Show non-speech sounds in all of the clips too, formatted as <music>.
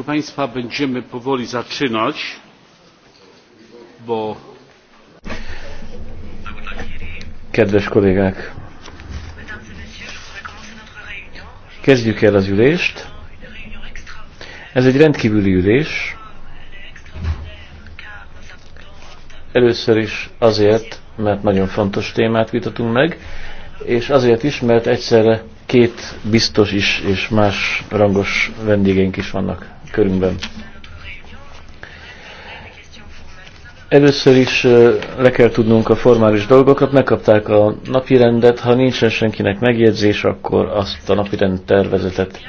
proszę państwa będziemy powoli zaczynać bo Kedves kollégák! Kezdjük el az ülést. Ez egy rendkívüli ülés. Először is azért, mert nagyon fontos témát vitatunk meg, és azért is, mert egyszerre két biztos is és más rangos vendégeink is vannak körünkben. Először is le kell tudnunk a formális dolgokat, megkapták a napirendet, ha nincsen senkinek megjegyzés, akkor azt a napirend tervezetet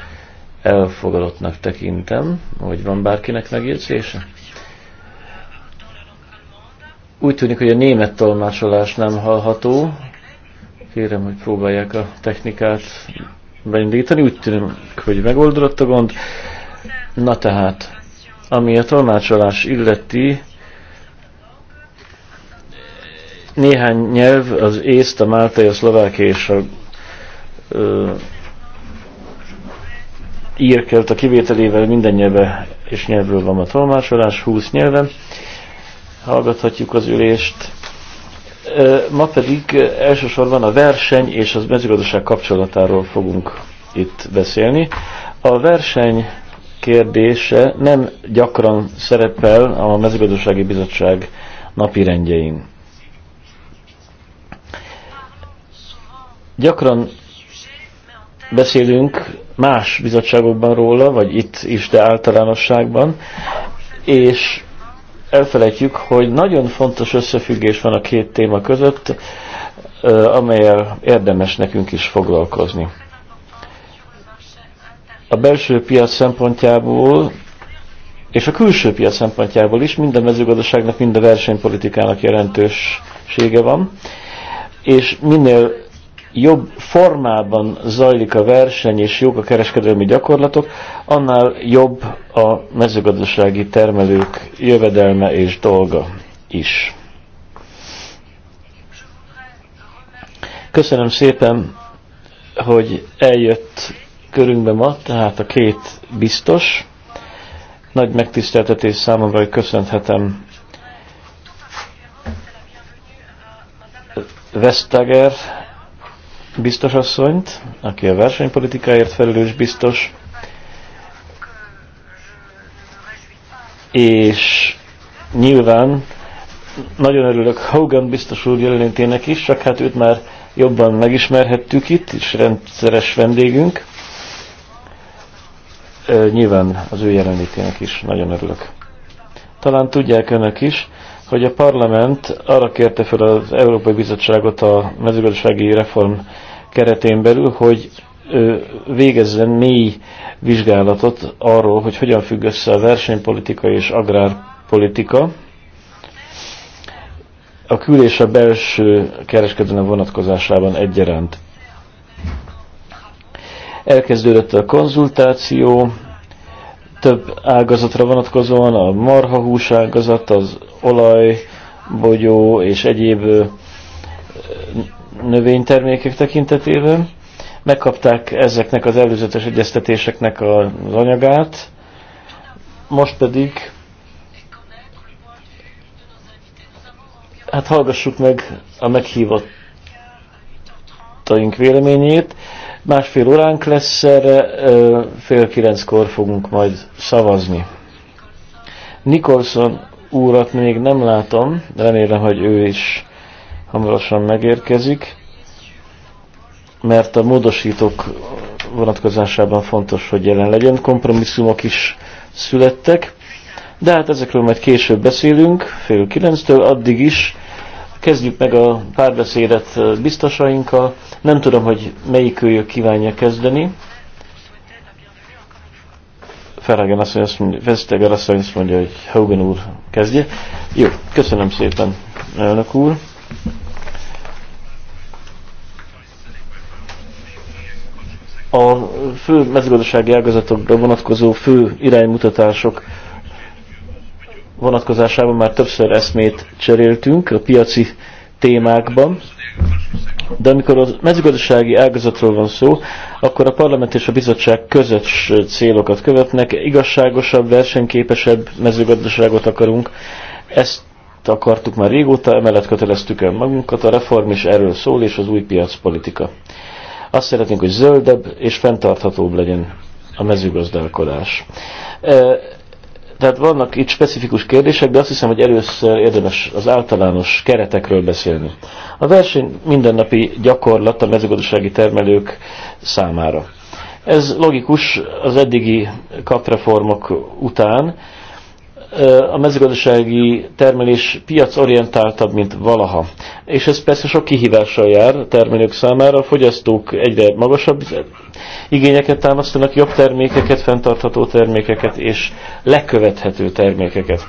elfogadottnak tekintem, hogy van bárkinek megjegyzése. Úgy tűnik, hogy a német tolmácsolás nem hallható. Kérem, hogy próbálják a technikát beindítani. Úgy tűnik, hogy megoldódott a gond. Na tehát, ami a tolmácsolás illeti, néhány nyelv, az észt, a máltai, a szlovákia és a írkelt a kivételével minden nyelve és nyelvről van a tolmácsolás, 20 nyelven. Hallgathatjuk az ülést. Ma pedig elsősorban a verseny és az mezőgazdaság kapcsolatáról fogunk itt beszélni. A verseny kérdése nem gyakran szerepel a mezőgazdasági bizottság rendjein. Gyakran beszélünk más bizottságokban róla, vagy itt is, de általánosságban, és elfelejtjük, hogy nagyon fontos összefüggés van a két téma között, amelyel érdemes nekünk is foglalkozni a belső piac szempontjából és a külső piac szempontjából is mind a mezőgazdaságnak, mind a versenypolitikának jelentősége van, és minél jobb formában zajlik a verseny és jók a kereskedelmi gyakorlatok, annál jobb a mezőgazdasági termelők jövedelme és dolga is. Köszönöm szépen, hogy eljött körünkben ma, tehát a két biztos. Nagy megtiszteltetés számomra, hogy köszönhetem Vestager biztosasszonyt, aki a versenypolitikáért felelős biztos, és nyilván nagyon örülök Hogan biztos úr jelenlétének is, csak hát őt már jobban megismerhettük itt, és rendszeres vendégünk nyilván az ő jelenlétének is nagyon örülök. Talán tudják önök is, hogy a parlament arra kérte fel az Európai Bizottságot a mezőgazdasági reform keretén belül, hogy végezzen mély vizsgálatot arról, hogy hogyan függ össze a versenypolitika és agrárpolitika, a kül és a belső kereskedelem vonatkozásában egyaránt. Elkezdődött a konzultáció, több ágazatra vonatkozóan, a marhahús ágazat, az olaj, bogyó és egyéb növénytermékek tekintetében. Megkapták ezeknek az előzetes egyeztetéseknek az anyagát, most pedig hát hallgassuk meg a meghívottaink véleményét. Másfél óránk lesz erre, fél kilenckor fogunk majd szavazni. Nikolson úrat még nem látom, de remélem, hogy ő is hamarosan megérkezik, mert a módosítók vonatkozásában fontos, hogy jelen legyen. Kompromisszumok is születtek, de hát ezekről majd később beszélünk, fél kilenctől, addig is Kezdjük meg a párbeszédet biztosainkkal. Nem tudom, hogy melyik őjök kívánja kezdeni. Ferragen asszony azt mondja, Vesztegel asszony azt mondja, hogy Hogan úr kezdje. Jó, köszönöm szépen, elnök úr. A fő mezőgazdasági ágazatokra vonatkozó fő iránymutatások vonatkozásában már többször eszmét cseréltünk a piaci témákban, de amikor a mezőgazdasági ágazatról van szó, akkor a parlament és a bizottság közös célokat követnek, igazságosabb, versenyképesebb mezőgazdaságot akarunk, ezt akartuk már régóta, emellett köteleztük el magunkat, a reform is erről szól, és az új piacpolitika. Azt szeretnénk, hogy zöldebb és fenntarthatóbb legyen a mezőgazdálkodás. Tehát vannak itt specifikus kérdések, de azt hiszem, hogy először érdemes az általános keretekről beszélni. A verseny mindennapi gyakorlat a mezőgazdasági termelők számára. Ez logikus az eddigi kapreformok után, a mezőgazdasági termelés piacorientáltabb, mint valaha. És ez persze sok kihívással jár a termelők számára, a fogyasztók egyre magasabb igényeket támasztanak, jobb termékeket, fenntartható termékeket és lekövethető termékeket.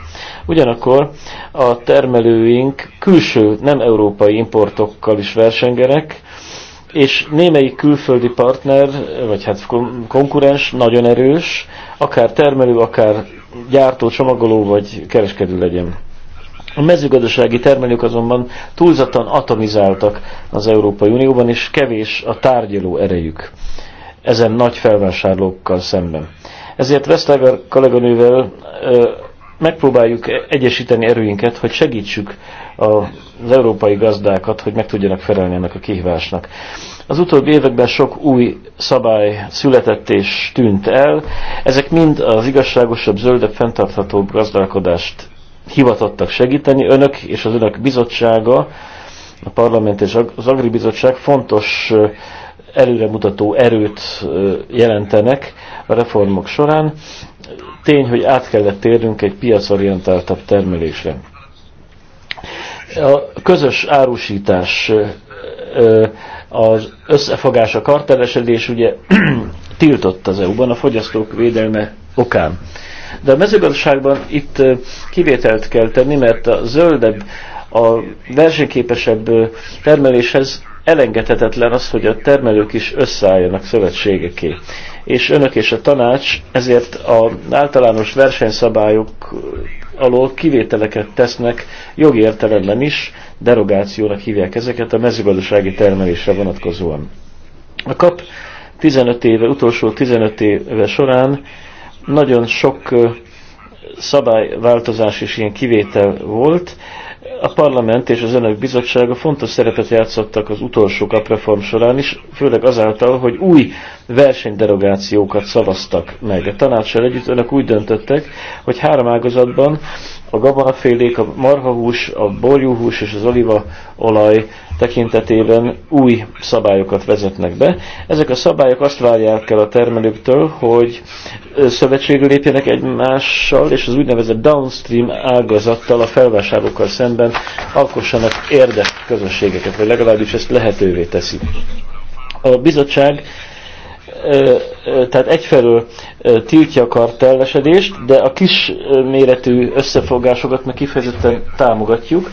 Ugyanakkor a termelőink külső, nem európai importokkal is versengenek, és némelyik külföldi partner, vagy hát konkurens nagyon erős, akár termelő, akár gyártó, csomagoló vagy kereskedő legyen. A mezőgazdasági termelők azonban túlzatan atomizáltak az Európai Unióban, és kevés a tárgyaló erejük ezen nagy felvásárlókkal szemben. Ezért Vesztágar kolléganővel megpróbáljuk egyesíteni erőinket, hogy segítsük az európai gazdákat, hogy meg tudjanak felelni ennek a kihívásnak. Az utóbbi években sok új szabály született és tűnt el. Ezek mind az igazságosabb, zöldebb, fenntarthatóbb gazdálkodást hivatottak segíteni. Önök és az önök bizottsága, a parlament és az agribizottság fontos előremutató erőt jelentenek a reformok során. Tény, hogy át kellett térnünk egy piacorientáltabb termelésre. A közös árusítás az összefogás, a kartelesedés ugye <clears throat> tiltott az EU-ban a fogyasztók védelme okán. De a mezőgazdaságban itt kivételt kell tenni, mert a zöldebb, a versenyképesebb termeléshez elengedhetetlen az, hogy a termelők is összeálljanak szövetségeké. És önök és a tanács ezért az általános versenyszabályok alól kivételeket tesznek jogi értelemben is, derogációnak hívják ezeket a mezőgazdasági termelésre vonatkozóan. A kap 15 éve, utolsó 15 éve során nagyon sok szabályváltozás és ilyen kivétel volt, a parlament és az önök bizottsága fontos szerepet játszottak az utolsó kapreform során is, főleg azáltal, hogy új versenyderogációkat szavaztak meg. A tanácssal együtt önök úgy döntöttek, hogy három ágazatban a gabonafélék, a marhahús, a borjúhús és az olívaolaj tekintetében új szabályokat vezetnek be. Ezek a szabályok azt várják el a termelőktől, hogy szövetségül lépjenek egymással, és az úgynevezett downstream ágazattal, a felvásárlókkal szemben alkossanak közösségeket, vagy legalábbis ezt lehetővé teszi. A bizottság tehát egyfelől tiltja a kartellesedést, de a kis méretű összefogásokat meg kifejezetten támogatjuk,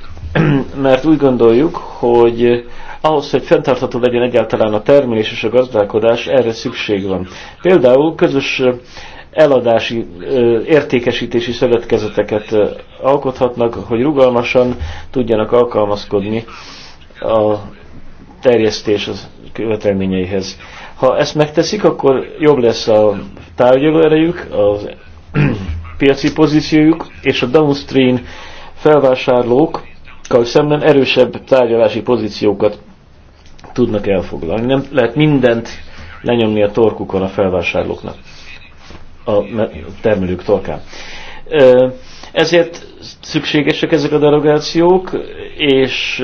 <clears throat> mert úgy gondoljuk, hogy ahhoz, hogy fenntartható legyen egyáltalán a termelés és a gazdálkodás, erre szükség van. Például közös eladási, értékesítési szövetkezeteket alkothatnak, hogy rugalmasan tudjanak alkalmazkodni a terjesztés az követelményeihez. Ha ezt megteszik, akkor jobb lesz a tárgyaló erejük, a <clears throat> piaci pozíciójuk, és a downstream felvásárlókkal szemben erősebb tárgyalási pozíciókat tudnak elfoglalni. Nem lehet mindent lenyomni a torkukon a felvásárlóknak, a termelők torkán. Ezért szükségesek ezek a derogációk, és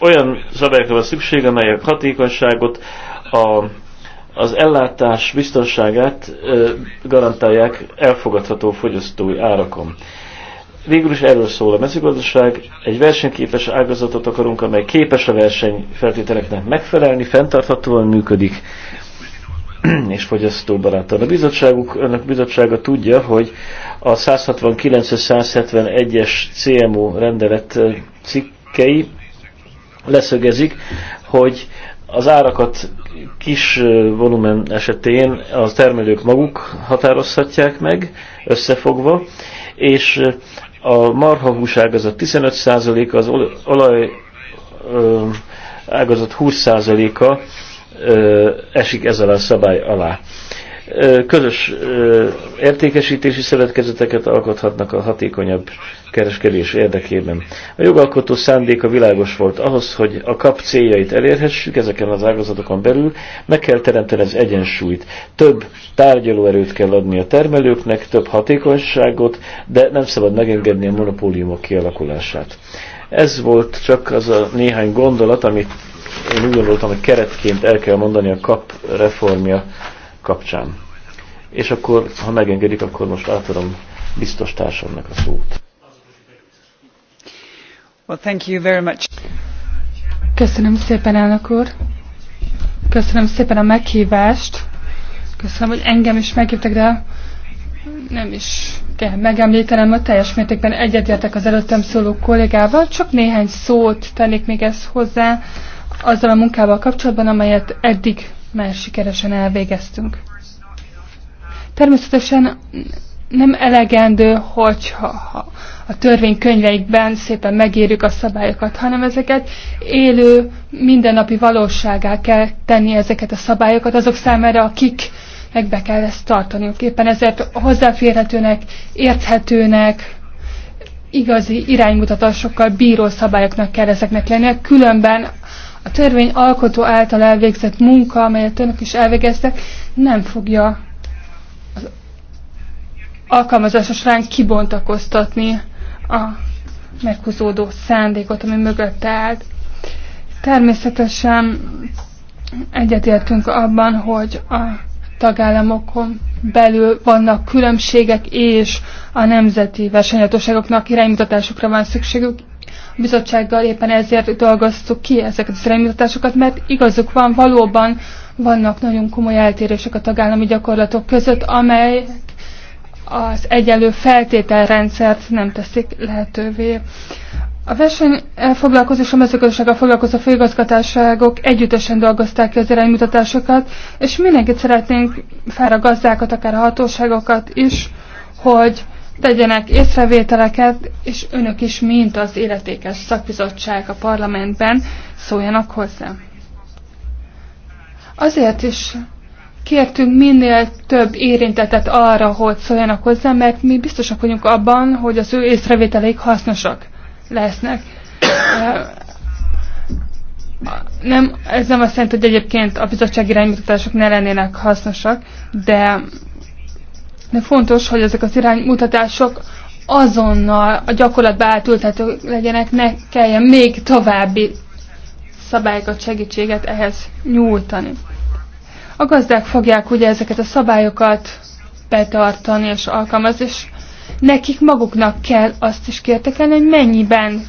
olyan szabályokra van szükség, amelyek hatékonyságot, a, az ellátás biztonságát garantálják elfogadható fogyasztói árakon. Végül is erről szól a mezőgazdaság, egy versenyképes ágazatot akarunk, amely képes a verseny feltételeknek megfelelni, fenntarthatóan működik, <clears throat> és fogyasztóbarátan. A bizottságuk, önök bizottsága tudja, hogy a 169-171-es CMO rendelet cikkei leszögezik, hogy az árakat kis volumen esetén a termelők maguk határozhatják meg, összefogva, és a marhahús ágazat 15%-a, az olaj ágazat 20%-a esik ezzel a szabály alá közös értékesítési szövetkezeteket alkothatnak a hatékonyabb kereskedés érdekében. A jogalkotó szándéka világos volt ahhoz, hogy a kap céljait elérhessük ezeken az ágazatokon belül, meg kell teremteni az egyensúlyt. Több tárgyalóerőt kell adni a termelőknek, több hatékonyságot, de nem szabad megengedni a monopóliumok kialakulását. Ez volt csak az a néhány gondolat, amit én úgy gondoltam, hogy keretként el kell mondani a kap reformja kapcsán. És akkor, ha megengedik, akkor most átadom biztos társamnak a szót. Well, thank you very much. Köszönöm szépen, elnök úr. Köszönöm szépen a meghívást. Köszönöm, hogy engem is meghívtak, de nem is kell megemlítenem, a teljes mértékben egyetértek az előttem szóló kollégával, csak néhány szót tennék még ezt hozzá azzal a munkával kapcsolatban, amelyet eddig már sikeresen elvégeztünk. Természetesen nem elegendő, hogyha ha a törvénykönyveikben szépen megírjuk a szabályokat, hanem ezeket élő, mindennapi valóságá kell tenni ezeket a szabályokat azok számára, akik meg be kell ezt tartaniuk. Éppen ezért hozzáférhetőnek, érthetőnek, igazi iránymutatásokkal bíró szabályoknak kell ezeknek lennie, különben a törvény alkotó által elvégzett munka, amelyet önök is elvégeztek, nem fogja az alkalmazás során kibontakoztatni a meghúzódó szándékot, ami mögötte állt. Természetesen egyetértünk abban, hogy a tagállamokon belül vannak különbségek, és a nemzeti versenyhatóságoknak iránymutatásokra van szükségük, bizottsággal éppen ezért dolgoztuk ki ezeket az iránymutatásokat, mert igazuk van, valóban vannak nagyon komoly eltérések a tagállami gyakorlatok között, amely az egyenlő feltételrendszert nem teszik lehetővé. A verseny eh, foglalkozó és a mezőgazdasággal foglalkozó főigazgatáságok együttesen dolgozták ki az iránymutatásokat, és mindenkit szeretnénk, fel a gazdákat, akár a hatóságokat is, hogy tegyenek észrevételeket, és önök is, mint az életékes szakbizottság a parlamentben szóljanak hozzá. Azért is kértünk minél több érintetet arra, hogy szóljanak hozzá, mert mi biztosak vagyunk abban, hogy az ő észrevételeik hasznosak lesznek. Nem, ez nem azt jelenti, hogy egyébként a bizottság iránymutatások ne lennének hasznosak, de de fontos, hogy ezek az iránymutatások azonnal a gyakorlatba átültető legyenek, ne kelljen még további szabályokat, segítséget ehhez nyújtani. A gazdák fogják ugye ezeket a szabályokat betartani és alkalmazni, és nekik maguknak kell azt is kértekelni, hogy mennyiben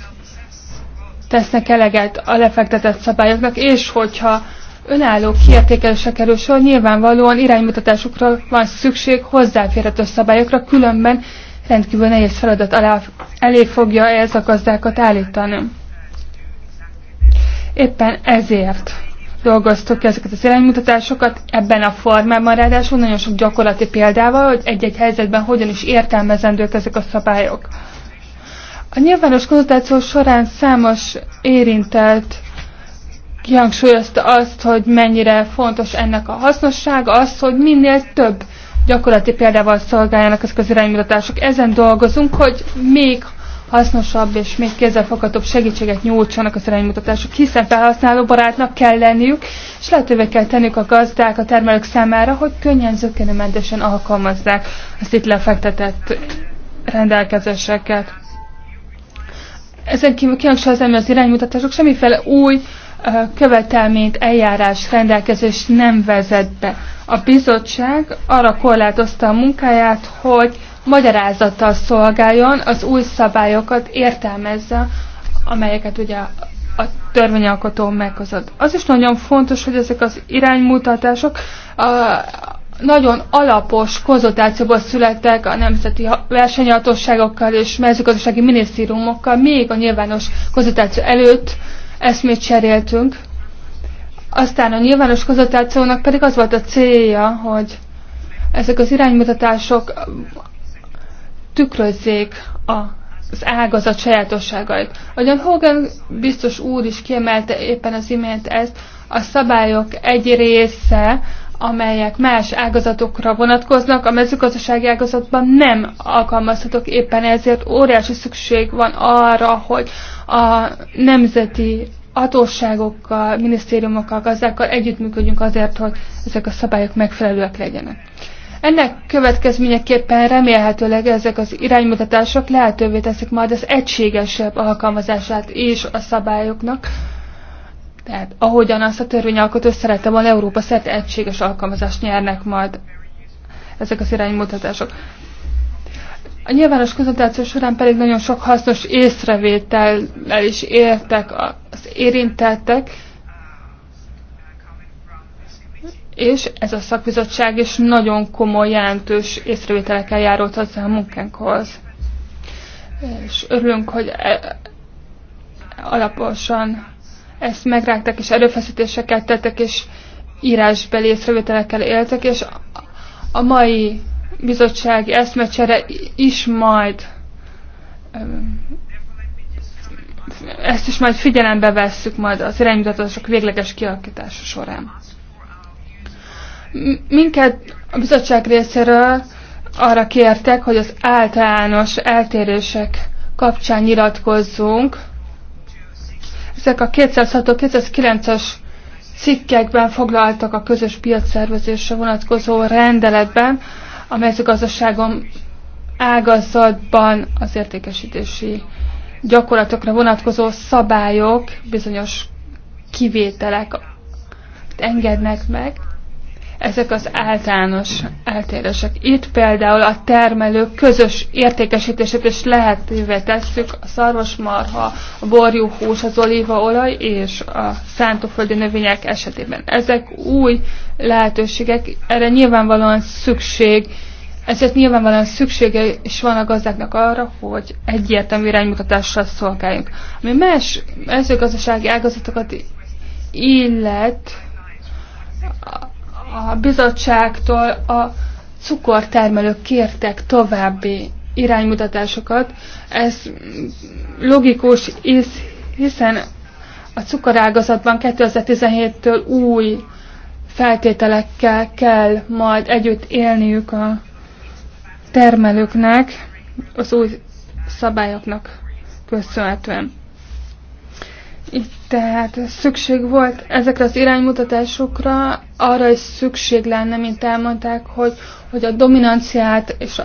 tesznek eleget a lefektetett szabályoknak, és hogyha önálló kiértékelésre kerül sor, nyilvánvalóan iránymutatásokra van szükség, hozzáférhető szabályokra, különben rendkívül nehéz feladat alá, elé fogja ez a gazdákat állítani. Éppen ezért dolgoztuk ezeket az iránymutatásokat ebben a formában, ráadásul nagyon sok gyakorlati példával, hogy egy-egy helyzetben hogyan is értelmezendők ezek a szabályok. A nyilvános konzultáció során számos érintett kihangsúlyozta azt, hogy mennyire fontos ennek a hasznossága, az, hogy minél több gyakorlati példával szolgáljanak ezek az iránymutatások. Ezen dolgozunk, hogy még hasznosabb és még kézzelfoghatóbb segítséget nyújtsanak az iránymutatások, hiszen felhasználóbarátnak kell lenniük, és lehetővé kell tenniük a gazdák, a termelők számára, hogy könnyen, zökkenőmentesen alkalmazzák az itt lefektetett rendelkezéseket. Ezen kívül kihangsúlyozom, hogy az iránymutatások semmiféle új követelményt, eljárás rendelkezés nem vezet be. A bizottság arra korlátozta a munkáját, hogy magyarázattal szolgáljon, az új szabályokat értelmezze, amelyeket ugye a törvényalkotó meghozott. Az is nagyon fontos, hogy ezek az iránymutatások a, nagyon alapos konzultációból születtek a nemzeti versenyhatóságokkal és mezőgazdasági minisztériumokkal, még a nyilvános konzultáció előtt eszmét cseréltünk. Aztán a nyilvános konzultációnak pedig az volt a célja, hogy ezek az iránymutatások tükrözzék a az ágazat sajátosságait. Ahogyan Hogan biztos úr is kiemelte éppen az imént ezt, a szabályok egy része amelyek más ágazatokra vonatkoznak, a mezőgazdasági ágazatban nem alkalmazhatók éppen ezért óriási szükség van arra, hogy a nemzeti hatóságokkal, minisztériumokkal, gazdákkal együttműködjünk azért, hogy ezek a szabályok megfelelőek legyenek. Ennek következményeképpen remélhetőleg ezek az iránymutatások lehetővé teszik majd az egységesebb alkalmazását és a szabályoknak, tehát ahogyan azt a törvényalkotó szerette volna, Európa szerte egységes alkalmazást nyernek majd ezek az iránymutatások. A nyilvános konzultáció során pedig nagyon sok hasznos észrevétellel is értek az érintettek, és ez a szakbizottság is nagyon komoly, jelentős észrevételekkel járult hozzá a munkánkhoz. És örülünk, hogy e- alaposan ezt megrágták, és erőfeszítéseket tettek, és írásbeli észrevételekkel éltek, és a mai bizottsági eszmecsere is majd ezt is majd figyelembe vesszük majd az iránymutatások végleges kialakítása során. Minket a bizottság részéről arra kértek, hogy az általános eltérések kapcsán nyilatkozzunk, ezek a 206-209-es cikkekben foglaltak a közös piacszervezésre vonatkozó rendeletben, a mezőgazdaságom ágazatban az értékesítési gyakorlatokra vonatkozó szabályok, bizonyos kivételek engednek meg, ezek az általános eltérések. Itt például a termelők közös értékesítését is lehetővé tesszük a szarvasmarha, a borjúhús, az olívaolaj és a szántóföldi növények esetében. Ezek új lehetőségek, erre nyilvánvalóan szükség, ezért nyilvánvalóan szüksége is van a gazdáknak arra, hogy egyértelmű iránymutatással szolgáljunk. Ami más mezőgazdasági ágazatokat illet, a bizottságtól a cukortermelők kértek további iránymutatásokat. Ez logikus, hiszen a cukorágazatban 2017-től új feltételekkel kell majd együtt élniük a termelőknek, az új szabályoknak köszönhetően. Itt tehát szükség volt ezekre az iránymutatásokra, arra is szükség lenne, mint elmondták, hogy, hogy a dominanciát és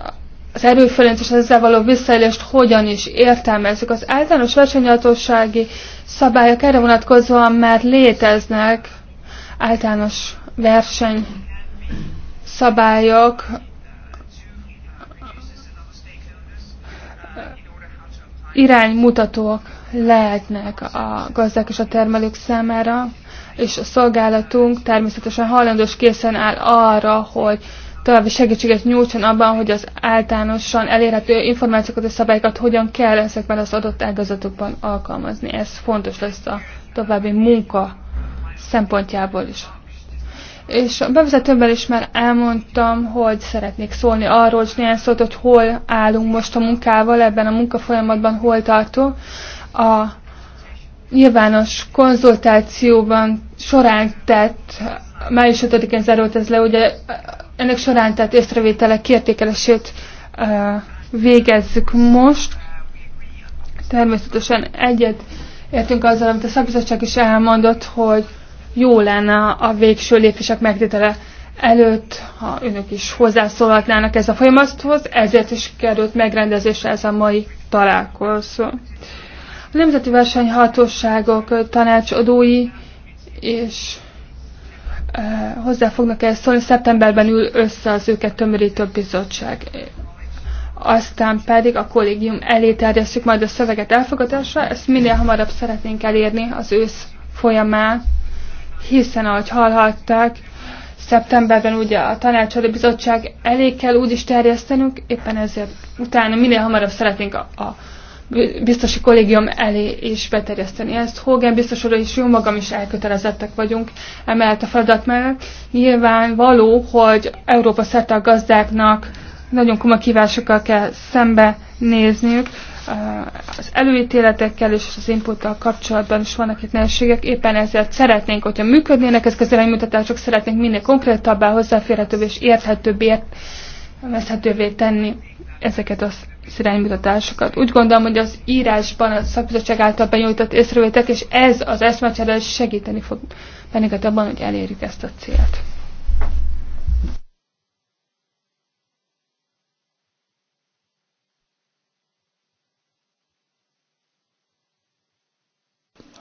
az erőfölényt és ezzel való visszaélést hogyan is értelmezzük. Az általános versenyhatósági szabályok erre vonatkozóan már léteznek általános verseny szabályok, iránymutatók lehetnek a gazdák és a termelők számára, és a szolgálatunk természetesen hajlandós készen áll arra, hogy további segítséget nyújtson abban, hogy az általánosan elérhető információkat és szabályokat hogyan kell ezekben az adott ágazatokban alkalmazni. Ez fontos lesz a további munka szempontjából is. És a bevezetőben is már elmondtam, hogy szeretnék szólni arról, hogy néhány szót, hogy hol állunk most a munkával, ebben a munkafolyamatban hol tartunk a nyilvános konzultációban során tett, május 5-én zárult ez le, ugye ennek során tett észrevételek kiértékelését végezzük most. Természetesen egyet értünk azzal, amit a szakbizottság is elmondott, hogy jó lenne a végső lépések megtétele előtt, ha önök is hozzászólhatnának ez a folyamathoz, ezért is került megrendezésre ez a mai találkozó. A nemzeti versenyhatóságok tanácsadói és hozzá fognak ezt szólni, szeptemberben ül össze az őket tömörítő bizottság. Aztán pedig a kollégium elé terjesztjük majd a szöveget elfogadásra, ezt minél hamarabb szeretnénk elérni az ősz folyamán, hiszen ahogy hallhatták, szeptemberben ugye a tanácsadó bizottság elé kell úgy is terjesztenünk, éppen ezért utána minél hamarabb szeretnénk a, a biztosi kollégium elé is beterjeszteni ezt. Hogan biztos úr is jó magam is elkötelezettek vagyunk emellett a feladat mellett. Nyilván való, hogy Európa szerte a gazdáknak nagyon komoly kívásokkal kell szembe nézniük. Az előítéletekkel és az inputtal kapcsolatban is vannak itt nehézségek, éppen ezért szeretnénk, hogyha működnének ezek az iránymutatások, szeretnénk minél konkrétabbá, hozzáférhetőbb és érthetőbb, érthetővé tenni ezeket az iránymutatásokat. Úgy gondolom, hogy az írásban a szakbizottság által benyújtott észrevétek, és ez az eszmecsere segíteni fog bennünket abban, hogy elérjük ezt a célt.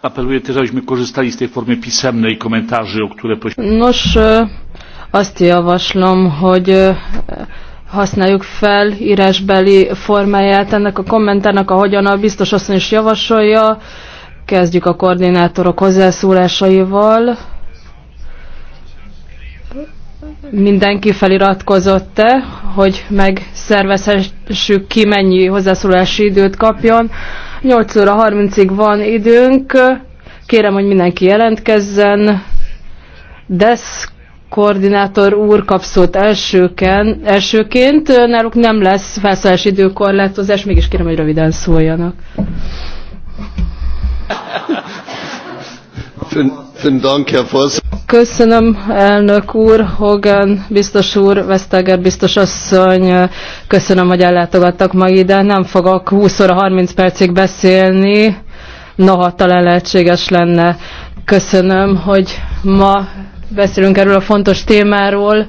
apeluję też, abyśmy korzystali z tej formy pisemnej komentarzy, o które prosiłem. Nos, azt javaslom, hogy használjuk fel írásbeli formáját ennek a kommentárnak, ahogyan a biztos asszony is javasolja. Kezdjük a koordinátorok hozzászólásaival. Mindenki feliratkozott-e, hogy megszervezhessük ki, mennyi hozzászólási időt kapjon. 8 óra 30-ig van időnk. Kérem, hogy mindenki jelentkezzen. Desk koordinátor úr kap szót elsőken, elsőként. Náluk nem lesz felszállási időkorlátozás, mégis kérem, hogy röviden szóljanak. Köszönöm, elnök úr, Hogan biztos úr, Vesztager biztos asszony, köszönöm, hogy ellátogattak ma ide. Nem fogok 20 óra 30 percig beszélni, noha talán lehetséges lenne. Köszönöm, hogy ma beszélünk erről a fontos témáról.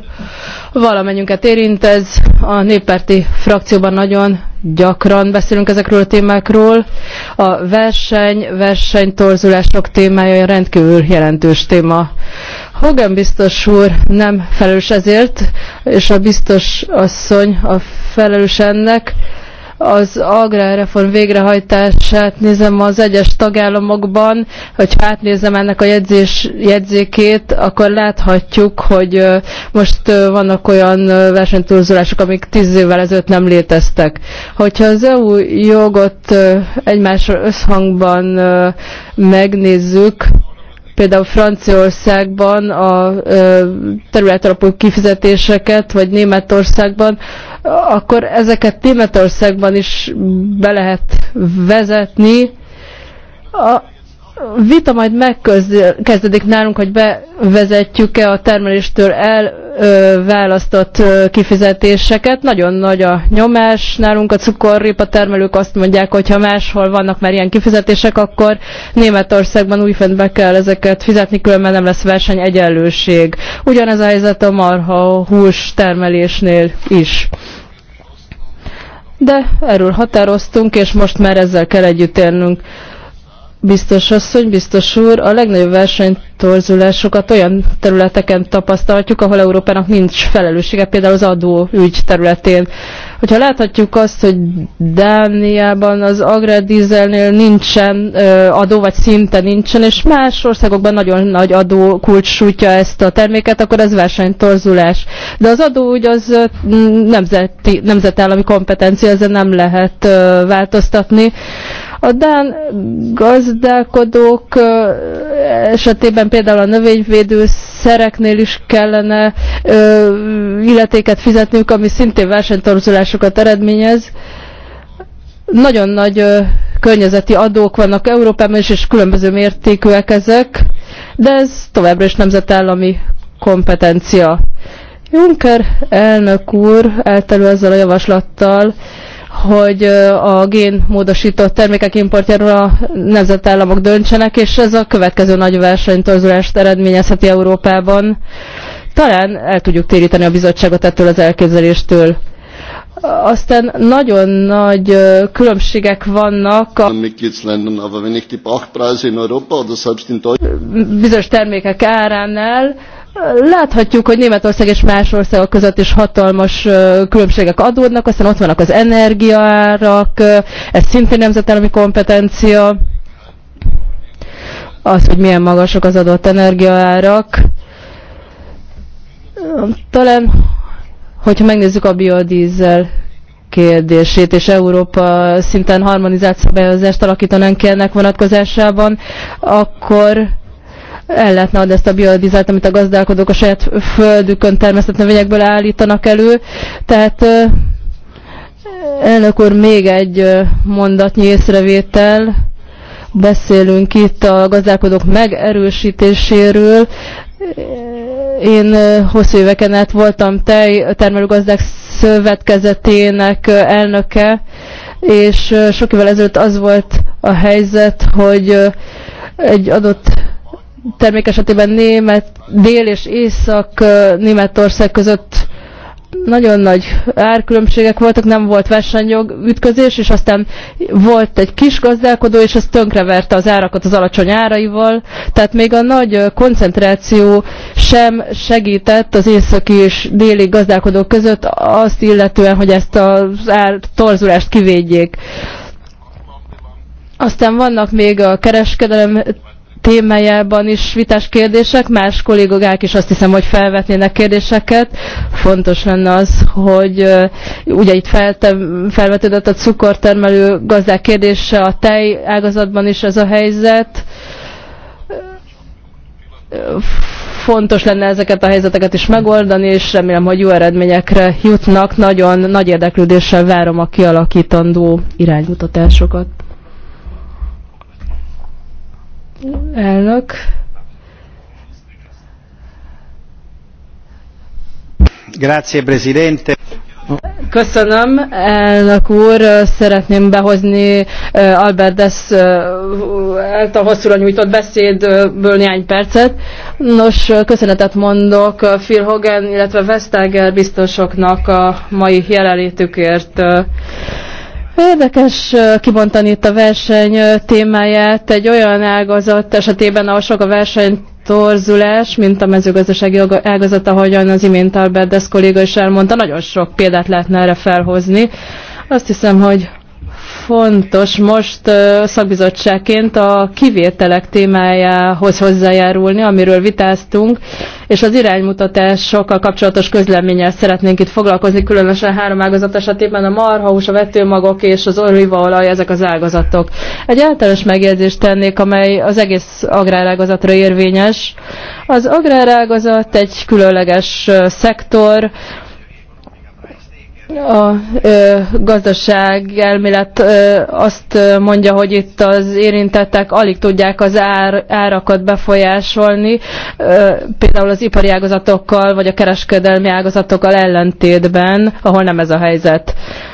Valamennyünket érint ez. A néppárti frakcióban nagyon gyakran beszélünk ezekről a témákról. A verseny, versenytorzulások témája rendkívül jelentős téma. Hogan biztos úr nem felelős ezért, és a biztos asszony a felelős ennek az agrárreform végrehajtását nézem az egyes tagállamokban, hogy átnézem ennek a jegyzés, jegyzékét, akkor láthatjuk, hogy most vannak olyan versenytúlzulások, amik tíz évvel ezelőtt nem léteztek. Hogyha az EU jogot egymásra összhangban megnézzük, például Franciaországban a területalapú kifizetéseket, vagy Németországban, akkor ezeket Németországban is be lehet vezetni, a, vita majd megkezdődik nálunk, hogy bevezetjük-e a termeléstől elválasztott kifizetéseket. Nagyon nagy a nyomás nálunk, a cukorripa termelők azt mondják, hogy ha máshol vannak már ilyen kifizetések, akkor Németországban újfent be kell ezeket fizetni, különben nem lesz verseny egyenlőség. Ugyanez a helyzet a marha hús termelésnél is de erről határoztunk, és most már ezzel kell együtt élnünk. Biztos asszony, biztos úr, a legnagyobb versenytorzulásokat olyan területeken tapasztalhatjuk, ahol Európának nincs felelőssége, például az adóügy területén. Hogyha láthatjuk azt, hogy Dániában az agrárdízelnél nincsen ö, adó, vagy szinte nincsen, és más országokban nagyon nagy adó kulcs sújtja ezt a terméket, akkor ez versenytorzulás. De az adó, úgy az nemzeti, nemzetállami kompetencia, ezen nem lehet ö, változtatni. A Dán gazdálkodók esetében például a növényvédő szereknél is kellene illetéket fizetniük, ami szintén versenytorzulásokat eredményez. Nagyon nagy környezeti adók vannak Európában is, és különböző mértékűek ezek, de ez továbbra is nemzetállami kompetencia. Juncker elnök úr eltelő ezzel a javaslattal, hogy a génmódosított termékek importjáról a nemzetállamok döntsenek, és ez a következő nagy versenytorzulást eredményezheti Európában. Talán el tudjuk téríteni a bizottságot ettől az elképzeléstől. Aztán nagyon nagy különbségek vannak a bizonyos termékek áránál, Láthatjuk, hogy Németország és más országok között is hatalmas különbségek adódnak, aztán ott vannak az energiaárak, ez szintén nemzetállami kompetencia, az, hogy milyen magasak az adott energiaárak. Talán, hogyha megnézzük a biodízzel kérdését, és Európa szinten harmonizált szabályozást alakítanánk ki ennek vonatkozásában, akkor el lehetne adni ezt a biodizájt, amit a gazdálkodók a saját földükön termesztett növényekből állítanak elő. Tehát elnök úr, még egy mondatnyi észrevétel. Beszélünk itt a gazdálkodók megerősítéséről. Én hosszú éveken át voltam tej termelőgazdák szövetkezetének elnöke, és sok évvel ezelőtt az volt a helyzet, hogy egy adott termék esetében Német, Dél és Észak Németország között nagyon nagy árkülönbségek voltak, nem volt versenyjog ütközés, és aztán volt egy kis gazdálkodó, és ez tönkreverte az árakat az alacsony áraival, tehát még a nagy koncentráció sem segített az északi és déli gazdálkodók között azt illetően, hogy ezt az ár torzulást kivédjék. Aztán vannak még a kereskedelem témájában is vitás kérdések, más kollégák is azt hiszem, hogy felvetnének kérdéseket. Fontos lenne az, hogy ugye itt felvetődött a cukortermelő gazdák kérdése, a tej ágazatban is ez a helyzet. Fontos lenne ezeket a helyzeteket is megoldani, és remélem, hogy jó eredményekre jutnak. Nagyon nagy érdeklődéssel várom a kialakítandó iránymutatásokat. Elnök. Grazie, Presidente. Köszönöm, elnök úr. Szeretném behozni eh, Albert Dess eh, a hosszúra nyújtott beszédből néhány percet. Nos, köszönetet mondok Phil Hogan, illetve Vestager biztosoknak a mai jelenlétükért. Érdekes kibontani itt a verseny témáját egy olyan ágazat esetében, ahol sok a verseny torzulás, mint a mezőgazdasági ágazat, ahogyan az imént Albert Desz kolléga is elmondta, nagyon sok példát lehetne erre felhozni. Azt hiszem, hogy fontos most szakbizottságként a kivételek témájához hozzájárulni, amiről vitáztunk, és az iránymutatásokkal kapcsolatos közleménnyel szeretnénk itt foglalkozni, különösen három ágazat esetében a marhahús, a vetőmagok és az olívaolaj, ezek az ágazatok. Egy általános megjegyzést tennék, amely az egész agrárágazatra érvényes. Az agrárágazat egy különleges szektor, a ö, gazdaság elmélet ö, azt mondja, hogy itt az érintettek alig tudják az ár, árakat befolyásolni, ö, például az ipari ágazatokkal vagy a kereskedelmi ágazatokkal ellentétben, ahol nem ez a helyzet. Ö,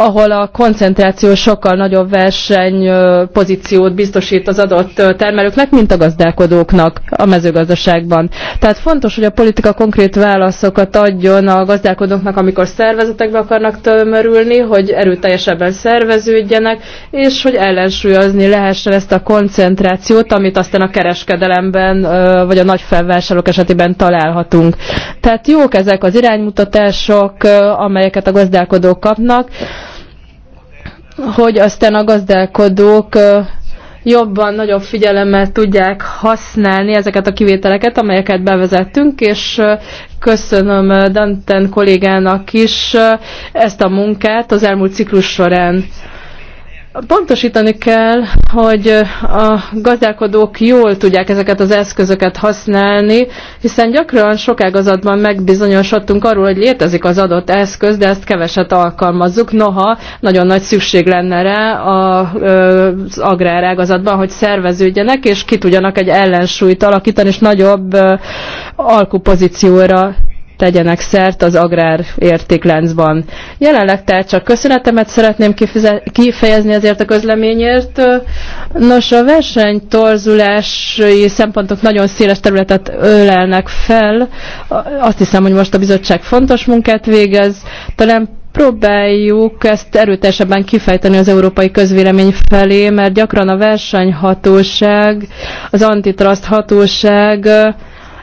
ahol a koncentráció sokkal nagyobb verseny pozíciót biztosít az adott termelőknek, mint a gazdálkodóknak a mezőgazdaságban. Tehát fontos, hogy a politika konkrét válaszokat adjon a gazdálkodóknak, amikor szervezetekbe akarnak tömörülni, hogy erőteljesebben szerveződjenek, és hogy ellensúlyozni lehessen ezt a koncentrációt, amit aztán a kereskedelemben vagy a nagy felvásárlók esetében találhatunk. Tehát jók ezek az iránymutatások, amelyeket a gazdálkodók kapnak, hogy aztán a gazdálkodók jobban, nagyobb figyelemmel tudják használni ezeket a kivételeket, amelyeket bevezettünk, és köszönöm Danten kollégának is ezt a munkát az elmúlt ciklus során. Pontosítani kell, hogy a gazdálkodók jól tudják ezeket az eszközöket használni, hiszen gyakran sok ágazatban megbizonyosodtunk arról, hogy létezik az adott eszköz, de ezt keveset alkalmazzuk. Noha nagyon nagy szükség lenne rá az agrárágazatban, hogy szerveződjenek, és ki tudjanak egy ellensúlyt alakítani, és nagyobb alkupozícióra tegyenek szert az agrár értékláncban. Jelenleg tehát csak köszönetemet szeretném kifejezni ezért a közleményért. Nos, a versenytorzulási szempontok nagyon széles területet ölelnek fel. Azt hiszem, hogy most a bizottság fontos munkát végez. Talán próbáljuk ezt erőteljesebben kifejteni az európai közvélemény felé, mert gyakran a versenyhatóság, az antitrust hatóság,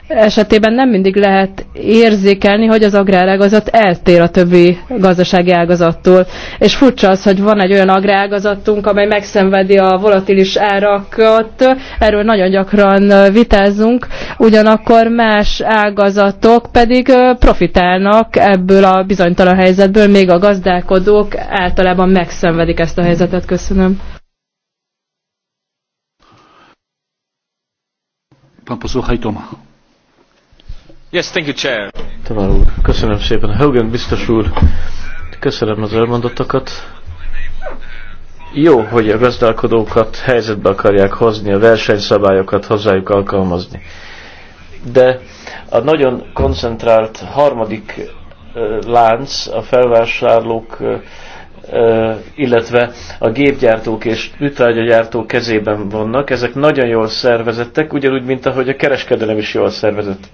esetében nem mindig lehet érzékelni, hogy az agrárágazat eltér a többi gazdasági ágazattól. És furcsa az, hogy van egy olyan agrárágazatunk, amely megszenvedi a volatilis árakat, erről nagyon gyakran vitázunk, ugyanakkor más ágazatok pedig profitálnak ebből a bizonytalan helyzetből, még a gazdálkodók általában megszenvedik ezt a helyzetet. Köszönöm. Pán posłuchaj Toma. Yes, thank you, Chair. úr, köszönöm szépen. Hogan biztos úr, köszönöm az elmondottakat. Jó, hogy a gazdálkodókat helyzetbe akarják hozni, a versenyszabályokat hozzájuk alkalmazni. De a nagyon koncentrált harmadik lánc, a felvásárlók, illetve a gépgyártók és műtrágyagyártók kezében vannak. Ezek nagyon jól szervezettek, ugyanúgy, mint ahogy a kereskedelem is jól szervezett.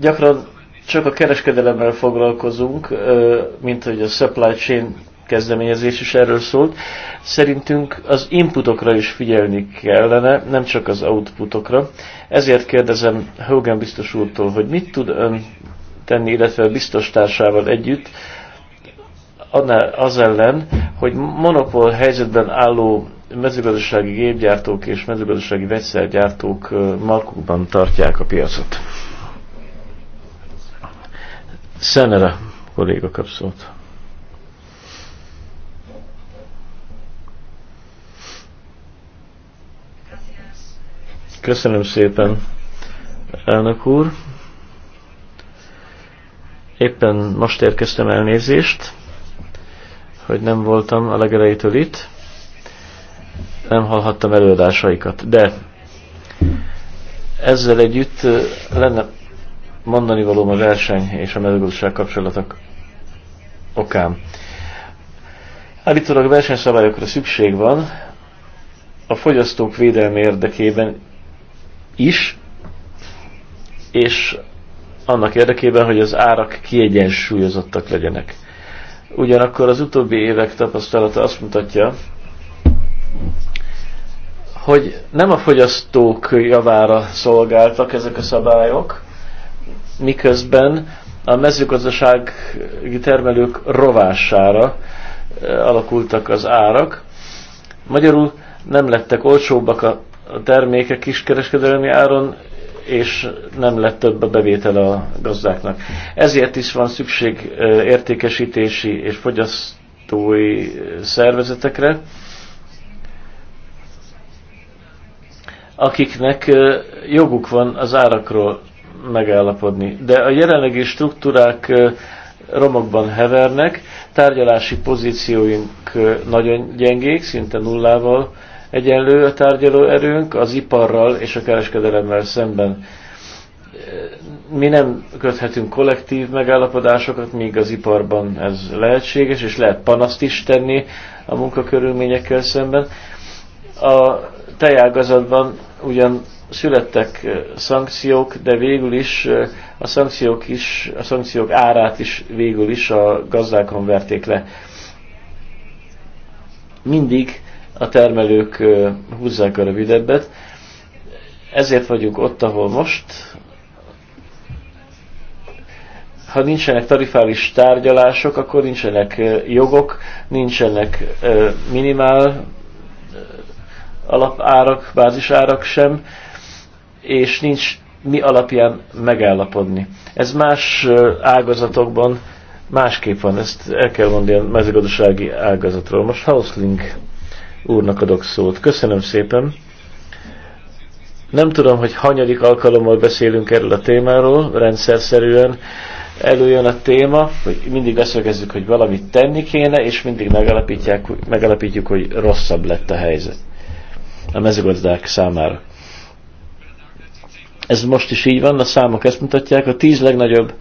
Gyakran csak a kereskedelemmel foglalkozunk, mint hogy a supply chain kezdeményezés is erről szólt. Szerintünk az inputokra is figyelni kellene, nem csak az outputokra. Ezért kérdezem Hogan biztos úrtól, hogy mit tud ön tenni, illetve a biztos társával együtt, az ellen, hogy monopól helyzetben álló mezőgazdasági gépgyártók és mezőgazdasági vegyszergyártók markukban tartják a piacot. Szenere kolléga kap szót. Köszönöm szépen, elnök úr. Éppen most érkeztem elnézést, hogy nem voltam a legelejétől itt. Nem hallhattam előadásaikat, de ezzel együtt lenne mondani valóm a verseny és a mezőgazdaság kapcsolatok okán. Állítólag versenyszabályokra szükség van a fogyasztók védelme érdekében is, és annak érdekében, hogy az árak kiegyensúlyozottak legyenek. Ugyanakkor az utóbbi évek tapasztalata azt mutatja, hogy nem a fogyasztók javára szolgáltak ezek a szabályok, miközben a mezőgazdasági termelők rovására eh, alakultak az árak. Magyarul nem lettek olcsóbbak a termékek kiskereskedelmi áron, és nem lett több a bevétel a gazdáknak. Ezért is van szükség eh, értékesítési és fogyasztói eh, szervezetekre, akiknek joguk van az árakról megállapodni. De a jelenlegi struktúrák romokban hevernek, tárgyalási pozícióink nagyon gyengék, szinte nullával egyenlő a tárgyaló erőnk az iparral és a kereskedelemmel szemben. Mi nem köthetünk kollektív megállapodásokat, míg az iparban ez lehetséges, és lehet panaszt is tenni a munkakörülményekkel szemben. A tejágazatban ugyan születtek szankciók, de végül is a szankciók, is, a szankciók árát is végül is a gazdákon verték le. Mindig a termelők húzzák a rövidebbet, ezért vagyunk ott, ahol most. Ha nincsenek tarifális tárgyalások, akkor nincsenek jogok, nincsenek minimál alapárak, bázisárak sem, és nincs mi alapján megállapodni. Ez más ágazatokban másképp van, ezt el kell mondani a mezőgazdasági ágazatról. Most Hausling úrnak adok szót. Köszönöm szépen. Nem tudom, hogy hanyadik alkalommal beszélünk erről a témáról, rendszer szerűen előjön a téma, hogy mindig beszélgezzük, hogy valamit tenni kéne, és mindig megalapítjuk, megalapítjuk, hogy rosszabb lett a helyzet a mezőgazdák számára ez most is így van, a számok ezt mutatják, a tíz legnagyobb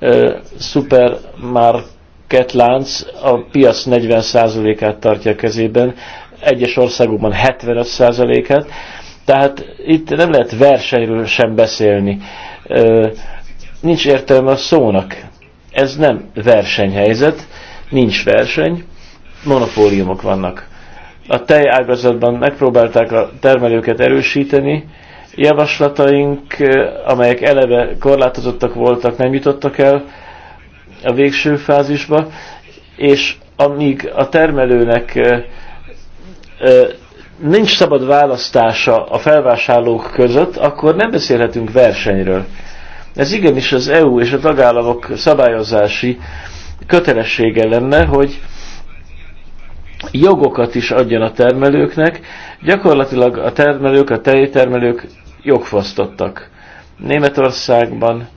uh, supermarket lánc a piac 40%-át tartja kezében, egyes országokban 75%-át, tehát itt nem lehet versenyről sem beszélni. Uh, nincs értelme a szónak. Ez nem versenyhelyzet, nincs verseny, monopóliumok vannak. A tejágazatban megpróbálták a termelőket erősíteni, javaslataink, eh, amelyek eleve korlátozottak voltak, nem jutottak el a végső fázisba, és amíg a termelőnek eh, eh, nincs szabad választása a felvásárlók között, akkor nem beszélhetünk versenyről. Ez igenis az EU és a tagállamok szabályozási kötelessége lenne, hogy jogokat is adjon a termelőknek. Gyakorlatilag a termelők, a tejtermelők jogfosztottak. Németországban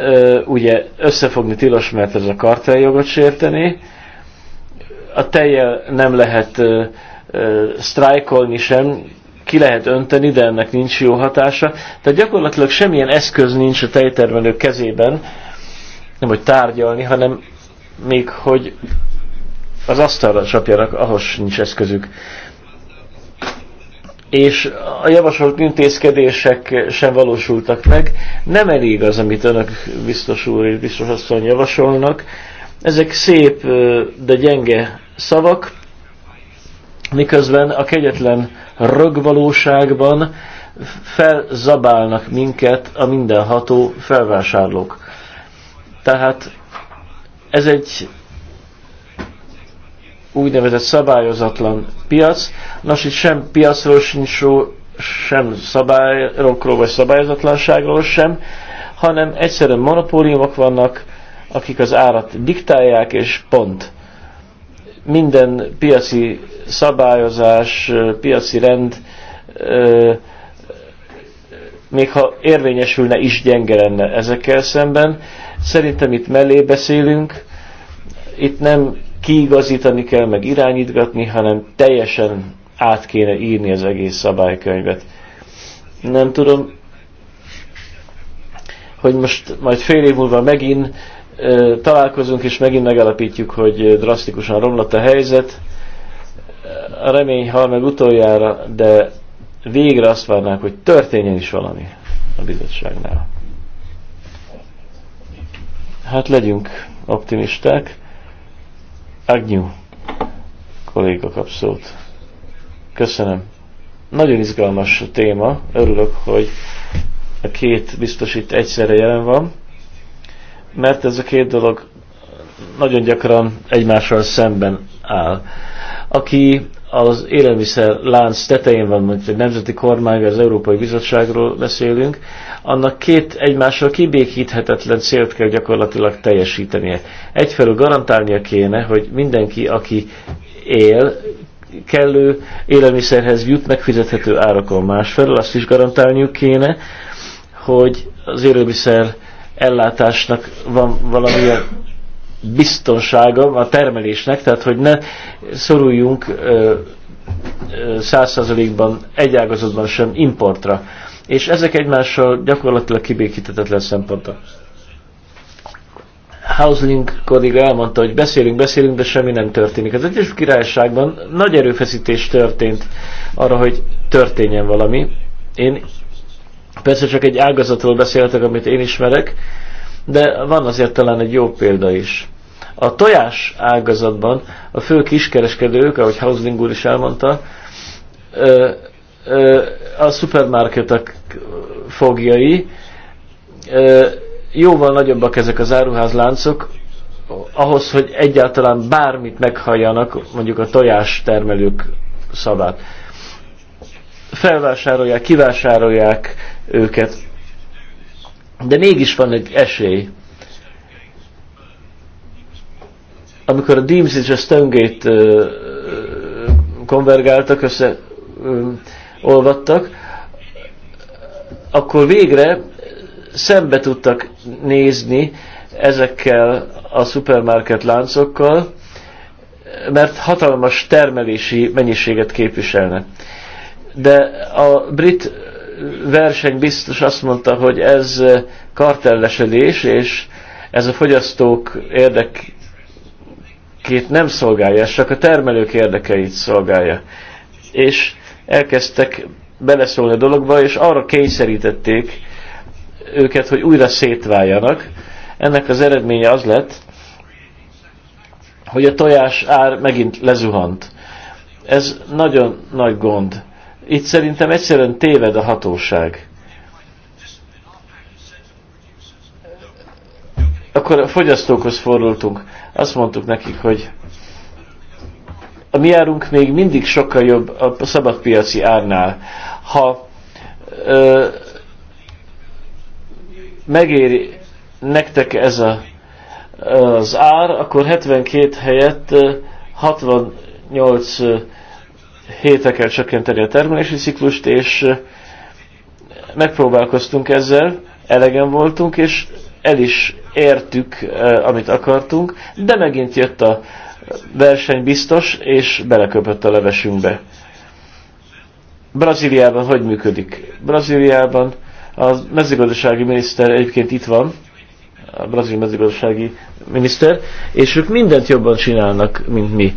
ö, ugye összefogni tilos, mert ez a karteljogot sérteni. A tejjel nem lehet ö, ö, sztrájkolni sem, ki lehet önteni, de ennek nincs jó hatása. Tehát gyakorlatilag semmilyen eszköz nincs a tejtermelők kezében, nem hogy tárgyalni, hanem még hogy az asztalra csapjanak, ahhoz nincs eszközük és a javasolt intézkedések sem valósultak meg. Nem elég az, amit önök biztos úr és biztos asszony javasolnak. Ezek szép, de gyenge szavak, miközben a kegyetlen rögvalóságban felzabálnak minket a mindenható felvásárlók. Tehát ez egy úgynevezett szabályozatlan piac. Nos, itt sem piacról sincs szó, sem szabályokról vagy szabályozatlanságról sem, hanem egyszerűen monopóliumok vannak, akik az árat diktálják, és pont. Minden piaci szabályozás, piaci rend, még ha érvényesülne is gyenge lenne ezekkel szemben. Szerintem itt mellé beszélünk, itt nem kiigazítani kell, meg irányítgatni, hanem teljesen át kéne írni az egész szabálykönyvet. Nem tudom, hogy most majd fél év múlva megint e, találkozunk, és megint megalapítjuk, hogy drasztikusan romlott a helyzet. A remény hal meg utoljára, de végre azt várnák, hogy történjen is valami a bizottságnál. Hát legyünk optimisták. Agnew kolléga kap szót. Köszönöm. Nagyon izgalmas a téma. Örülök, hogy a két biztos itt egyszerre jelen van, mert ez a két dolog nagyon gyakran egymással szemben áll. Aki az élelmiszer lánc tetején van, mint egy nemzeti kormány, az Európai Bizottságról beszélünk, annak két egymással kibékíthetetlen célt kell gyakorlatilag teljesítenie. Egyfelől garantálnia kéne, hogy mindenki, aki él, kellő élelmiszerhez jut megfizethető árakon. Másfelől azt is garantálniuk kéne, hogy az élelmiszer ellátásnak van valamilyen biztonsága a termelésnek, tehát hogy ne szoruljunk százalékban egy ágazatban sem importra. És ezek egymással gyakorlatilag kibékítetetlen szempontok. Housling kodig elmondta, hogy beszélünk, beszélünk, de semmi nem történik. Az Egyesült Királyságban nagy erőfeszítés történt arra, hogy történjen valami. Én persze csak egy ágazatról beszéltek, amit én ismerek, de van azért talán egy jó példa is. A tojás ágazatban a fő kiskereskedők, ahogy Hausling úr is elmondta, a szupermarketek fogjai, jóval nagyobbak ezek az áruházláncok, ahhoz, hogy egyáltalán bármit meghalljanak mondjuk a tojás termelők szavát. Felvásárolják, kivásárolják őket, de mégis van egy esély. Amikor a Deems és a Stonegate konvergáltak, össze olvadtak, akkor végre szembe tudtak nézni ezekkel a szupermarket láncokkal, mert hatalmas termelési mennyiséget képviselnek. De a brit verseny biztos azt mondta, hogy ez eh, kartellesedés, és ez a fogyasztók érdekét nem szolgálja, ez csak a termelők érdekeit szolgálja. És elkezdtek beleszólni a dologba, és arra kényszerítették őket, hogy újra szétváljanak. Ennek az eredménye az lett, hogy a tojás ár megint lezuhant. Ez nagyon nagy gond itt szerintem egyszerűen téved a hatóság. Akkor a fogyasztókhoz fordultunk. Azt mondtuk nekik, hogy a mi árunk még mindig sokkal jobb a szabadpiaci árnál. Ha ö, megéri nektek ez a, az ár, akkor 72 helyett 68 hétre kell csökkenteni a termelési ciklust, és megpróbálkoztunk ezzel, elegen voltunk, és el is értük, amit akartunk, de megint jött a verseny biztos, és beleköpött a levesünkbe. Brazíliában hogy működik? Brazíliában a mezőgazdasági miniszter egyébként itt van, a brazil mezőgazdasági miniszter, és ők mindent jobban csinálnak, mint mi.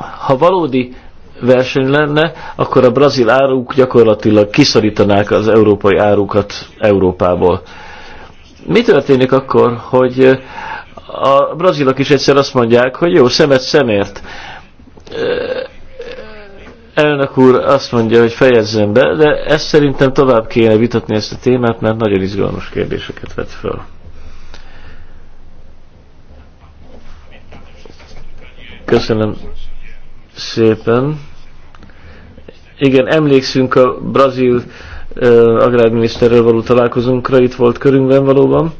Ha valódi verseny lenne, akkor a brazil áruk gyakorlatilag kiszorítanák az európai árukat Európából. Mi történik akkor, hogy a brazilok is egyszer azt mondják, hogy jó, szemet szemért. Elnök úr azt mondja, hogy fejezzem be, de ezt szerintem tovább kéne vitatni ezt a témát, mert nagyon izgalmas kérdéseket vet fel. Köszönöm szépen. Igen, emlékszünk a brazil uh, agrárminiszterrel való találkozónkra, itt volt körünkben valóban.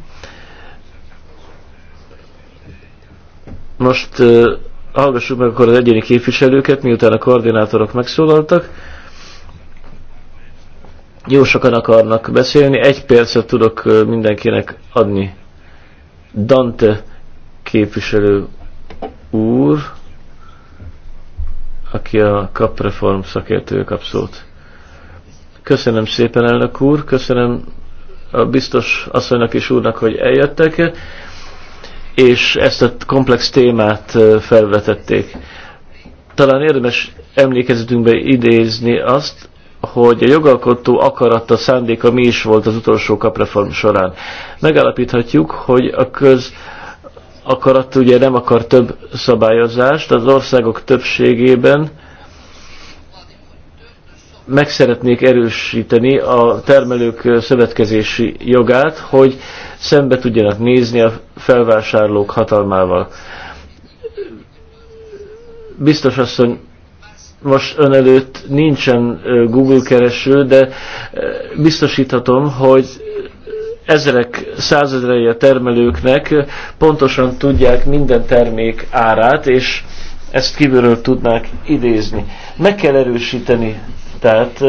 Most uh, hallgassuk meg akkor az egyéni képviselőket, miután a koordinátorok megszólaltak. Jó sokan akarnak beszélni, egy percet tudok mindenkinek adni. Dante képviselő úr aki a kapreform szakértő kapszót. Köszönöm szépen, elnök úr, köszönöm a biztos asszonynak és úrnak, hogy eljöttek, és ezt a komplex témát felvetették. Talán érdemes emlékezetünkbe idézni azt, hogy a jogalkotó akarata, szándéka mi is volt az utolsó kapreform során. Megállapíthatjuk, hogy a köz akarat ugye nem akar több szabályozást, az országok többségében meg szeretnék erősíteni a termelők szövetkezési jogát, hogy szembe tudjanak nézni a felvásárlók hatalmával. Biztos asszony, most ön előtt nincsen Google kereső, de biztosíthatom, hogy ezerek, százezrei a termelőknek pontosan tudják minden termék árát, és ezt kívülről tudnák idézni. Meg kell erősíteni tehát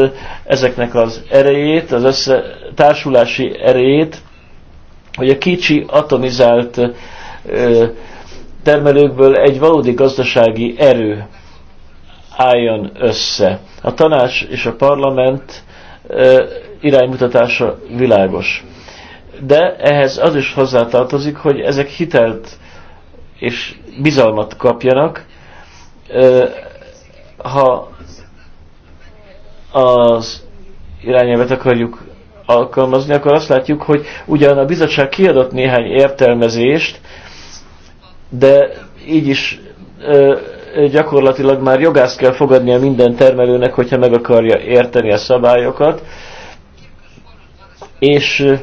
ezeknek az erejét, az össze, társulási erejét, hogy a kicsi atomizált ö, termelőkből egy valódi gazdasági erő álljon össze. A tanács és a parlament ö, iránymutatása világos de ehhez az is hozzátartozik, hogy ezek hitelt és bizalmat kapjanak. Ha az irányelvet akarjuk alkalmazni, akkor azt látjuk, hogy ugyan a bizottság kiadott néhány értelmezést, de így is ö, gyakorlatilag már jogász kell fogadnia minden termelőnek, hogyha meg akarja érteni a szabályokat. És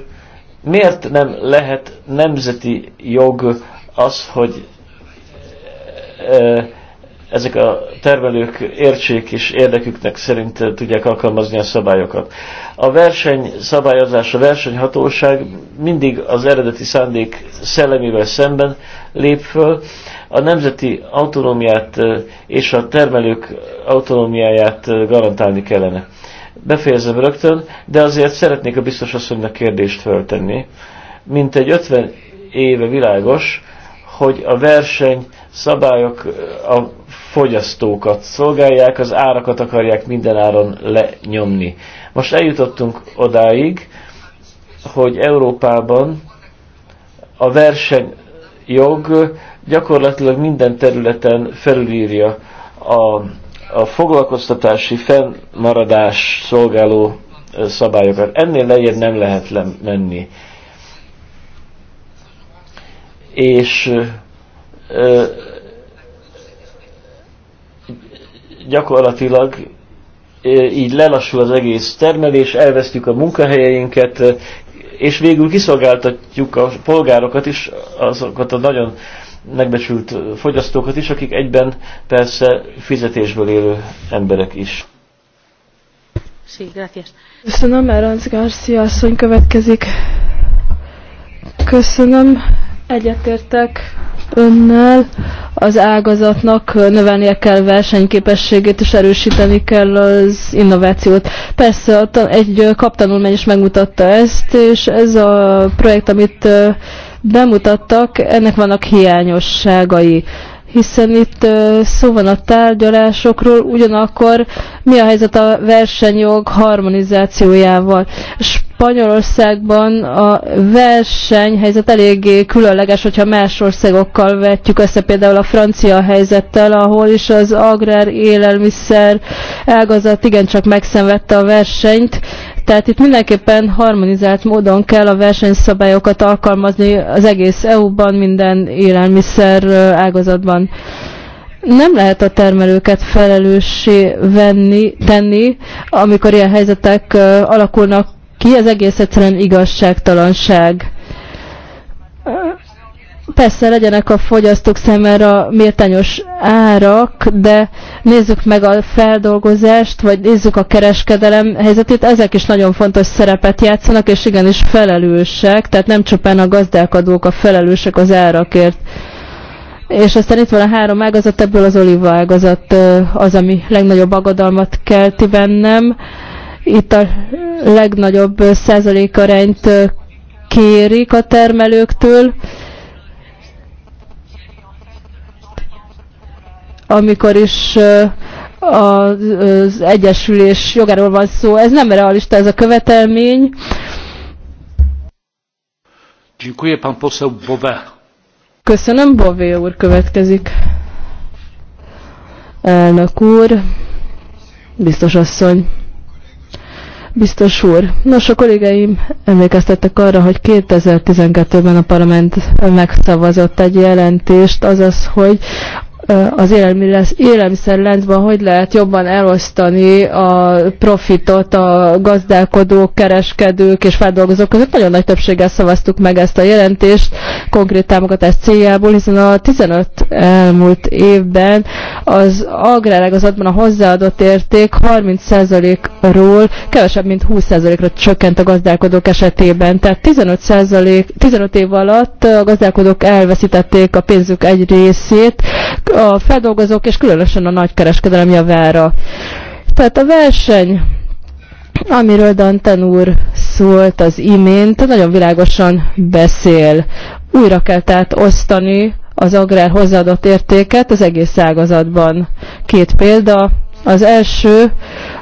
Miért nem lehet nemzeti jog az, hogy e, e, ezek a termelők értsék és érdeküknek szerint tudják alkalmazni a szabályokat. A verseny szabályozás, a versenyhatóság mindig az eredeti szándék szellemével szemben lép föl. A nemzeti autonómiát e, és a termelők autonómiáját garantálni kellene. Befejezem rögtön, de azért szeretnék a biztos asszonynak kérdést föltenni. Mint egy 50 éve világos, hogy a verseny szabályok a fogyasztókat szolgálják, az árakat akarják minden áron lenyomni. Most eljutottunk odáig, hogy Európában a versenyjog gyakorlatilag minden területen felülírja a a foglalkoztatási fennmaradás szolgáló szabályokat. Ennél lejjebb nem lehet menni. És gyakorlatilag így lelassul az egész termelés, elvesztjük a munkahelyeinket, és végül kiszolgáltatjuk a polgárokat is, azokat a nagyon megbecsült fogyasztókat is, akik egyben persze fizetésből élő emberek is. Sí, gracias. Köszönöm, Eranc Garcia asszony következik. Köszönöm, egyetértek önnel. Az ágazatnak növelnie kell versenyképességét, és erősíteni kell az innovációt. Persze egy kaptanulmány is megmutatta ezt, és ez a projekt, amit bemutattak, ennek vannak hiányosságai hiszen itt szó van a tárgyalásokról, ugyanakkor mi a helyzet a versenyjog harmonizációjával. Spanyolországban a versenyhelyzet eléggé különleges, hogyha más országokkal vetjük össze, például a francia helyzettel, ahol is az agrár élelmiszer ágazat igencsak megszenvedte a versenyt, tehát itt mindenképpen harmonizált módon kell a versenyszabályokat alkalmazni az egész EU-ban, minden élelmiszer ágazatban. Nem lehet a termelőket felelőssé venni, tenni, amikor ilyen helyzetek alakulnak ki, ez egész egyszerűen igazságtalanság Persze legyenek a fogyasztók a méltányos árak, de nézzük meg a feldolgozást, vagy nézzük a kereskedelem helyzetét, ezek is nagyon fontos szerepet játszanak, és igenis felelősek, tehát nem csupán a gazdálkodók a felelősek az árakért. És aztán itt van a három ágazat, ebből az oliva ágazat az, ami legnagyobb aggodalmat kelti bennem. Itt a legnagyobb százalékarányt kérik a termelőktől, amikor is az egyesülés jogáról van szó. Ez nem realista, ez a követelmény. Köszönöm, Bové úr következik. Elnök úr, biztos asszony. Biztos úr. Nos, a kollégeim emlékeztettek arra, hogy 2012-ben a parlament megszavazott egy jelentést, azaz, hogy az élelmiszerláncban hogy lehet jobban elosztani a profitot a gazdálkodók, kereskedők és feldolgozók között. Nagyon nagy többséggel szavaztuk meg ezt a jelentést konkrét támogatás céljából, hiszen a 15 elmúlt évben az agrárágazatban a hozzáadott érték 30%-ról kevesebb, mint 20%-ra csökkent a gazdálkodók esetében. Tehát 15, 15 év alatt a gazdálkodók elveszítették a pénzük egy részét, a feldolgozók és különösen a nagykereskedelem javára. Tehát a verseny, amiről Danten úr szólt az imént, nagyon világosan beszél. Újra kell tehát osztani az agrár hozzáadott értéket az egész ágazatban. Két példa. Az első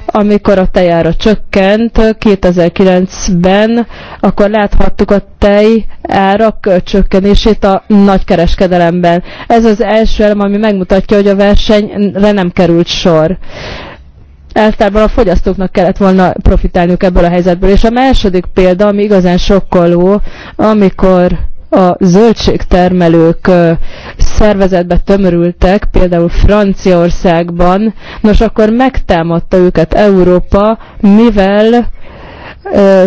amikor a tejára csökkent 2009-ben, akkor láthattuk a tej árak csökkenését a nagykereskedelemben. Ez az első elem, ami megmutatja, hogy a versenyre nem került sor. Eltárban a fogyasztóknak kellett volna profitálniuk ebből a helyzetből. És a második példa, ami igazán sokkoló, amikor a zöldségtermelők szervezetbe tömörültek, például Franciaországban, nos akkor megtámadta őket Európa, mivel ö,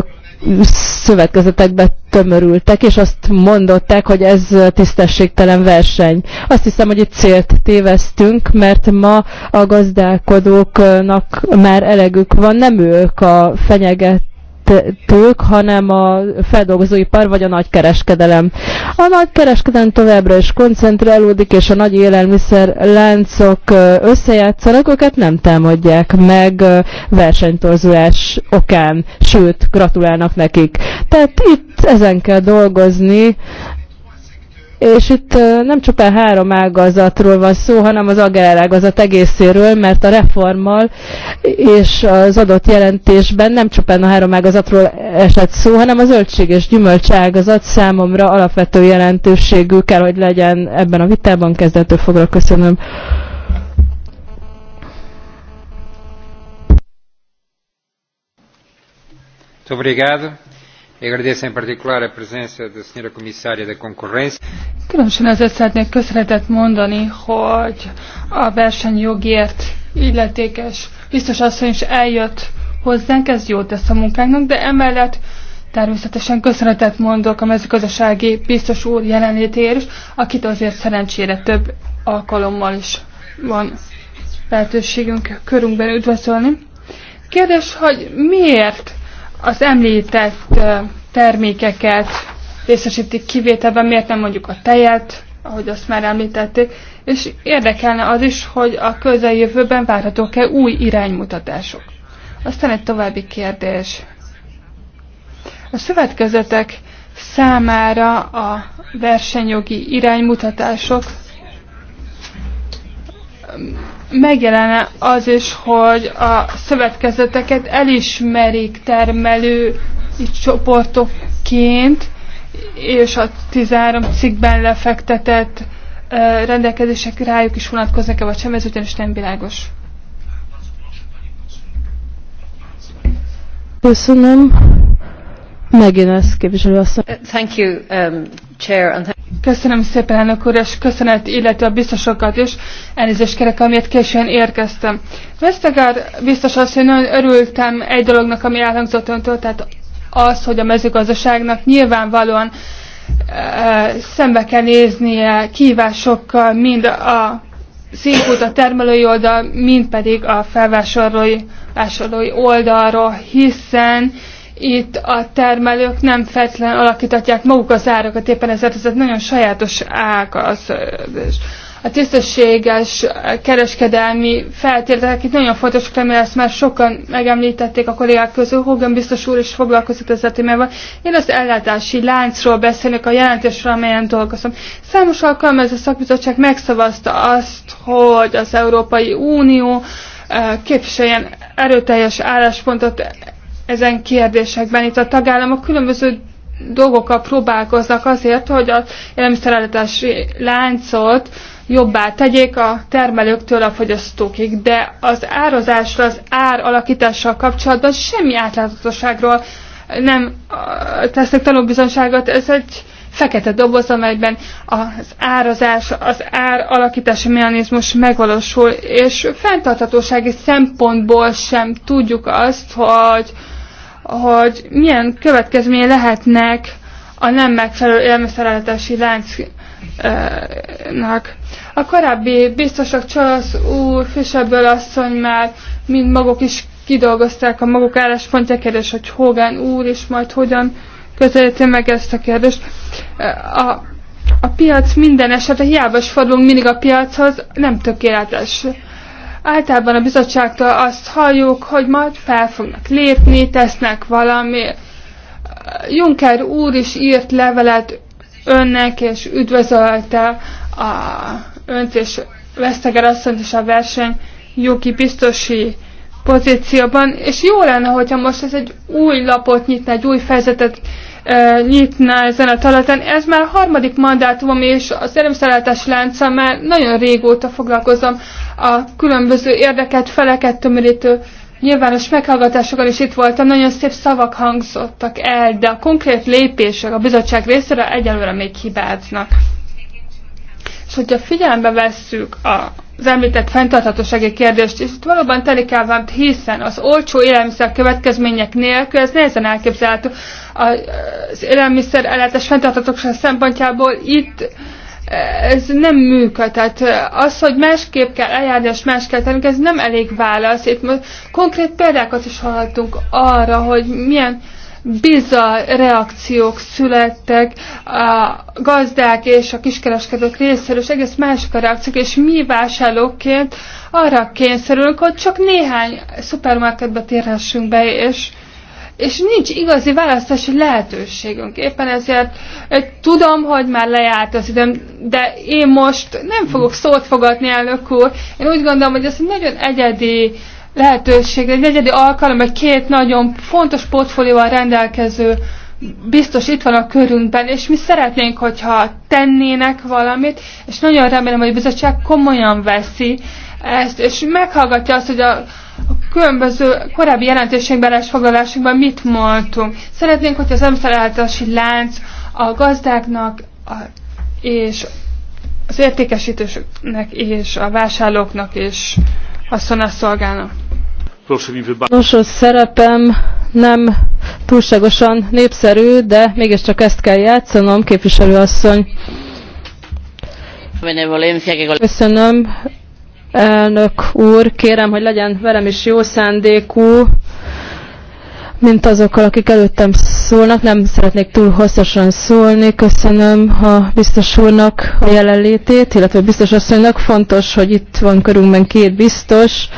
szövetkezetekbe tömörültek, és azt mondották, hogy ez tisztességtelen verseny. Azt hiszem, hogy itt célt téveztünk, mert ma a gazdálkodóknak már elegük van, nem ők a fenyeget tők, hanem a feldolgozóipar vagy a nagykereskedelem. A nagykereskedelem továbbra is koncentrálódik, és a nagy élelmiszer láncok összejátszanak, őket nem támadják meg versenytorzulás okán, sőt, gratulálnak nekik. Tehát itt ezen kell dolgozni, és itt nem csupán három ágazatról van szó, hanem az agrárágazat egészéről, mert a reformmal és az adott jelentésben nem csupán a három ágazatról esett szó, hanem a zöldség és gyümölcs ágazat számomra alapvető jelentőségű kell, hogy legyen ebben a vitában kezdettől fogra. Köszönöm. Obrigado. E Különösen azért szeretnék köszönetet mondani, hogy a versenyjogért illetékes biztos asszony is eljött hozzánk, ez jót tesz a munkánknak, de emellett természetesen köszönetet mondok a mezőgazdasági biztos úr jelenlétéért is, akit azért szerencsére több alkalommal is van lehetőségünk körünkben üdvözölni. Kérdés, hogy miért az említett termékeket részesítik kivételben, miért nem mondjuk a tejet, ahogy azt már említették, és érdekelne az is, hogy a közeljövőben várhatók-e új iránymutatások. Aztán egy további kérdés. A szövetkezetek számára a versenyjogi iránymutatások megjelene az is, hogy a szövetkezeteket elismerik termelő csoportokként, és a 13 cikkben lefektetett rendelkezések rájuk is vonatkoznak-e, vagy sem, ez ugyanis nem világos. Köszönöm képviselő asszony. Thank you, um, chair, and Köszönöm szépen, elnök úr, és köszönet illetve a biztosokat is. Elnézést kérek, amiért későn érkeztem. Vesztegár biztos asszony, nagyon örültem egy dolognak, ami elhangzott öntől, tehát az, hogy a mezőgazdaságnak nyilvánvalóan e, szembe kell néznie kívásokkal, mind a színkút a termelői oldal, mind pedig a felvásárlói oldalról, hiszen itt a termelők nem feltétlen alakítatják maguk az árakat, éppen ezért ez egy nagyon sajátos az A tisztességes kereskedelmi feltételek itt nagyon fontosak, remélem ezt már sokan megemlítették a kollégák közül, Hogan biztos úr is foglalkozott ezzel témával. Én az ellátási láncról beszélek, a jelentésről, amelyen dolgozom. Számos alkalommal ez a szakbizottság megszavazta azt, hogy az Európai Unió képviseljen erőteljes álláspontot ezen kérdésekben. Itt a tagállamok különböző dolgokkal próbálkoznak azért, hogy az élelmiszerállítási láncot jobbá tegyék a termelőktől a fogyasztókig, de az árazásra, az ár alakítással kapcsolatban semmi átláthatóságról nem tesznek tanúbizonságot, ez egy fekete doboz, amelyben az árazás, az ár alakítási mechanizmus megvalósul, és fenntarthatósági szempontból sem tudjuk azt, hogy, hogy milyen következmény lehetnek a nem megfelelő élmeszerelhetési láncnak. A korábbi biztosak Csalasz úr, Fisebből asszony már mind maguk is kidolgozták a maguk álláspontja kérdés, hogy Hogan úr is majd hogyan közelíti meg ezt a kérdést. A, a piac minden esetre hiába is fordulunk mindig a piachoz, nem tökéletes Általában a bizottságtól azt halljuk, hogy majd fel fognak lépni, tesznek valami. Juncker úr is írt levelet önnek, és üdvözölte a, önt és Veszteger asszonyt is a verseny jogi biztosi pozícióban, és jó lenne, hogyha most ez egy új lapot nyitna, egy új fejezetet nyitná ezen a területen. Ez már a harmadik mandátumom, és a örömszereltes lánca már nagyon régóta foglalkozom a különböző érdeket, feleket tömörítő nyilvános meghallgatásokon is itt voltam, nagyon szép szavak hangzottak el, de a konkrét lépések a bizottság részéről egyelőre még hibáznak. És hogyha figyelembe vesszük a, az említett fenntarthatósági kérdést is. Itt valóban telik elvámt, hiszen az olcsó élelmiszer következmények nélkül ez nehezen elképzelhető. Az élelmiszer ellátás fenntarthatóság szempontjából itt eh, ez nem működ. Tehát eh, az, hogy másképp kell eljárni és más kell tenni, ez nem elég válasz. Itt most konkrét példákat is hallhatunk arra, hogy milyen bizal reakciók születtek a gazdák és a kiskereskedők részéről, és egész mások a reakciók, és mi vásárlóként arra kényszerülünk, hogy csak néhány szupermarketbe térhessünk be, és és nincs igazi választási lehetőségünk. Éppen ezért eh, tudom, hogy már lejárt az időm, de én most nem fogok szót fogadni, elnök úr. Én úgy gondolom, hogy ez egy nagyon egyedi uh, lehetőség, egy egyedi alkalom, egy két nagyon fontos portfólióval rendelkező biztos itt van a körünkben, és mi szeretnénk, hogyha tennének valamit, és nagyon remélem, hogy a bizottság komolyan veszi ezt, és meghallgatja azt, hogy a, a különböző korábbi jelentésekben, foglalásokban mit mondtunk. Szeretnénk, hogy az emszerelhetési lánc a gazdáknak a, és az értékesítőknek és a vásárlóknak és haszonás szolgálnak. Nos, a szerepem nem túlságosan népszerű, de mégiscsak ezt kell játszanom, képviselőasszony. Köszönöm, elnök úr. Kérem, hogy legyen velem is jó szándékú, mint azokkal, akik előttem szólnak. Nem szeretnék túl hosszasan szólni. Köszönöm a biztos úrnak a jelenlétét, illetve biztos asszonynak. Fontos, hogy itt van körünkben két biztos,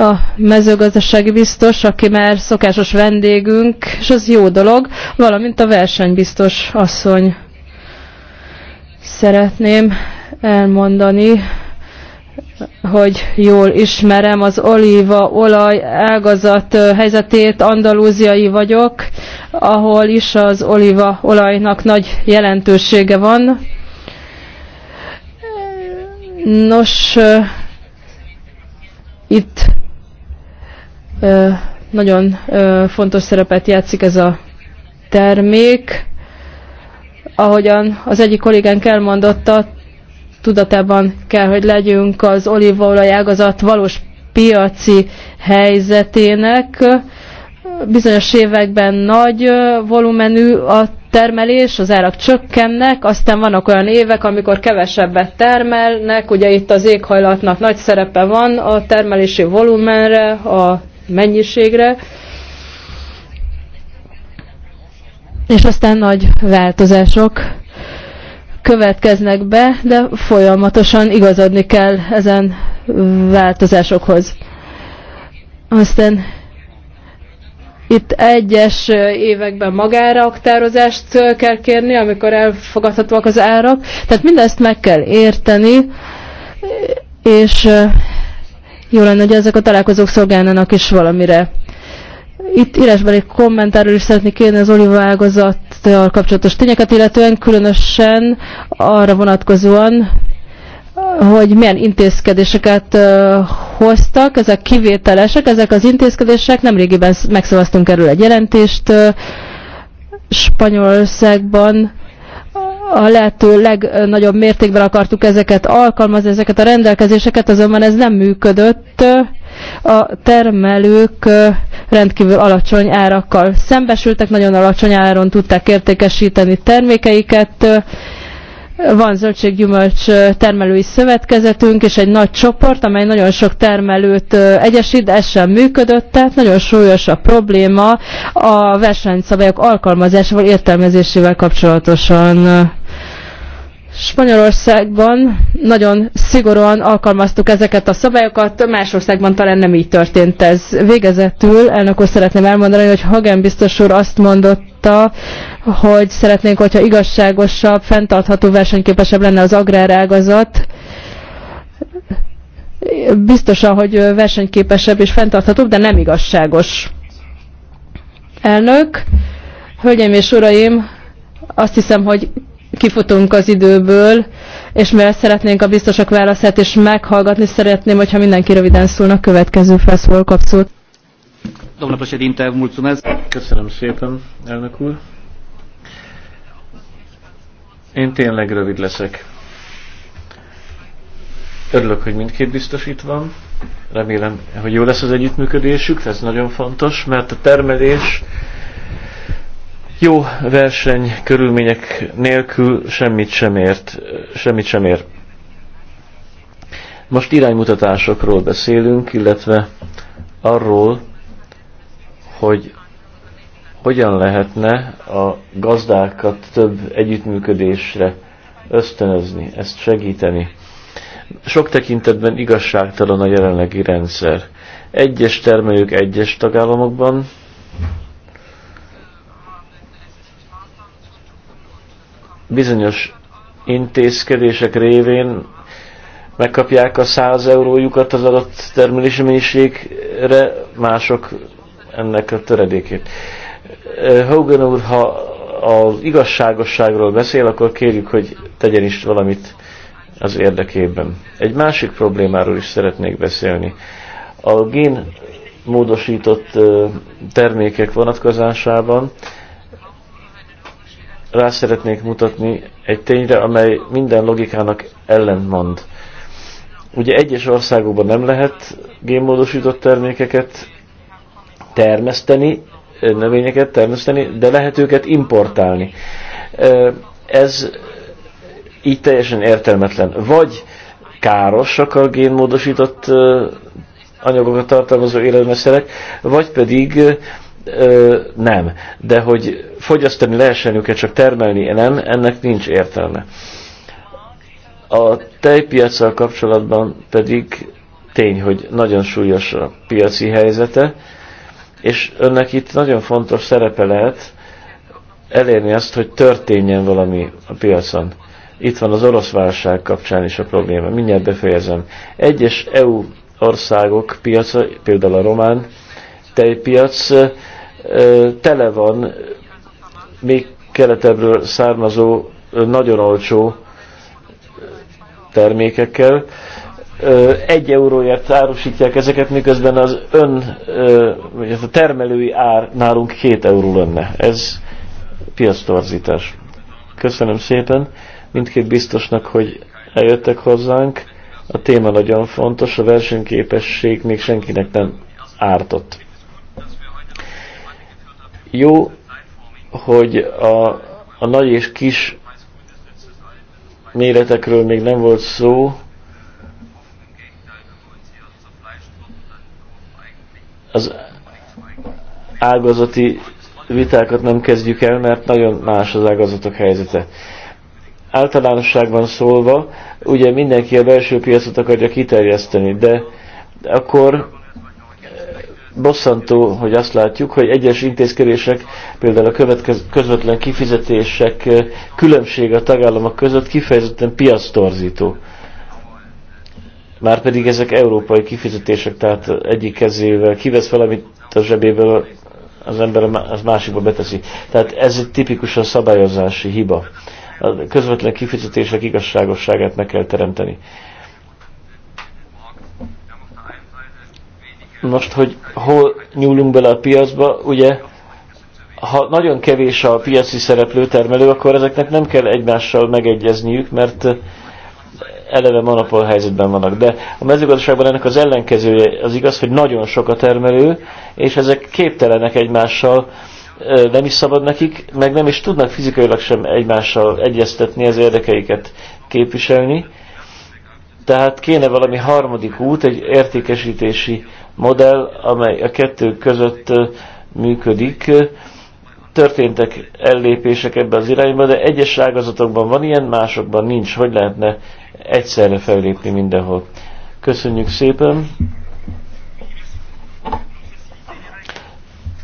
a mezőgazdasági biztos, aki már szokásos vendégünk, és az jó dolog, valamint a versenybiztos asszony. Szeretném elmondani, hogy jól ismerem az olaj ágazat helyzetét, andalúziai vagyok, ahol is az olajnak nagy jelentősége van. Nos, itt nagyon fontos szerepet játszik ez a termék. Ahogyan az egyik kollégánk elmondotta, tudatában kell, hogy legyünk az olívaolaj ágazat valós piaci helyzetének. Bizonyos években nagy volumenű a termelés, az árak csökkennek, aztán vannak olyan évek, amikor kevesebbet termelnek, ugye itt az éghajlatnak nagy szerepe van a termelési volumenre, a mennyiségre, és aztán nagy változások következnek be, de folyamatosan igazodni kell ezen változásokhoz. Aztán itt egyes években magára aktározást kell kérni, amikor elfogadhatóak az árak. Tehát mindezt meg kell érteni, és jó lenne, hogy ezek a találkozók szolgálnának is valamire. Itt írásban egy kommentáról is szeretnék kérni az olívaágazattal kapcsolatos tényeket, illetően különösen arra vonatkozóan, hogy milyen intézkedéseket uh, hoztak, ezek kivételesek, ezek az intézkedések, nemrégiben megszavaztunk erről egy jelentést, uh, Spanyolországban a lehető legnagyobb mértékben akartuk ezeket alkalmazni, ezeket a rendelkezéseket, azonban ez nem működött. A termelők rendkívül alacsony árakkal szembesültek, nagyon alacsony áron tudták értékesíteni termékeiket. Van zöldséggyümölcs termelői szövetkezetünk, és egy nagy csoport, amely nagyon sok termelőt egyesít, ez sem működött, tehát nagyon súlyos a probléma a versenyszabályok alkalmazásával, értelmezésével kapcsolatosan. Spanyolországban nagyon szigorúan alkalmaztuk ezeket a szabályokat, más országban talán nem így történt ez. Végezetül elnök úr szeretném elmondani, hogy Hagen biztos úr azt mondotta, hogy szeretnénk, hogyha igazságosabb, fenntartható, versenyképesebb lenne az agrárágazat. Biztosan, hogy versenyképesebb és fenntarthatóbb, de nem igazságos. Elnök, hölgyeim és uraim, azt hiszem, hogy kifutunk az időből, és mert szeretnénk a biztosak válaszát és meghallgatni, szeretném, hogyha mindenki röviden szólna, következő felszól kapszót. Köszönöm szépen, elnök úr. Én tényleg rövid leszek. Örülök, hogy mindkét biztos itt van. Remélem, hogy jó lesz az együttműködésük, ez nagyon fontos, mert a termelés jó verseny körülmények nélkül semmit sem, ért, semmit sem ér. Most iránymutatásokról beszélünk, illetve arról, hogy hogyan lehetne a gazdákat több együttműködésre ösztönözni, ezt segíteni. Sok tekintetben igazságtalan a jelenlegi rendszer. Egyes termelők egyes tagállamokban bizonyos intézkedések révén megkapják a 100 eurójukat az adott termelési mennyiségre, mások ennek a töredékét. Hogan úr, ha az igazságosságról beszél, akkor kérjük, hogy tegyen is valamit az érdekében. Egy másik problémáról is szeretnék beszélni. A gén módosított termékek vonatkozásában rá szeretnék mutatni egy tényre, amely minden logikának ellentmond. Ugye egyes országokban nem lehet génmódosított termékeket termeszteni, növényeket termeszteni, de lehet őket importálni. Ez így teljesen értelmetlen. Vagy károsak a génmódosított anyagokat tartalmazó élelmiszerek, vagy pedig ö, nem. De hogy fogyasztani lehessen őket, csak termelni nem, ennek nincs értelme. A tejpiacsal kapcsolatban pedig tény, hogy nagyon súlyos a piaci helyzete, és önnek itt nagyon fontos szerepe lehet elérni azt, hogy történjen valami a piacon. Itt van az orosz válság kapcsán is a probléma. Mindjárt befejezem. Egyes EU országok piaca, például a román, tejpiac tele van még keletebbről származó nagyon olcsó termékekkel. Egy euróért árusítják ezeket, miközben az ön, vagy a termelői ár nálunk két euró lenne. Ez piasztorzítás. Köszönöm szépen mindkét biztosnak, hogy eljöttek hozzánk. A téma nagyon fontos, a versenyképesség még senkinek nem ártott. Jó, hogy a, a nagy és kis méretekről még nem volt szó. Az ágazati vitákat nem kezdjük el, mert nagyon más az ágazatok helyzete. Általánosságban szólva, ugye mindenki a belső piacot akarja kiterjeszteni, de akkor bosszantó, hogy azt látjuk, hogy egyes intézkedések, például a közvetlen kifizetések különbsége a tagállamok között kifejezetten piasztorzító. Márpedig ezek európai kifizetések, tehát egyik kezével kivesz valamit a zsebéből, az ember az másikba beteszi. Tehát ez egy tipikusan szabályozási hiba. A közvetlen kifizetések igazságosságát meg kell teremteni. Most, hogy hol nyúlunk bele a piacba, ugye, ha nagyon kevés a piaci szereplő termelő, akkor ezeknek nem kell egymással megegyezniük, mert eleve monopól helyzetben vannak. De a mezőgazdaságban ennek az ellenkezője az igaz, hogy nagyon sok a termelő, és ezek képtelenek egymással, nem is szabad nekik, meg nem is tudnak fizikailag sem egymással egyeztetni az érdekeiket képviselni. Tehát kéne valami harmadik út, egy értékesítési modell, amely a kettő között működik. Történtek ellépések ebbe az irányba, de egyes ágazatokban van ilyen, másokban nincs. Hogy lehetne egyszerre fellépni mindenhol? Köszönjük szépen!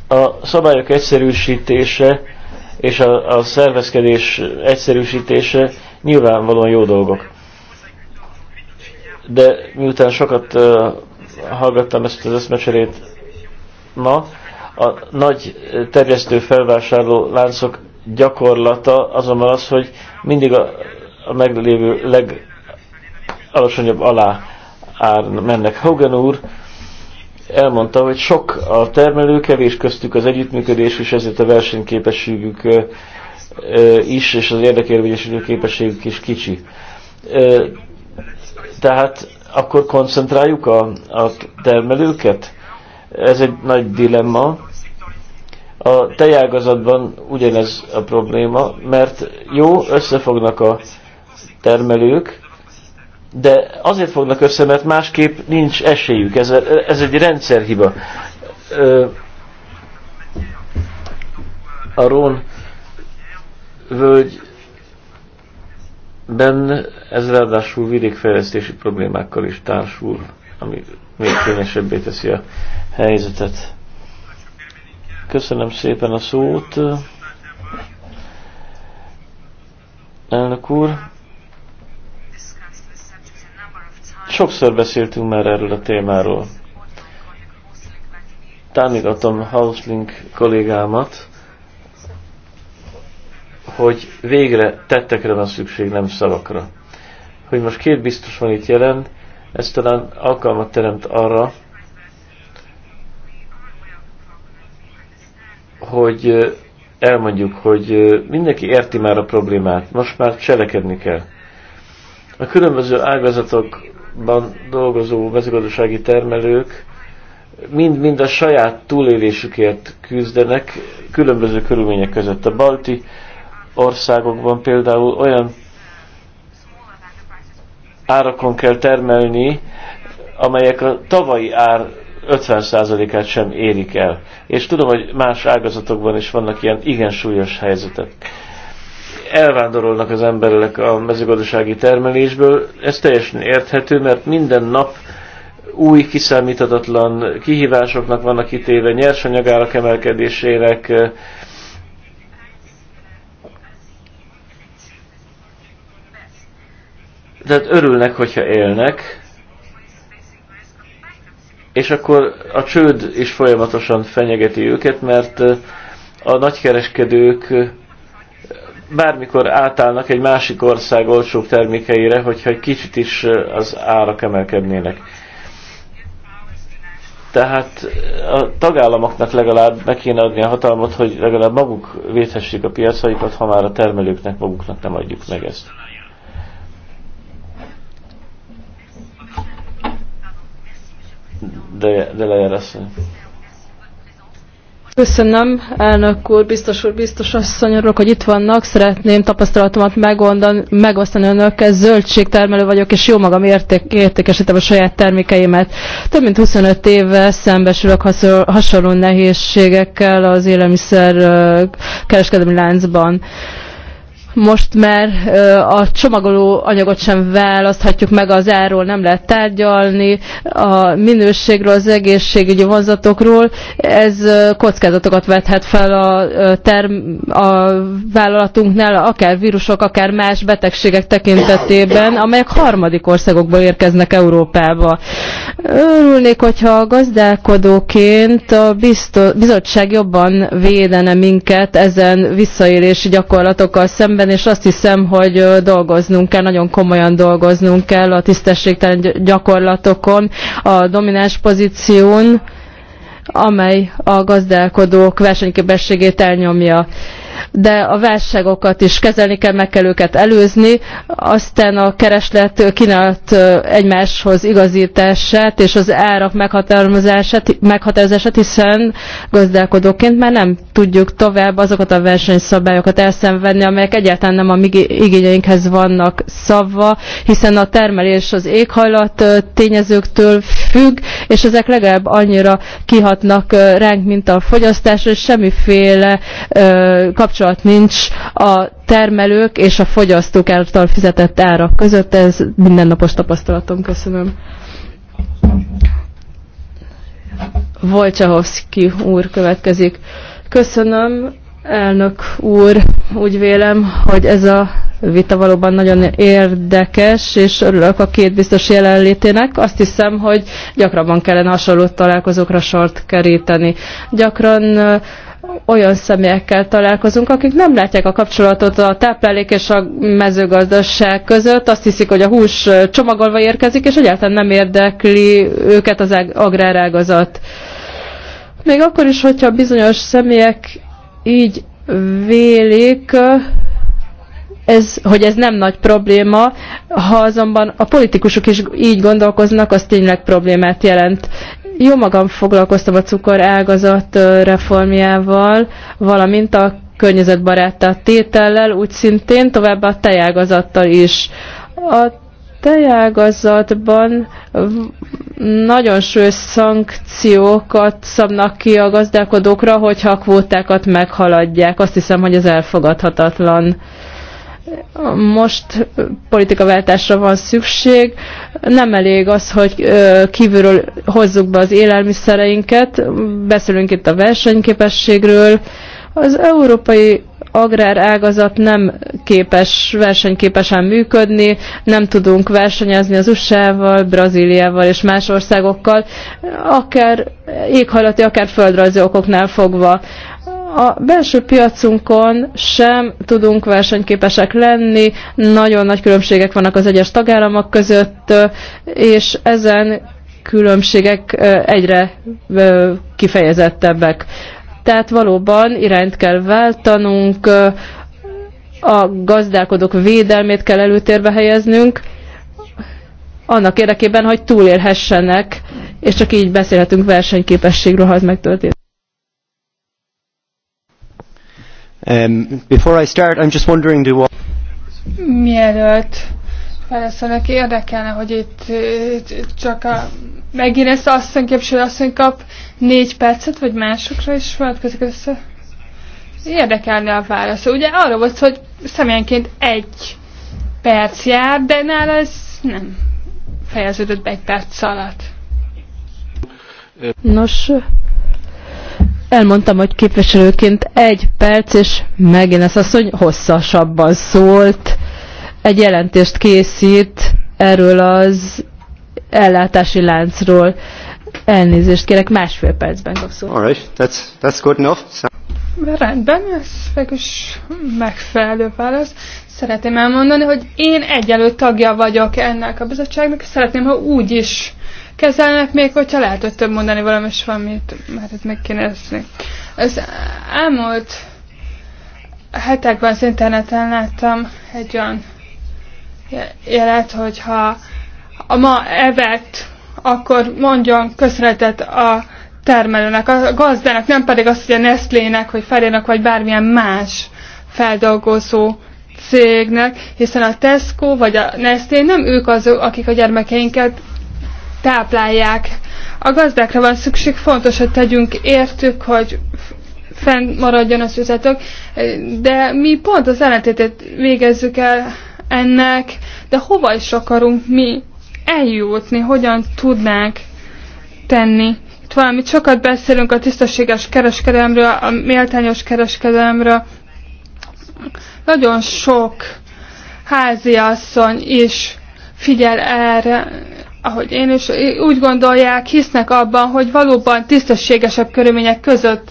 A szabályok egyszerűsítése és a, a szervezkedés egyszerűsítése nyilvánvalóan jó dolgok. De miután sokat hallgattam ezt az eszmecserét ma, a nagy terjesztő felvásárló láncok gyakorlata azonban az, hogy mindig a, a meglévő legalacsonyabb alá ár mennek. Hogan úr elmondta, hogy sok a termelő, kevés köztük az együttműködés, és ezért a versenyképességük ö, ö, is, és az érdekérvényesítő képességük is kicsi. Ö, tehát akkor koncentráljuk a, a termelőket? Ez egy nagy dilemma. A tejágazatban ugyanez a probléma, mert jó, összefognak a termelők, de azért fognak össze, mert másképp nincs esélyük. Ez, ez egy rendszerhiba. A Rón völgy Ben ez ráadásul vidékfejlesztési problémákkal is társul, ami még kényesebbé teszi a helyzetet. Köszönöm szépen a szót. Elnök úr, sokszor beszéltünk már erről a témáról. Támogatom Hauslink kollégámat, hogy végre tettekre van szükség, nem szavakra. Hogy most két biztos van itt jelen, ez talán alkalmat teremt arra, hogy elmondjuk, hogy mindenki érti már a problémát, most már cselekedni kell. A különböző ágazatokban dolgozó mezőgazdasági termelők mind-mind a saját túlélésükért küzdenek különböző körülmények között. A balti országokban például olyan árakon kell termelni, amelyek a tavalyi ár 50%-át sem érik el. És tudom, hogy más ágazatokban is vannak ilyen igen súlyos helyzetek. Elvándorolnak az emberek a mezőgazdasági termelésből, ez teljesen érthető, mert minden nap új, kiszámíthatatlan kihívásoknak vannak kitéve, nyersanyagárak emelkedésének, tehát örülnek, hogyha élnek, és akkor a csőd is folyamatosan fenyegeti őket, mert eh, a nagykereskedők eh, bármikor átállnak egy másik ország olcsóbb termékeire, hogyha egy kicsit is eh, az árak emelkednének. Tehát a tagállamoknak legalább meg kéne adni a hatalmat, hogy legalább maguk védhessék a piacaikat, ha már a termelőknek maguknak nem adjuk meg ezt. de, de lejárásra. Köszönöm, elnök úr, biztos úr, biztos asszony, hogy itt vannak. Szeretném tapasztalatomat megondani, megosztani önökkel. Zöldségtermelő vagyok, és jó magam érték, értékesítem a saját termékeimet. Több mint 25 éve szembesülök hasonló nehézségekkel az élelmiszer kereskedelmi láncban most már a csomagoló anyagot sem választhatjuk meg, az árról nem lehet tárgyalni, a minőségről, az egészségügyi vonzatokról. Ez kockázatokat vethet fel a, term, a vállalatunknál, akár vírusok, akár más betegségek tekintetében, amelyek harmadik országokból érkeznek Európába. Örülnék, hogyha a gazdálkodóként a biztos, bizottság jobban védene minket ezen visszaélési gyakorlatokkal szemben, és azt hiszem, hogy dolgoznunk kell, nagyon komolyan dolgoznunk kell a tisztességtelen gyakorlatokon, a domináns pozíción, amely a gazdálkodók versenyképességét elnyomja de a válságokat is kezelni kell, meg kell őket előzni, aztán a kereslet kínálat egymáshoz igazítását és az árak meghatározását, meghatározását hiszen gazdálkodóként már nem tudjuk tovább azokat a versenyszabályokat elszenvedni, amelyek egyáltalán nem a mi igényeinkhez vannak szabva, hiszen a termelés az éghajlat tényezőktől függ, és ezek legalább annyira kihatnak ránk, mint a fogyasztásra, és semmiféle kapcsolat nincs a termelők és a fogyasztók által fizetett árak között. Ez mindennapos tapasztalatom. Köszönöm. Wojciechowski úr következik. Köszönöm, elnök úr. Úgy vélem, hogy ez a vita valóban nagyon érdekes, és örülök a két biztos jelenlétének. Azt hiszem, hogy gyakrabban kellene hasonló találkozókra sort keríteni. Gyakran olyan személyekkel találkozunk, akik nem látják a kapcsolatot a táplálék és a mezőgazdaság között. Azt hiszik, hogy a hús csomagolva érkezik, és egyáltalán nem érdekli őket az agrárágazat. Még akkor is, hogyha bizonyos személyek így vélik, ez, hogy ez nem nagy probléma, ha azonban a politikusok is így gondolkoznak, az tényleg problémát jelent. Jó magam foglalkoztam a cukor ágazat reformjával, valamint a környezetbaráttá tétellel, úgy szintén továbbá a tejágazattal is. A tejágazatban nagyon súlyos szankciókat szabnak ki a gazdálkodókra, hogyha a kvótákat meghaladják. Azt hiszem, hogy ez elfogadhatatlan most politikaváltásra van szükség. Nem elég az, hogy kívülről hozzuk be az élelmiszereinket, beszélünk itt a versenyképességről. Az európai agrárágazat nem képes versenyképesen működni, nem tudunk versenyezni az USA-val, Brazíliával és más országokkal, akár éghajlati, akár földrajzi okoknál fogva. A belső piacunkon sem tudunk versenyképesek lenni, nagyon nagy különbségek vannak az egyes tagállamok között, és ezen különbségek egyre kifejezettebbek. Tehát valóban irányt kell váltanunk, a gazdálkodók védelmét kell előtérbe helyeznünk, annak érdekében, hogy túlélhessenek, és csak így beszélhetünk versenyképességről, ha ez megtörtént. Um, before I start, I'm just wondering, do Mielőtt feleszenek érdekelne, hogy itt, itt uh, csak a megint ezt asszony képviselő asszony kap négy percet, vagy másokra is vonatkozik össze? Érdekelne a válasz. Ugye arról volt, hogy személyenként egy perc jár, de nála ez nem fejeződött be egy perc alatt. Nos, elmondtam, hogy képviselőként egy perc, és megint az asszony hosszasabban szólt. Egy jelentést készít erről az ellátási láncról. Elnézést kérek, másfél percben kapszol. Alright, that's, that's good enough. So... Rendben, ez is megfelelő válasz. Szeretném elmondani, hogy én egyelő tagja vagyok ennek a bizottságnak, szeretném, ha úgy is kezelnek, még hogyha lehet, hogy több mondani valami is van, mert már ez meg kéne eszni. Az elmúlt hetekben az interneten láttam egy olyan jelet, hogyha a ma evett, akkor mondjon köszönetet a termelőnek, a gazdának, nem pedig azt, hogy a Nestlének, vagy Ferének, vagy bármilyen más feldolgozó cégnek, hiszen a Tesco vagy a Nestlé nem ők azok, akik a gyermekeinket táplálják. A gazdákra van szükség, fontos, hogy tegyünk értük, hogy fenn maradjon az üzletök, de mi pont az ellentétét végezzük el ennek, de hova is akarunk mi eljutni, hogyan tudnánk tenni. Itt valamit sokat beszélünk a tisztességes kereskedelemről, a méltányos kereskedelemről. Nagyon sok háziasszony is figyel erre, ahogy én is, úgy gondolják, hisznek abban, hogy valóban tisztességesebb körülmények között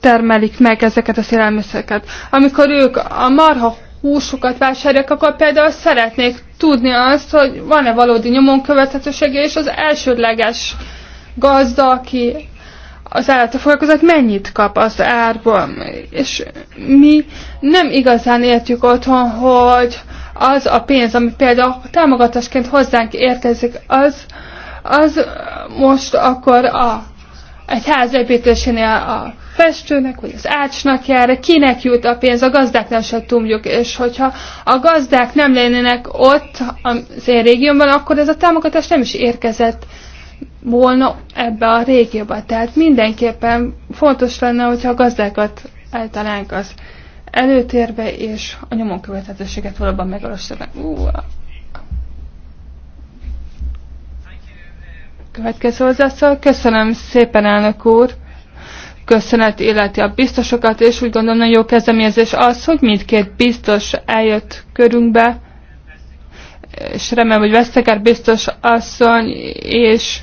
termelik meg ezeket a élelmiszereket. Amikor ők a marha húsukat vásárolják, akkor például szeretnék tudni azt, hogy van-e valódi nyomon követhetősége, és az elsődleges gazda, aki az állata foglalkozott, mennyit kap az árból. És mi nem igazán értjük otthon, hogy az a pénz, ami például támogatásként hozzánk érkezik, az, az most akkor a, egy ház építésénél a festőnek, vagy az ácsnak jár, kinek jut a pénz, a nem se tudjuk, és hogyha a gazdák nem lennének ott az én régiómban, akkor ez a támogatás nem is érkezett volna ebbe a régióba. Tehát mindenképpen fontos lenne, hogyha a gazdákat eltalánk az előtérbe, és a nyomon követhetőséget valóban megvalósítanak. Következő hozzászól. Köszönöm szépen, elnök úr! Köszönet illeti a biztosokat, és úgy gondolom nagyon jó kezdeményezés az, hogy mindkét biztos eljött körünkbe, és remélem, hogy Vesztegár biztos asszony, és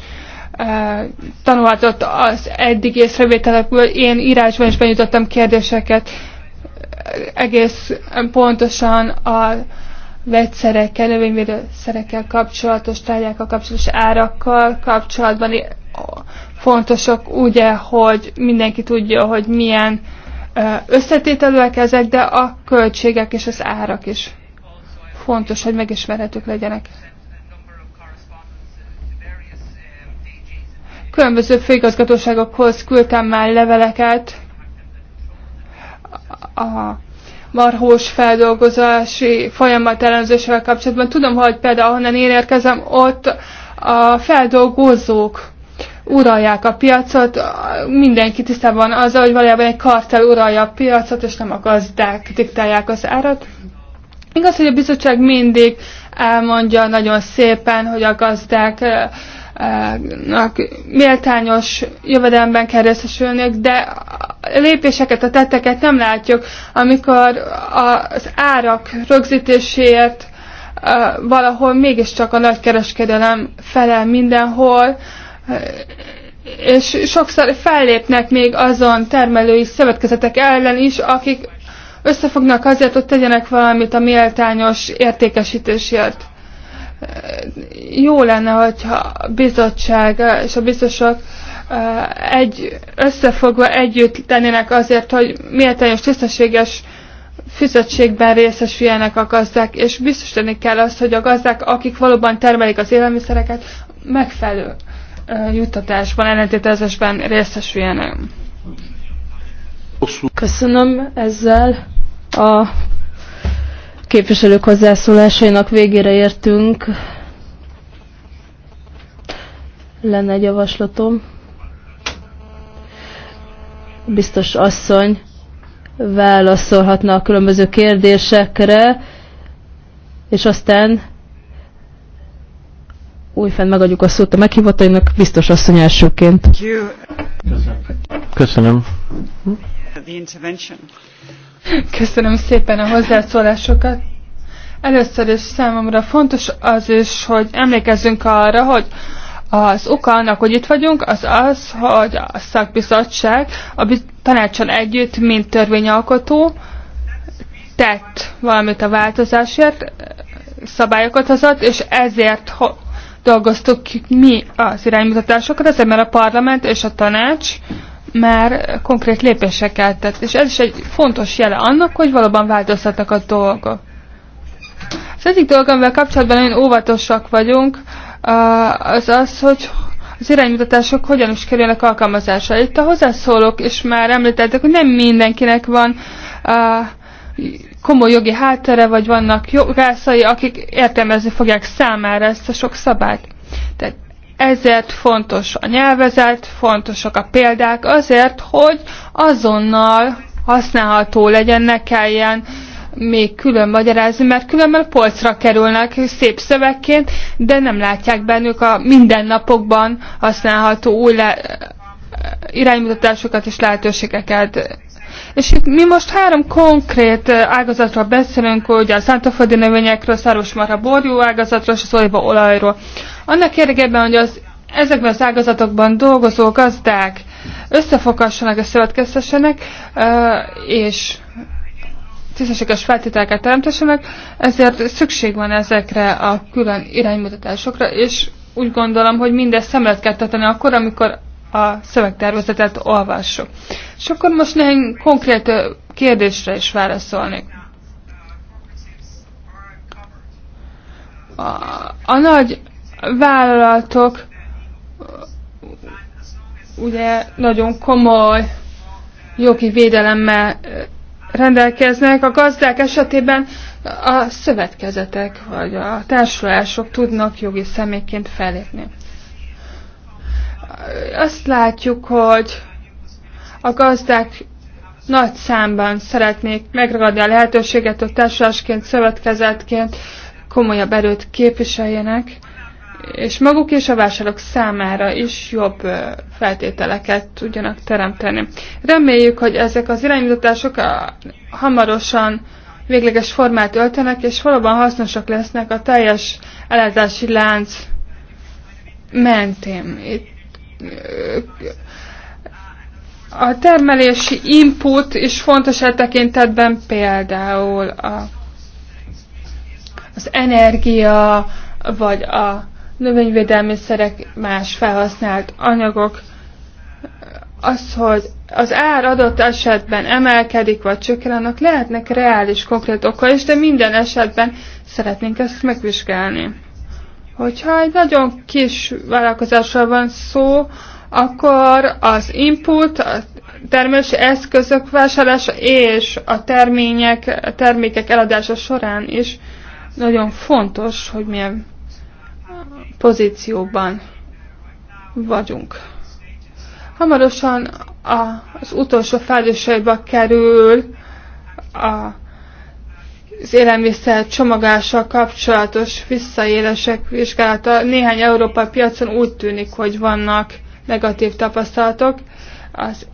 e, tanulhatott az eddig észrevételekből. Én írásban is benyújtottam kérdéseket egész pontosan a vegyszerekkel, növényvédőszerekkel kapcsolatos tárgyákkal kapcsolatos árakkal kapcsolatban fontosak, ugye, hogy mindenki tudja, hogy milyen összetételőek ezek, de a költségek és az árak is fontos, hogy megismerhetők legyenek. Különböző főigazgatóságokhoz küldtem már leveleket, a marhós feldolgozási folyamat elemzésével kapcsolatban. Tudom, hogy például ahonnan én érkezem, ott a feldolgozók uralják a piacot, mindenki tisztában van azzal, hogy valójában egy kartel uralja a piacot, és nem a gazdák diktálják az árat. Igaz, hogy a bizottság mindig elmondja nagyon szépen, hogy a gazdák méltányos jövedelemben kell részesülniük, de a lépéseket, a tetteket nem látjuk, amikor az árak rögzítéséért valahol mégiscsak a kereskedelem felel mindenhol, és sokszor fellépnek még azon termelői szövetkezetek ellen is, akik összefognak azért, hogy tegyenek valamit a méltányos értékesítésért jó lenne, hogyha a bizottság és a biztosok egy, összefogva együtt tennének azért, hogy miért teljes tisztességes fizetségben részesüljenek a gazdák, és biztosítani kell azt, hogy a gazdák, akik valóban termelik az élelmiszereket, megfelelő juttatásban, ellentétezésben részesüljenek. Köszönöm ezzel a képviselők hozzászólásainak végére értünk. Lenne egy javaslatom. Biztos asszony válaszolhatna a különböző kérdésekre, és aztán újfent megadjuk a szót a meghívatainak, biztos asszony elsőként. Köszönöm. Köszönöm. Köszönöm szépen a hozzászólásokat. Először is számomra fontos az is, hogy emlékezzünk arra, hogy az oka annak, hogy itt vagyunk, az az, hogy a szakbizottság a tanácson együtt, mint törvényalkotó tett valamit a változásért, szabályokat hozott, és ezért dolgoztuk ki mi az iránymutatásokat, ezért mert a parlament és a tanács már konkrét lépéseket tett, és ez is egy fontos jele annak, hogy valóban változtatnak a dolgok. Az egyik dolog, amivel kapcsolatban nagyon óvatosak vagyunk, az az, hogy az iránymutatások hogyan is kerülnek alkalmazásra. Itt a hozzászólók és már említettek, hogy nem mindenkinek van komoly jogi háttere, vagy vannak jogászai, akik értelmezni fogják számára ezt a sok szabályt ezért fontos a nyelvezet, fontosak a példák, azért, hogy azonnal használható legyen, ne kelljen még külön magyarázni, mert különben a polcra kerülnek szép szövegként, de nem látják bennük a mindennapokban használható új le iránymutatásokat és lehetőségeket. És itt mi most három konkrét ágazatról beszélünk, ugye a szántóföldi növényekről, szárosmarha borjú ágazatról és az olajról. Annak érdekében, hogy az ezekben az ágazatokban dolgozó gazdák összefoghassanak és szövetkeztessenek, és tisztességes feltételeket teremtessenek, ezért szükség van ezekre a külön iránymutatásokra, és úgy gondolom, hogy mindezt szemlet kell tartani akkor, amikor a szövegtervezetet olvassuk. És akkor most néhány konkrét kérdésre is válaszolnék. A, a nagy vállalatok ugye nagyon komoly jogi védelemmel rendelkeznek. A gazdák esetében a szövetkezetek vagy a társulások tudnak jogi személyként felépni azt látjuk, hogy a gazdák nagy számban szeretnék megragadni a lehetőséget, hogy társasként, szövetkezetként komolyabb erőt képviseljenek, és maguk és a vásárlók számára is jobb feltételeket tudjanak teremteni. Reméljük, hogy ezek az irányítások hamarosan végleges formát öltenek, és valóban hasznosak lesznek a teljes ellátási lánc mentén. Itt a termelési input is fontos e tekintetben például a, az energia, vagy a növényvédelmiszerek más felhasznált anyagok, az, hogy az ár adott esetben emelkedik vagy csökken, annak lehetnek reális, konkrét okai is, de minden esetben szeretnénk ezt megvizsgálni. Hogyha egy nagyon kis vállalkozásról van szó, akkor az input, a termelési eszközök vásárlása és a termények, a termékek eladása során is nagyon fontos, hogy milyen pozícióban vagyunk. Hamarosan a, az utolsó fázisaiba kerül a az élelmiszer csomagással kapcsolatos visszaélések vizsgálata néhány európai piacon úgy tűnik, hogy vannak negatív tapasztalatok. Az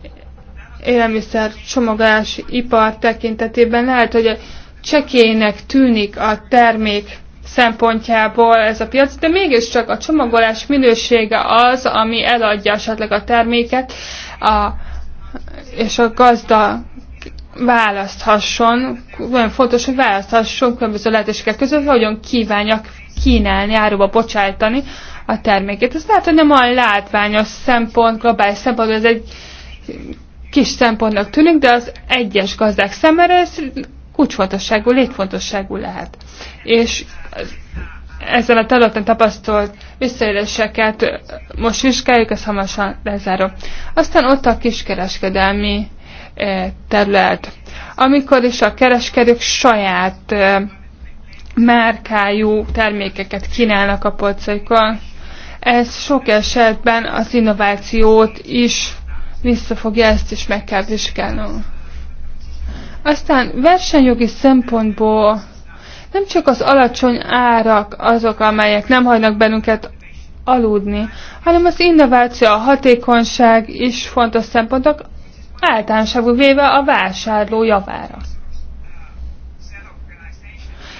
élelmiszer csomagolási ipar tekintetében lehet, hogy a csekélynek tűnik a termék szempontjából ez a piac, de mégiscsak a csomagolás minősége az, ami eladja esetleg a terméket, a, és a gazda választhasson, olyan fontos, hogy választhasson különböző lehetőségek között, hogy hogyan kívánja kínálni, áruba bocsájtani a termékét. Ez lehet, hogy nem olyan látványos szempont, globális szempont, ez egy kis szempontnak tűnik, de az egyes gazdák szemére, ez kulcsfontosságú, létfontosságú lehet. És ezzel a területen tapasztalt visszaéléseket most vizsgáljuk, ezt hamarosan lezárom. Aztán ott a kiskereskedelmi E, terület. Amikor is a kereskedők saját e, márkájú termékeket kínálnak a polcaikon, ez sok esetben az innovációt is visszafogja, ezt is meg kell vizsgálnunk. Aztán versenyjogi szempontból nem csak az alacsony árak azok, amelyek nem hagynak bennünket aludni, hanem az innováció, a hatékonyság is fontos szempontok, általánosabbul véve a vásárló javára.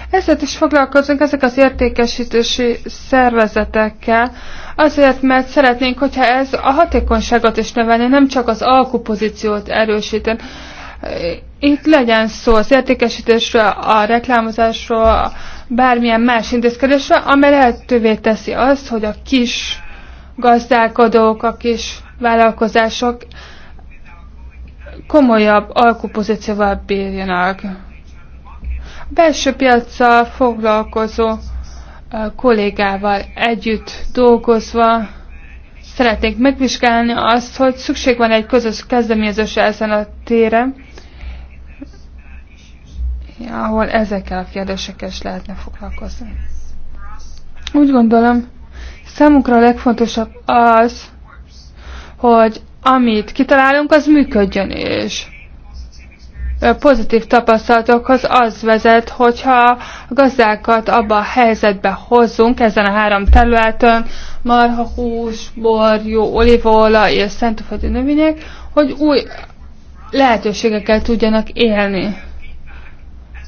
Ezért is foglalkozunk ezek az értékesítési szervezetekkel, azért, mert szeretnénk, hogyha ez a hatékonyságot is növelni, nem csak az alkupozíciót erősíteni. Itt legyen szó az értékesítésről, a reklámozásról, bármilyen más intézkedésről, amely lehetővé teszi azt, hogy a kis gazdálkodók, a kis vállalkozások komolyabb alkupozícióval bírjanak. A belső piacsal foglalkozó kollégával együtt dolgozva szeretnék megvizsgálni azt, hogy szükség van egy közös kezdeményezésre ezen a téren, ahol ezekkel a kérdésekkel is lehetne foglalkozni. Úgy gondolom, számunkra a legfontosabb az, hogy amit kitalálunk, az működjön is. Pozitív tapasztalatokhoz az vezet, hogyha a gazdákat abba a helyzetbe hozzunk ezen a három területen, marha, hús, bor, jó olivola és szentőföldi növények, hogy új lehetőségekkel tudjanak élni.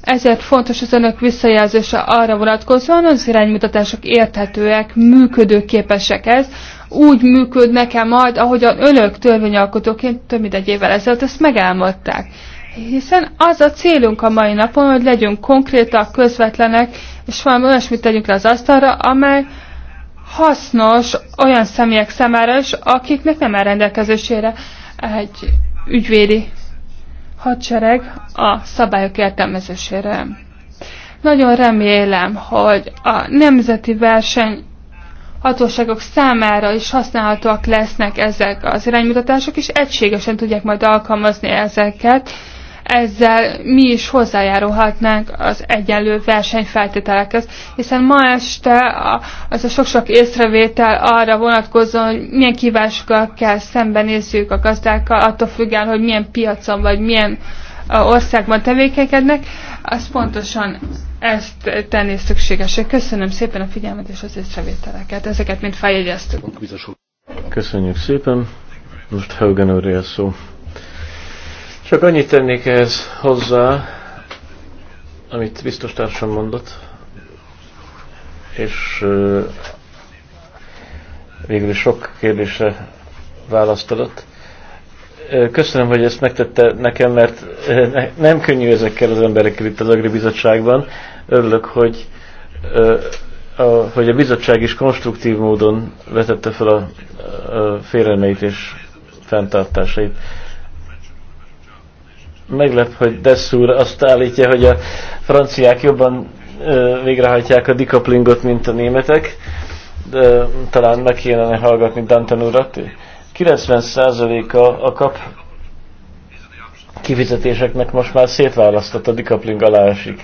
Ezért fontos az önök visszajelzése arra vonatkozóan, az iránymutatások érthetőek, működőképesek ez, úgy működnek nekem majd, ahogyan önök törvényalkotóként több mint egy évvel ezelőtt ezt megálmodták. Hiszen az a célunk a mai napon, hogy legyünk konkrétak, közvetlenek, és valami olyasmit tegyünk le az asztalra, amely hasznos olyan személyek számára is, akiknek nem áll rendelkezésére egy ügyvédi hadsereg a szabályok értelmezésére. Nagyon remélem, hogy a nemzeti verseny hatóságok számára is használhatóak lesznek ezek az iránymutatások, és egységesen tudják majd alkalmazni ezeket. Ezzel mi is hozzájárulhatnánk az egyenlő versenyfeltételekhez, hiszen ma este az a sok-sok észrevétel arra vonatkozóan, hogy milyen kívásokkal kell szembenézzük a gazdákkal, attól függően, hogy milyen piacon vagy milyen országban tevékenykednek, az pontosan ezt tenni szükséges. Köszönöm szépen a figyelmet és az észrevételeket. Ezeket mind feljegyeztük. Köszönjük szépen. Most Helgen úr szó. Csak annyit tennék ehhez hozzá, amit biztos társam mondott, és végül is sok kérdésre választ Köszönöm, hogy ezt megtette nekem, mert nem könnyű ezekkel az emberekkel itt az Agri Bizottságban. Örülök, hogy, a, hogy a bizottság is konstruktív módon vetette fel a, a félelmeit és fenntartásait. Meglep, hogy Dessur azt állítja, hogy a franciák jobban végrehajtják a decouplingot, mint a németek. De, talán meg kéne hallgatni Dante urat. 90%-a a kap kifizetéseknek most már szétválasztott a decoupling alá esik.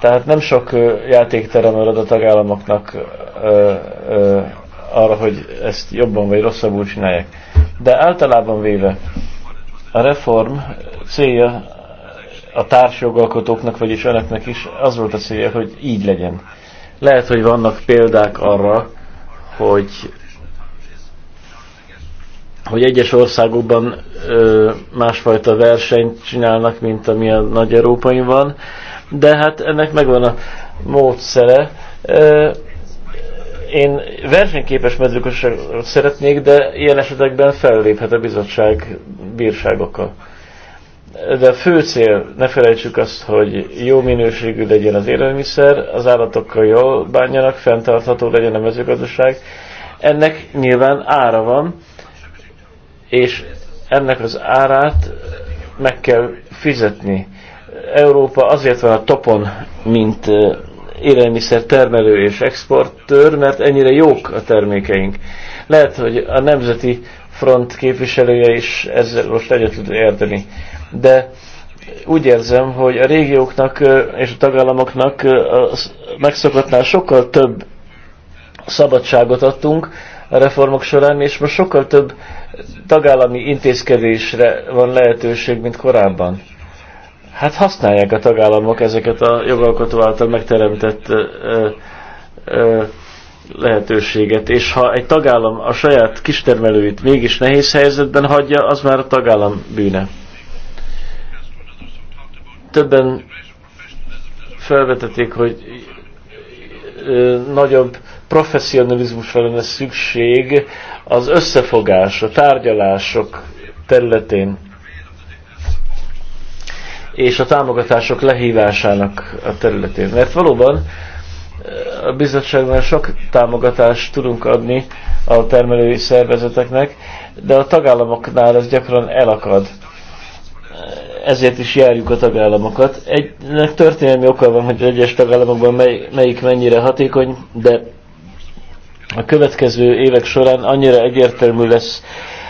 Tehát nem sok játékterem marad a tagállamoknak ö, ö, arra, hogy ezt jobban vagy rosszabbul csinálják. De általában véve a reform célja a társjogalkotóknak, vagyis önöknek is az volt a célja, hogy így legyen. Lehet, hogy vannak példák arra, hogy hogy egyes országokban ö, másfajta versenyt csinálnak, mint ami a nagy európai van, de hát ennek megvan a módszere. Én versenyképes mezőgazdaságot szeretnék, de ilyen esetekben felléphet a bizottság bírságokkal. De a fő cél, ne felejtsük azt, hogy jó minőségű legyen az élelmiszer, az állatokkal jól bánjanak, fenntartható legyen a mezőgazdaság. Ennek nyilván ára van, és ennek az árát meg kell fizetni. Európa azért van a topon, mint élelmiszer termelő és exportőr, mert ennyire jók a termékeink. Lehet, hogy a Nemzeti Front képviselője is ezzel most egyet tud érteni, de úgy érzem, hogy a régióknak és a tagállamoknak megszokottnál sokkal több szabadságot adtunk a reformok során, és most sokkal több tagállami intézkedésre van lehetőség, mint korábban Hát használják a tagállamok ezeket a jogalkotó által megteremtett ö, ö, lehetőséget, és ha egy tagállam a saját kistermelőit mégis nehéz helyzetben hagyja, az már a tagállam bűne. Többen felvetették, hogy nagyobb professzionalizmusra lenne szükség az összefogás, a tárgyalások területén és a támogatások lehívásának a területén. Mert valóban eh, a bizottságban sok támogatást tudunk adni a termelői szervezeteknek, de a tagállamoknál ez gyakran elakad. Eh, ezért is járjuk a tagállamokat. Egynek történelmi oka van, hogy egyes tagállamokban mely, melyik mennyire hatékony, de a következő évek során annyira egyértelmű lesz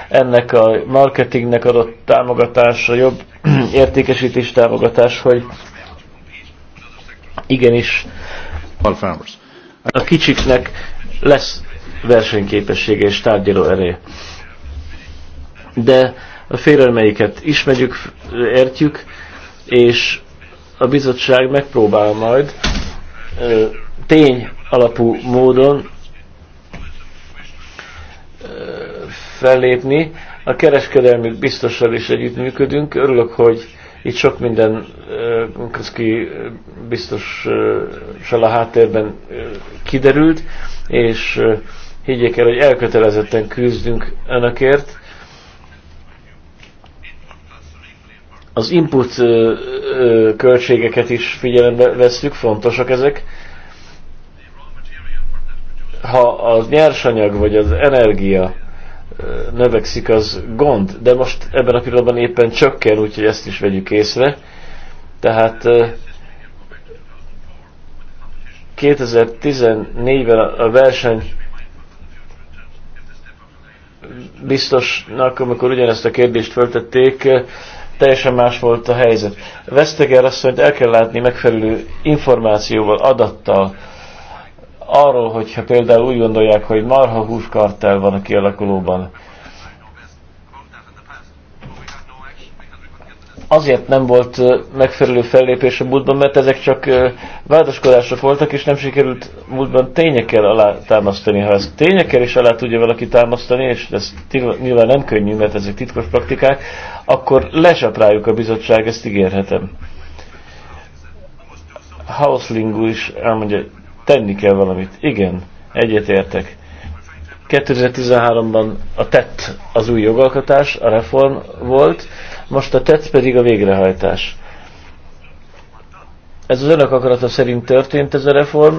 ennek a marketingnek adott támogatása, jobb <clears throat> értékesítés támogatás, hogy igenis a kicsiknek lesz versenyképessége és tárgyaló eré. De a félelmeiket ismerjük, értjük, és a bizottság megpróbál majd tény alapú módon fellépni. A kereskedelmük biztosan is együttműködünk. Örülök, hogy itt sok minden közki biztossal a háttérben kiderült, és higgyék el, hogy elkötelezetten küzdünk önökért. Az input költségeket is figyelembe veszük, fontosak ezek. Ha az nyersanyag vagy az energia növekszik, az gond, de most ebben a pillanatban éppen csökken, úgyhogy ezt is vegyük észre. Tehát 2014-ben a verseny biztosnak, amikor ugyanezt a kérdést föltették, teljesen más volt a helyzet. Veszteger mondta, el kell látni megfelelő információval, adattal, arról, hogyha például úgy gondolják, hogy marha húskartel van a kialakulóban, azért nem volt megfelelő fellépés a múltban, mert ezek csak vádaskodások voltak, és nem sikerült múltban tényekkel alá támasztani. Ha ezt tényekkel is alá tudja valaki támasztani, és ez nyilván nem könnyű, mert ezek titkos praktikák, akkor lesaprájuk a bizottság, ezt ígérhetem. Hausling is elmondja, tenni kell valamit. Igen, egyetértek. 2013-ban a TET az új jogalkotás, a reform volt, most a TET pedig a végrehajtás. Ez az önök akarata szerint történt ez a reform.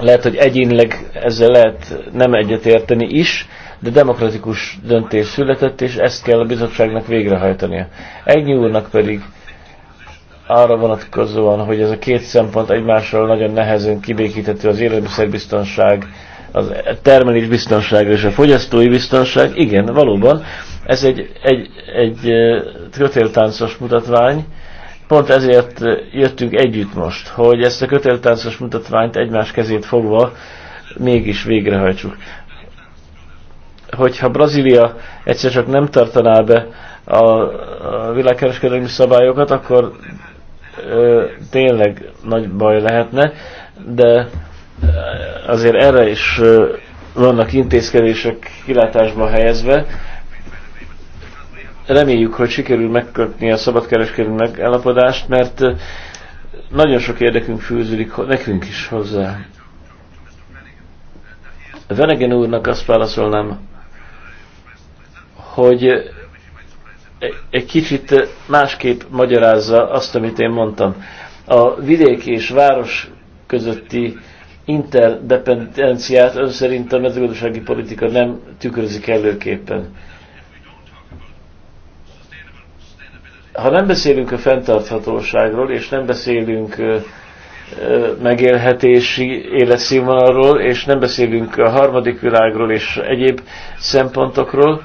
Lehet, hogy egyénileg ezzel lehet nem egyetérteni is, de demokratikus döntés született, és ezt kell a bizottságnak végrehajtania. Egy úrnak pedig arra vonatkozóan, hogy ez a két szempont egymással nagyon nehezen kibékíthető az élelmiszerbiztonság, az termelés biztonsága és a fogyasztói biztonság. Igen, valóban, ez egy, egy, egy kötéltáncos mutatvány. Pont ezért jöttünk együtt most, hogy ezt a kötéltáncos mutatványt egymás kezét fogva mégis végrehajtsuk. Hogyha Brazília egyszer csak nem tartaná be a, a világkereskedelmi szabályokat, akkor ö, tényleg nagy baj lehetne, de azért erre is ö, vannak intézkedések kilátásba helyezve. Reméljük, hogy sikerül megkötni a szabadkereskedelmi megállapodást, mert nagyon sok érdekünk fűződik nekünk is hozzá. Venegen úrnak azt válaszolnám, hogy egy kicsit másképp magyarázza azt, amit én mondtam. A vidék és város közötti interdependenciát ön szerint a mezőgazdasági politika nem tükrözik előképpen. Ha nem beszélünk a fenntarthatóságról, és nem beszélünk megélhetési életszínvonalról, és nem beszélünk a harmadik világról és egyéb szempontokról,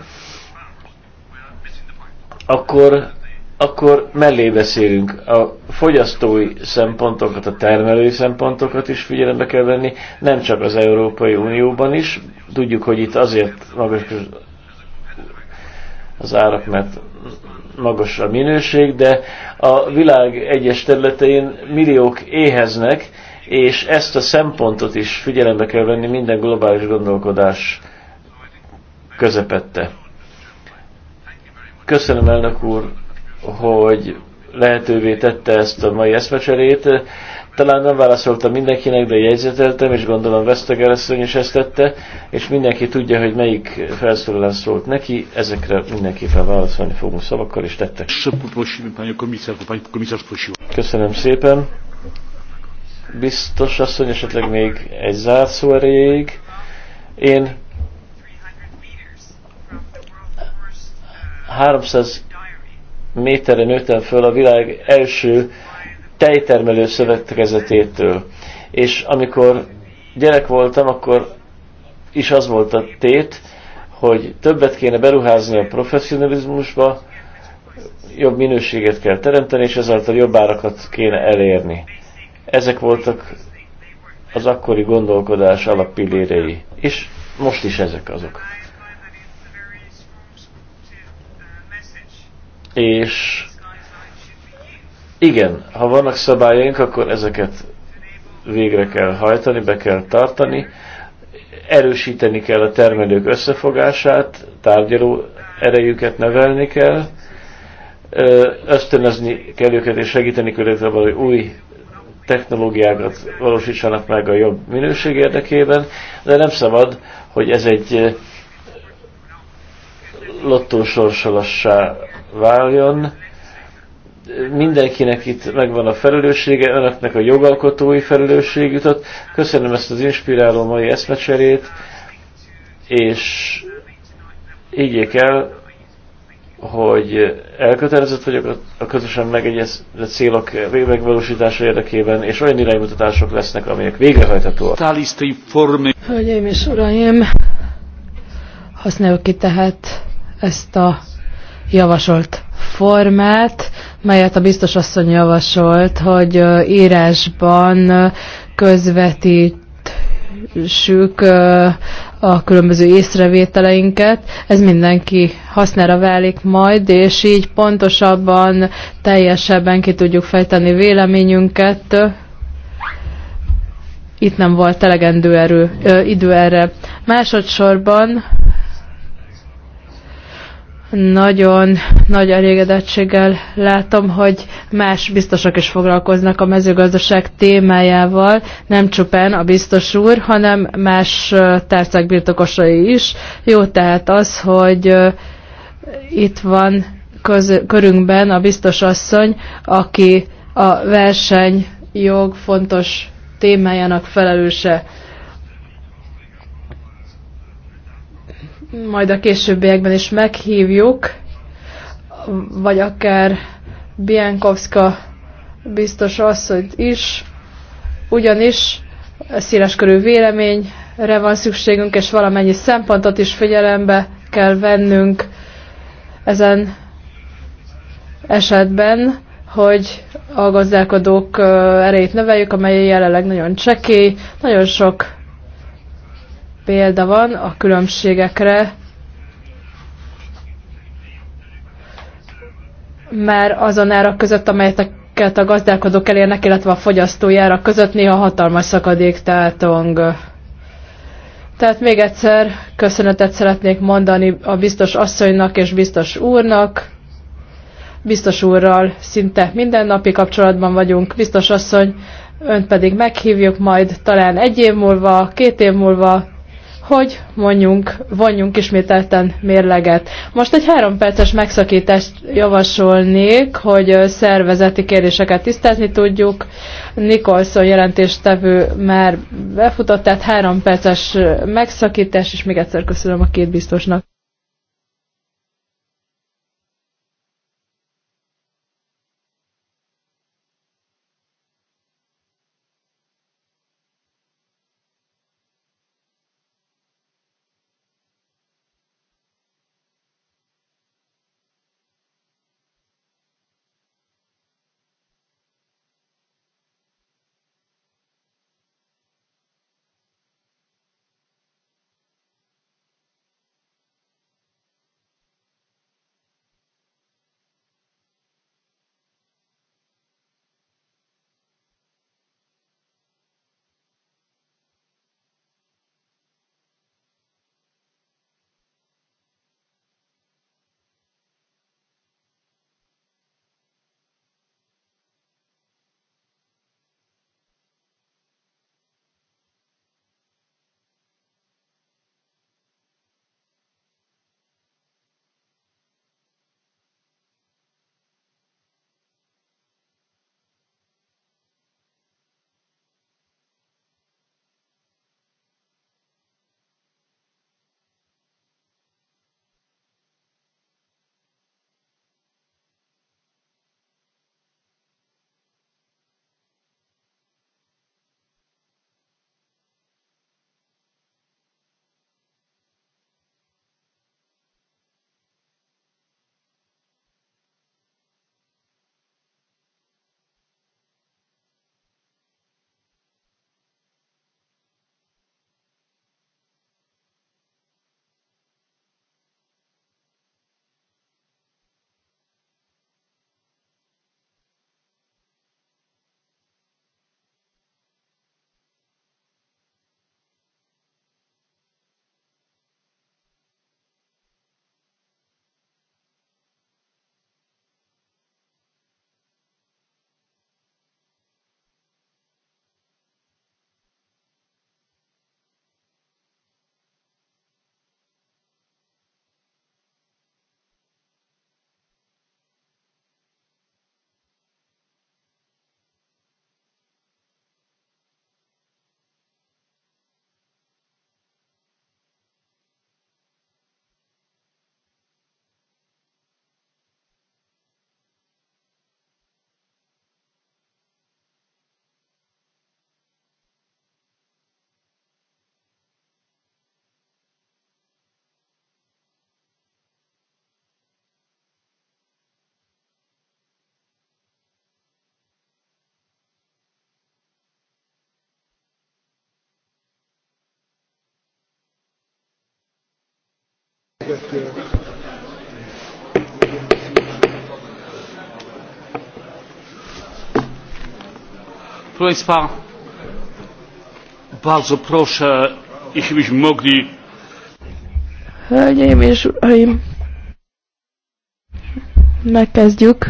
akkor, akkor mellé beszélünk. A fogyasztói szempontokat, a termelői szempontokat is figyelembe kell venni, nem csak az Európai Unióban is. Tudjuk, hogy itt azért magas az árak, mert magas a minőség, de a világ egyes területein milliók éheznek, és ezt a szempontot is figyelembe kell venni minden globális gondolkodás közepette. Köszönöm elnök úr, hogy lehetővé tette ezt a mai eszmecserét. Talán nem válaszoltam mindenkinek, de jegyzeteltem, és gondolom Veszteger asszony is ezt tette, és mindenki tudja, hogy melyik felszólalás szólt neki, ezekre mindenképpen válaszolni fogunk szavakkal és tettek. Köszönöm szépen. Biztos asszony esetleg még egy zárszó erejéig. Én 300 méterre nőttem föl a világ első tejtermelő szövetkezetétől. És amikor gyerek voltam, akkor is az volt a tét, hogy többet kéne beruházni a professzionalizmusba, jobb minőséget kell teremteni, és ezáltal jobb árakat kéne elérni. Ezek voltak az akkori gondolkodás alappillérei, és most is ezek azok. És igen, ha vannak szabályaink, akkor ezeket végre kell hajtani, be kell tartani, erősíteni kell a termelők összefogását, tárgyaló erejüket nevelni kell, ösztönözni kell őket és segíteni kell hogy új technológiákat valósítsanak meg a jobb minőség érdekében, de nem szabad, hogy ez egy lottósorsolassá váljon. Mindenkinek itt megvan a felelőssége, önöknek a jogalkotói felelősség jutott. Köszönöm ezt az inspiráló mai eszmecserét, és ígyék el, hogy elkötelezett vagyok a közösen megegyezett célok megvalósítása érdekében, és olyan iránymutatások lesznek, amelyek végrehajthatóak. Hölgyeim és uraim, használjuk ki tehát ezt a javasolt formát, melyet a biztos asszony javasolt, hogy írásban közvetítsük a különböző észrevételeinket. Ez mindenki hasznára válik majd, és így pontosabban, teljesebben ki tudjuk fejteni véleményünket. Itt nem volt elegendő erő, ö, idő erre. Másodszorban nagyon nagy elégedettséggel látom, hogy más biztosak is foglalkoznak a mezőgazdaság témájával, nem csupán a biztos úr, hanem más tárcák birtokosai is. Jó tehát az, hogy itt van köz, körünkben a biztos asszony, aki a versenyjog fontos témájának felelőse. majd a későbbiekben is meghívjuk, vagy akár Bienkowska biztos hogy is, ugyanis körű véleményre van szükségünk, és valamennyi szempontot is figyelembe kell vennünk ezen esetben, hogy a gazdálkodók erejét növeljük, amely jelenleg nagyon csekély, nagyon sok példa van a különbségekre, mert azon árak között, amelyeket a gazdálkodók elérnek, illetve a fogyasztói árak között néha hatalmas szakadék tátong. Tehát még egyszer köszönetet szeretnék mondani a biztos asszonynak és biztos úrnak. Biztos úrral szinte minden kapcsolatban vagyunk. Biztos asszony, önt pedig meghívjuk majd talán egy év múlva, két év múlva, hogy mondjunk, vonjunk ismételten mérleget. Most egy három perces megszakítást javasolnék, hogy szervezeti kérdéseket tisztázni tudjuk. Nikolson jelentéstevő már befutott, tehát három perces megszakítás, és még egyszer köszönöm a két biztosnak. Proszę Państwa, bardzo proszę, jeśli byśmy mogli. Hölgyeim és uraim, megkezdjük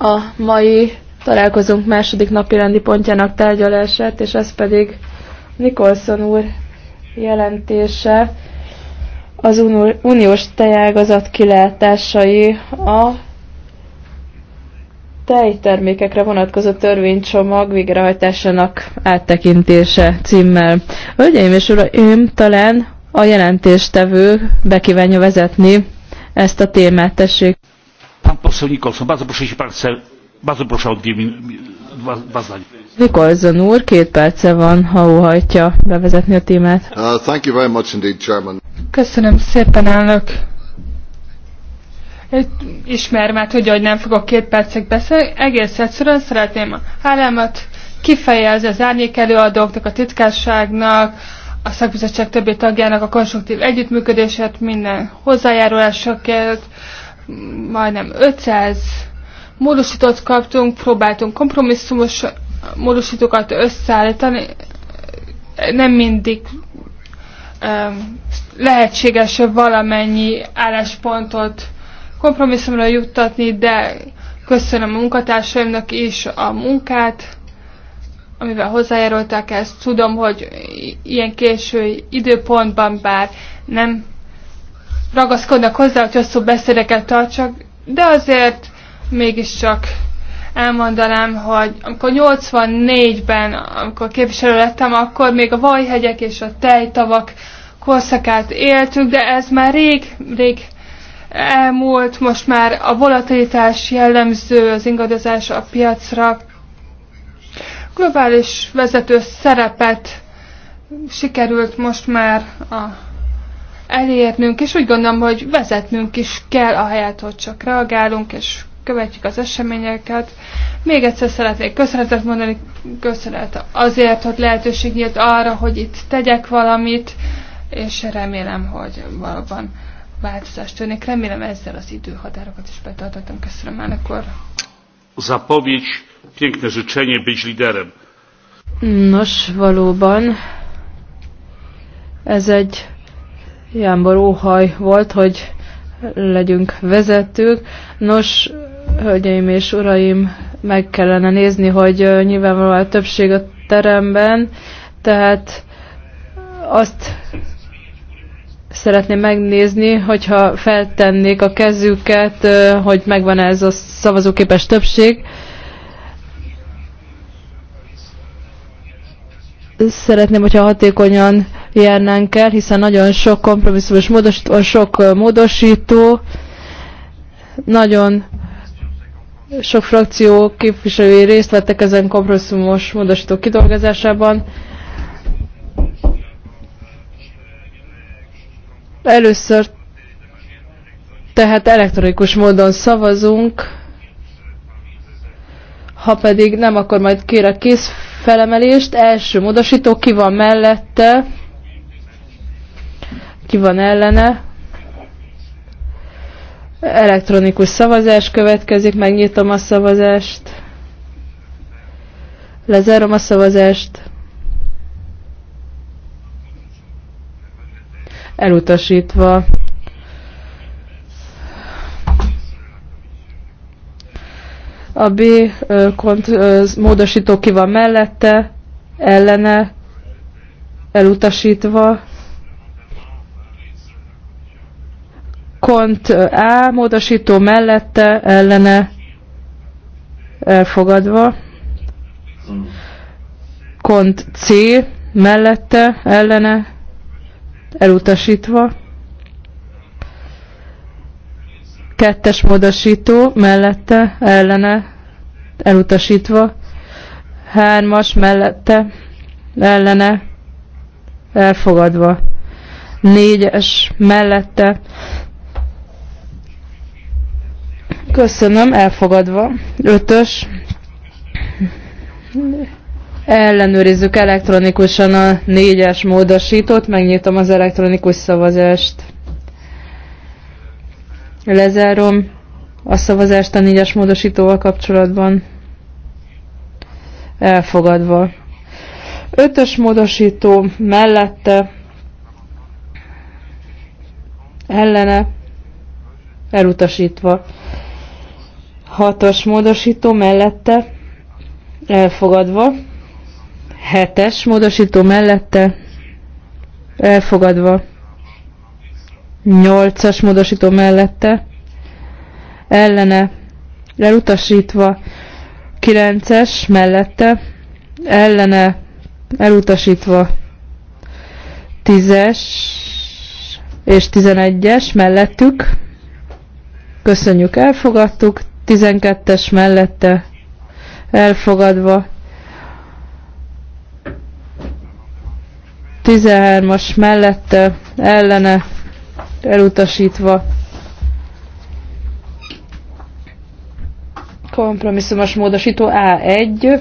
a mai találkozunk második napi rendi pontjának tárgyalását, és ez pedig Nikolson úr jelentése az uniós tejágazat kilátásai a tejtermékekre vonatkozó törvénycsomag végrehajtásának áttekintése címmel. Hölgyeim és uraim, talán a jelentéstevő bekívánja vezetni ezt a témát, tessék. Pán poszol Nikolson, bardzo proszę bardzo proszę o dwie, dwa, dwa zdania. Nikolson úr, két perce van, ha óhajtja bevezetni a témát. Uh, thank you very much indeed, Chairman. Köszönöm szépen, elnök. Ismer már tudja, hogy nem fogok két percig beszélni. Egész egyszerűen szeretném a hálámat kifejezni az árnyék előadóknak, a titkárságnak, a szakbizottság többi tagjának a konstruktív együttműködését, minden hozzájárulásokért, majdnem 500 módosítót kaptunk, próbáltunk kompromisszumos módosítókat összeállítani, nem mindig um, lehetséges valamennyi álláspontot kompromisszumra juttatni, de köszönöm a munkatársaimnak is a munkát, amivel hozzájárultak ezt. Tudom, hogy ilyen késői időpontban bár nem ragaszkodnak hozzá, hogy hosszú beszédeket tartsak, de azért mégiscsak elmondanám, hogy amikor 84-ben, amikor képviselő lettem, akkor még a vajhegyek és a tejtavak korszakát éltük, de ez már rég, rég elmúlt, most már a volatilitás jellemző, az ingadozás a piacra. Globális vezető szerepet sikerült most már a, elérnünk, és úgy gondolom, hogy vezetnünk is kell, ahelyett, hogy csak reagálunk, és követjük az eseményeket. Még egyszer szeretnék köszönetet mondani, köszönet azért, hogy lehetőség nyílt arra, hogy itt tegyek valamit, és remélem, hogy valóban változást tűnik. Remélem ezzel az időhatárokat is betartottam. Köszönöm, már akkor. Zapowiedź, piękne życzenie, być liderem. Nos, valóban ez egy jámbor óhaj volt, hogy legyünk vezetők. Nos, Hölgyeim és uraim, meg kellene nézni, hogy nyilvánvalóan a többség a teremben, tehát azt szeretném megnézni, hogyha feltennék a kezüket, hogy megvan ez a szavazóképes többség. Szeretném, hogyha hatékonyan járnánk el, hiszen nagyon sok kompromisszumos módosító, sok módosító, nagyon sok frakció képviselői részt vettek ezen kompromisszumos módosítók kidolgozásában. Először tehát elektronikus módon szavazunk, ha pedig nem, akkor majd kérek kész felemelést. Első módosító, ki van mellette, ki van ellene, Elektronikus szavazás következik, megnyitom a szavazást. Lezárom a szavazást. Elutasítva. A B kont, módosító ki van mellette, ellene, elutasítva. Kont A módosító mellette ellene elfogadva. Kont C mellette ellene elutasítva. Kettes módosító mellette ellene elutasítva. Hármas mellette ellene elfogadva. Négyes mellette Köszönöm, elfogadva. Ötös. Ellenőrizzük elektronikusan a négyes módosítót, megnyitom az elektronikus szavazást. Lezárom a szavazást a négyes módosítóval kapcsolatban. Elfogadva. Ötös módosító mellette ellene elutasítva. Hatos módosító mellette elfogadva. Hetes módosító mellette elfogadva. Nyolcas módosító mellette ellene elutasítva. Kilences mellette ellene elutasítva. 10-es és 11-es mellettük. Köszönjük, elfogadtuk. 12-es mellette elfogadva, 13-as mellette ellene elutasítva, kompromisszumos módosító A1,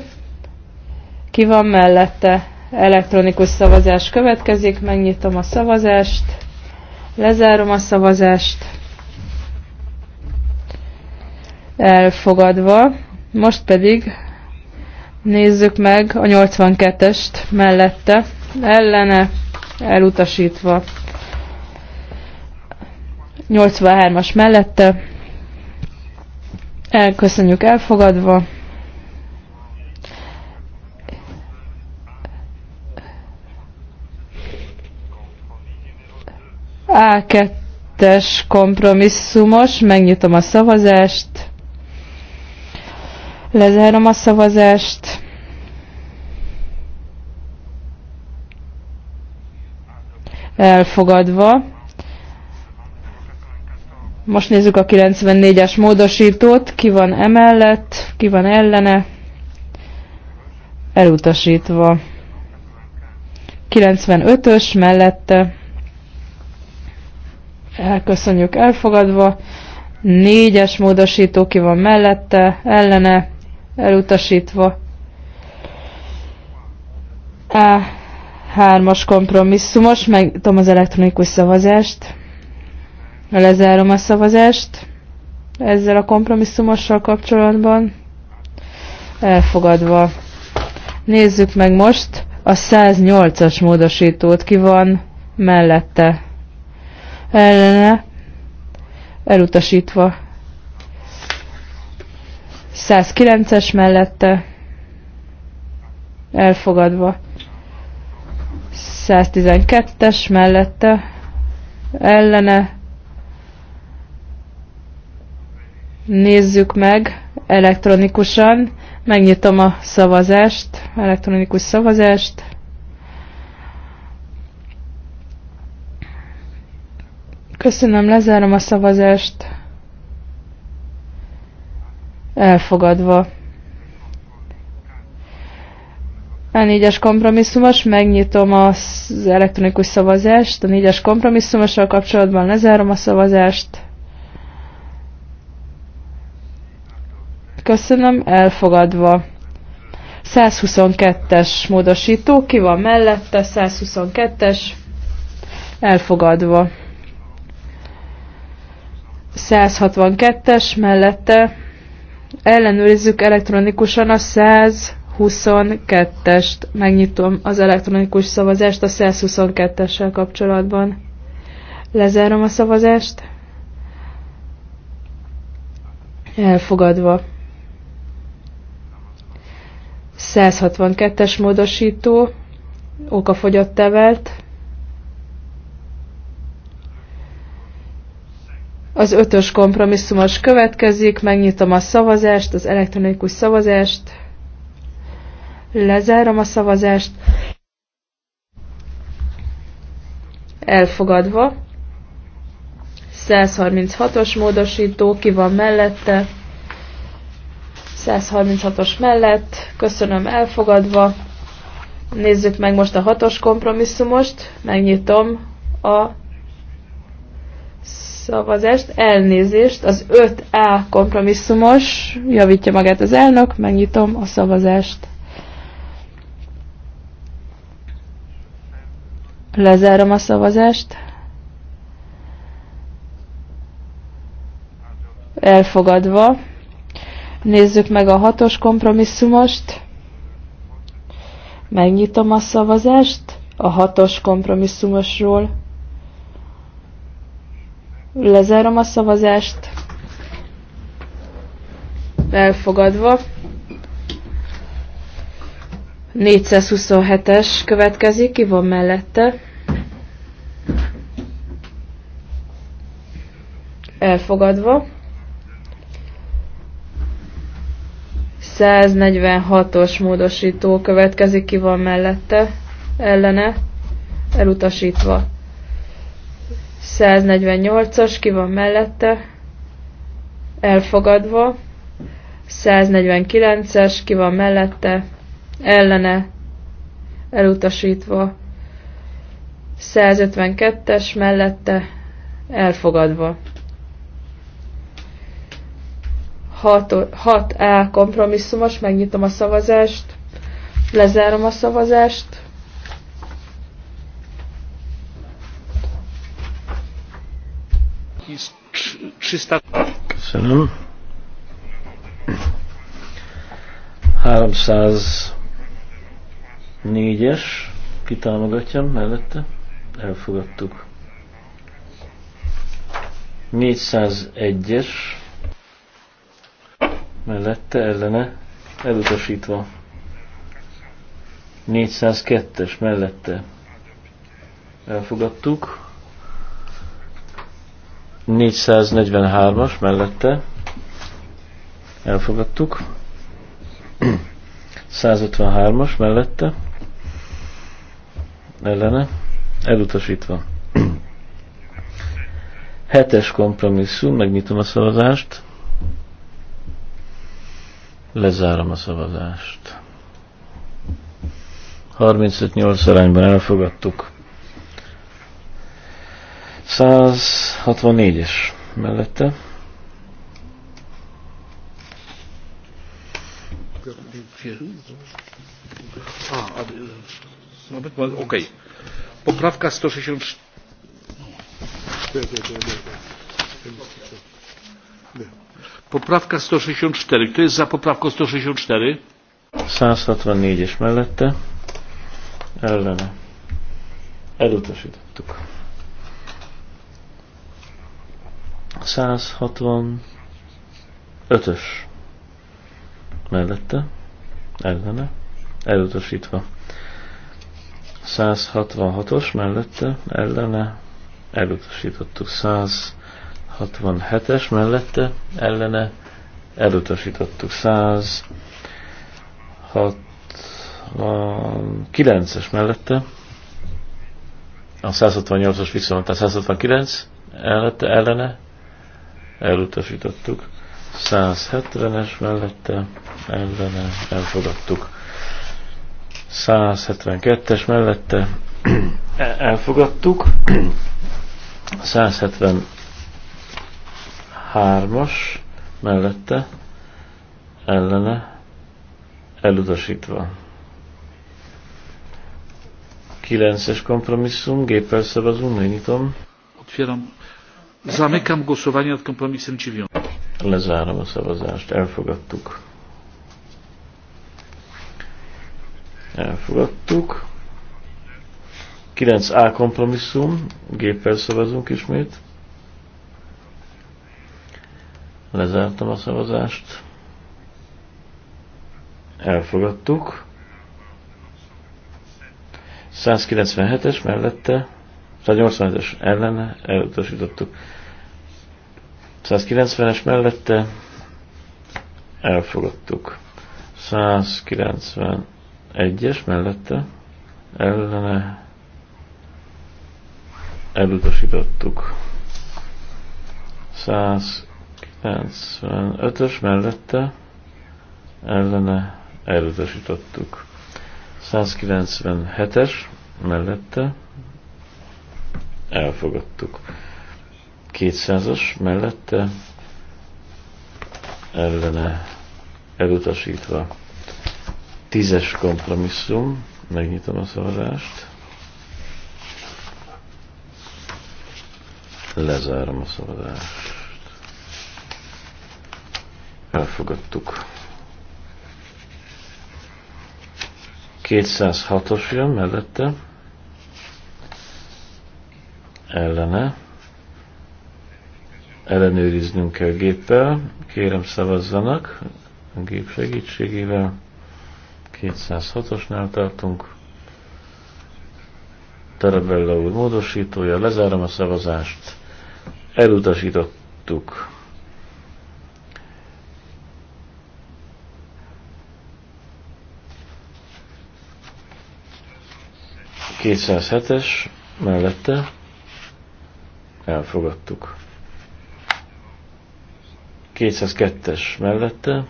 ki van mellette, elektronikus szavazás következik, megnyitom a szavazást, lezárom a szavazást, elfogadva. Most pedig nézzük meg a 82-est mellette, ellene elutasítva. 83-as mellette, elköszönjük elfogadva. A2-es kompromisszumos, megnyitom a szavazást. Lezárom a szavazást. Elfogadva. Most nézzük a 94-es módosítót. Ki van emellett, ki van ellene. Elutasítva. 95-ös mellette. Elköszönjük elfogadva. 4-es módosító ki van mellette, ellene elutasítva. A hármas kompromisszumos, tudom az elektronikus szavazást, lezárom a szavazást ezzel a kompromisszumossal kapcsolatban, elfogadva. Nézzük meg most a 108-as módosítót, ki van mellette, ellene, elutasítva. 109-es mellette elfogadva. 112-es mellette ellene nézzük meg elektronikusan. Megnyitom a szavazást, elektronikus szavazást. Köszönöm, lezárom a szavazást elfogadva. A négyes kompromisszumos, megnyitom az elektronikus szavazást, a négyes kompromisszumossal kapcsolatban lezárom a szavazást. Köszönöm, elfogadva. 122-es módosító, ki van mellette, 122-es, elfogadva. 162-es mellette, Ellenőrizzük elektronikusan a 122-est. Megnyitom az elektronikus szavazást a 122-essel kapcsolatban. Lezárom a szavazást. Elfogadva. 162-es módosító Okafogyott tevelt. Az ötös kompromisszumos következik, megnyitom a szavazást, az elektronikus szavazást, lezárom a szavazást, elfogadva, 136-os módosító, ki van mellette, 136-os mellett, köszönöm elfogadva, nézzük meg most a hatos kompromisszumost, megnyitom a szavazást, elnézést, az 5A kompromisszumos, javítja magát az elnök, megnyitom a szavazást. Lezárom a szavazást. Elfogadva. Nézzük meg a hatos kompromisszumost. Megnyitom a szavazást a hatos kompromisszumosról. Lezárom a szavazást. Elfogadva. 427-es következik, ki van mellette. Elfogadva. 146-os módosító következik, ki van mellette, ellene, elutasítva. 148-as, ki van mellette, elfogadva. 149-es, ki van mellette, ellene, elutasítva. 152-es mellette, elfogadva. 6A kompromisszumos, megnyitom a szavazást, lezárom a szavazást, 304-es, kitámogatjam mellette, elfogadtuk. 401-es, mellette, ellene, elutasítva. 402-es mellette elfogadtuk. 443-as mellette elfogadtuk. 153-as mellette ellene elutasítva. 7-es kompromisszum, megnyitom a szavazást. Lezárom a szavazást. 35-8 arányban elfogadtuk. 164-es mellette. Oké. Poprawka 164. Poprawka 164. Kto jest za poprawką 164? 164-es mellette. Ellene. Elutasítottuk. 165-ös mellette, ellene, elutasítva. 166-os mellette, ellene, elutasítottuk. 167-es mellette, ellene, elutasítottuk. 169-es mellette, a 168-os viszont a 169 ellene, elutasítottuk. 170-es mellette ellene elfogadtuk. 172-es mellette <clears throat> elfogadtuk. 173-as mellette ellene elutasítva. 9-es kompromisszum, géppel szavazunk, megnyitom. Otwieram Zamykam głosowanie nad kompromisem dziewiątym. Lezárom a szavazást. Elfogadtuk. Elfogadtuk. 9A kompromisszum. Géppel szavazunk ismét. Lezártam a szavazást. Elfogadtuk. 197-es mellette 185 es ellene elutasítottuk. 190-es mellette elfogadtuk. 191-es mellette ellene elutasítottuk. 195-ös mellette ellene elutasítottuk. 197-es mellette elfogadtuk. 200-as mellette ellene elutasítva. Tízes kompromisszum, megnyitom a szavazást. Lezárom a szavazást. Elfogadtuk. 206-os jön mellette ellene. Ellenőriznünk kell géppel. Kérem szavazzanak a gép segítségével. 206-osnál tartunk. Tarabella úr módosítója, lezárom a szavazást. Elutasítottuk. Kétszázhetes mellette elfogadtuk. 202-es mellette,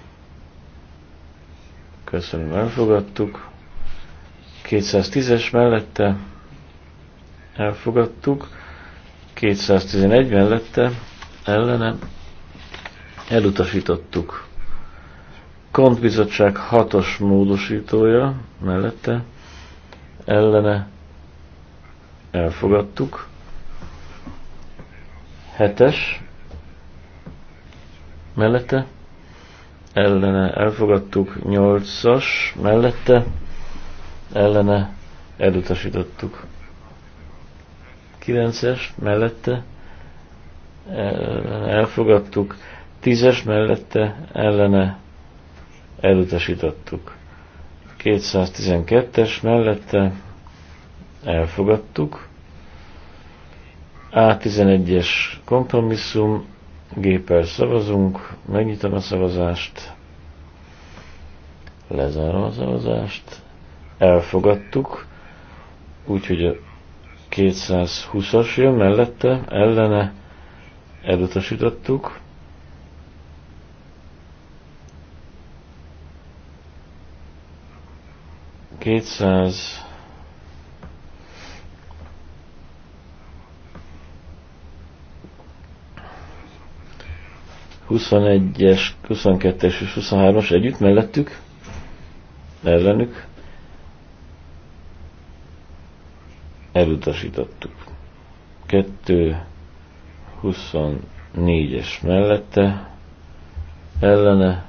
köszönöm, elfogadtuk. 210-es mellette, elfogadtuk. 211 mellette, ellene, elutasítottuk. Kontbizottság 6-os módosítója mellette, ellene, elfogadtuk. Hetes mellette ellene elfogadtuk, nyolcas mellette ellene elutasítottuk. 9-es mellette elfogadtuk, 10-es mellette ellene elutasítottuk. 212-es mellette elfogadtuk, a11-es kompromisszum, géppel szavazunk, megnyitom a szavazást, lezárom a szavazást, elfogadtuk, úgyhogy a 220-as jön mellette, ellene elutasítottuk, Kétszáz 21-es, 22-es és 23-as együtt mellettük, ellenük elutasítottuk. 2 24-es mellette ellene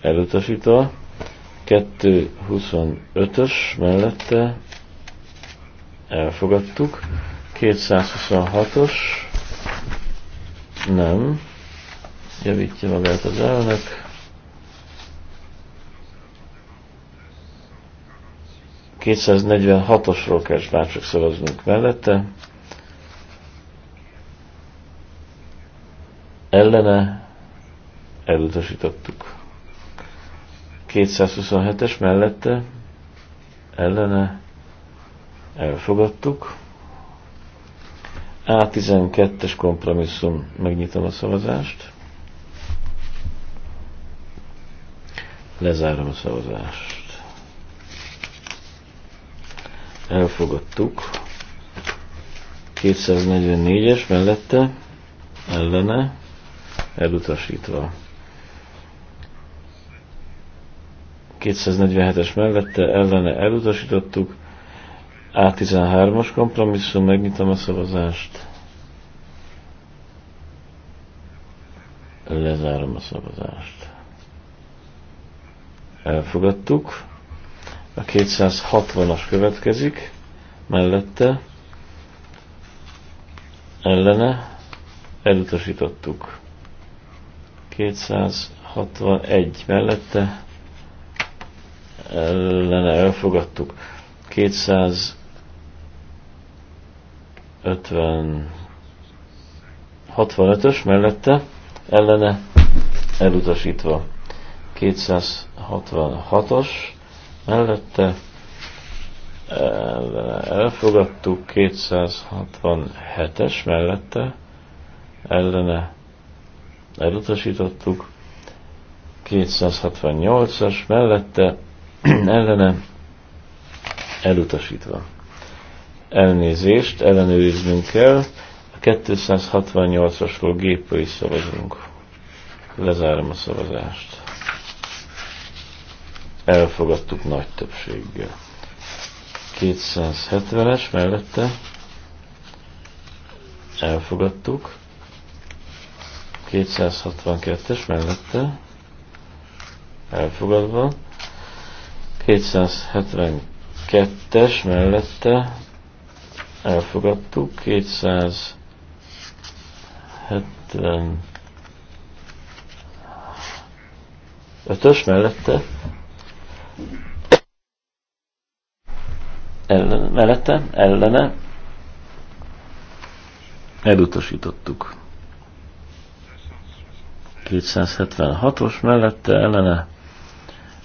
elutasítva, 25 ös mellette elfogadtuk, 226-os nem, javítja magát az elnök. ...246-osról kell csak szavaznunk mellette. Ellene elutasítottuk. 227-es mellette ellene elfogadtuk. A12-es kompromisszum, megnyitom a szavazást. Lezárom a szavazást. Elfogadtuk. 244-es mellette, ellene, elutasítva. 247-es mellette, ellene elutasítottuk. A13-as kompromisszum, megnyitom a szavazást. Lezárom a szavazást elfogadtuk. A 260-as következik, mellette, ellene, elutasítottuk. 261 mellette, ellene elfogadtuk. 250 65-ös mellette, ellene elutasítva. 266-os mellette elfogadtuk 267-es mellette ellene elutasítottuk 268-as mellette <clears throat> ellene elutasítva. Elnézést, ellenőriznünk kell. A 268-asról géppel is szavazunk. Lezárom a szavazást elfogadtuk nagy többséggel. 270-es mellette elfogadtuk. 262-es mellette elfogadva. 272-es mellette elfogadtuk. 270 5-ös mellette ellen, mellette, ellene, elutasítottuk. 276-os mellette, ellene,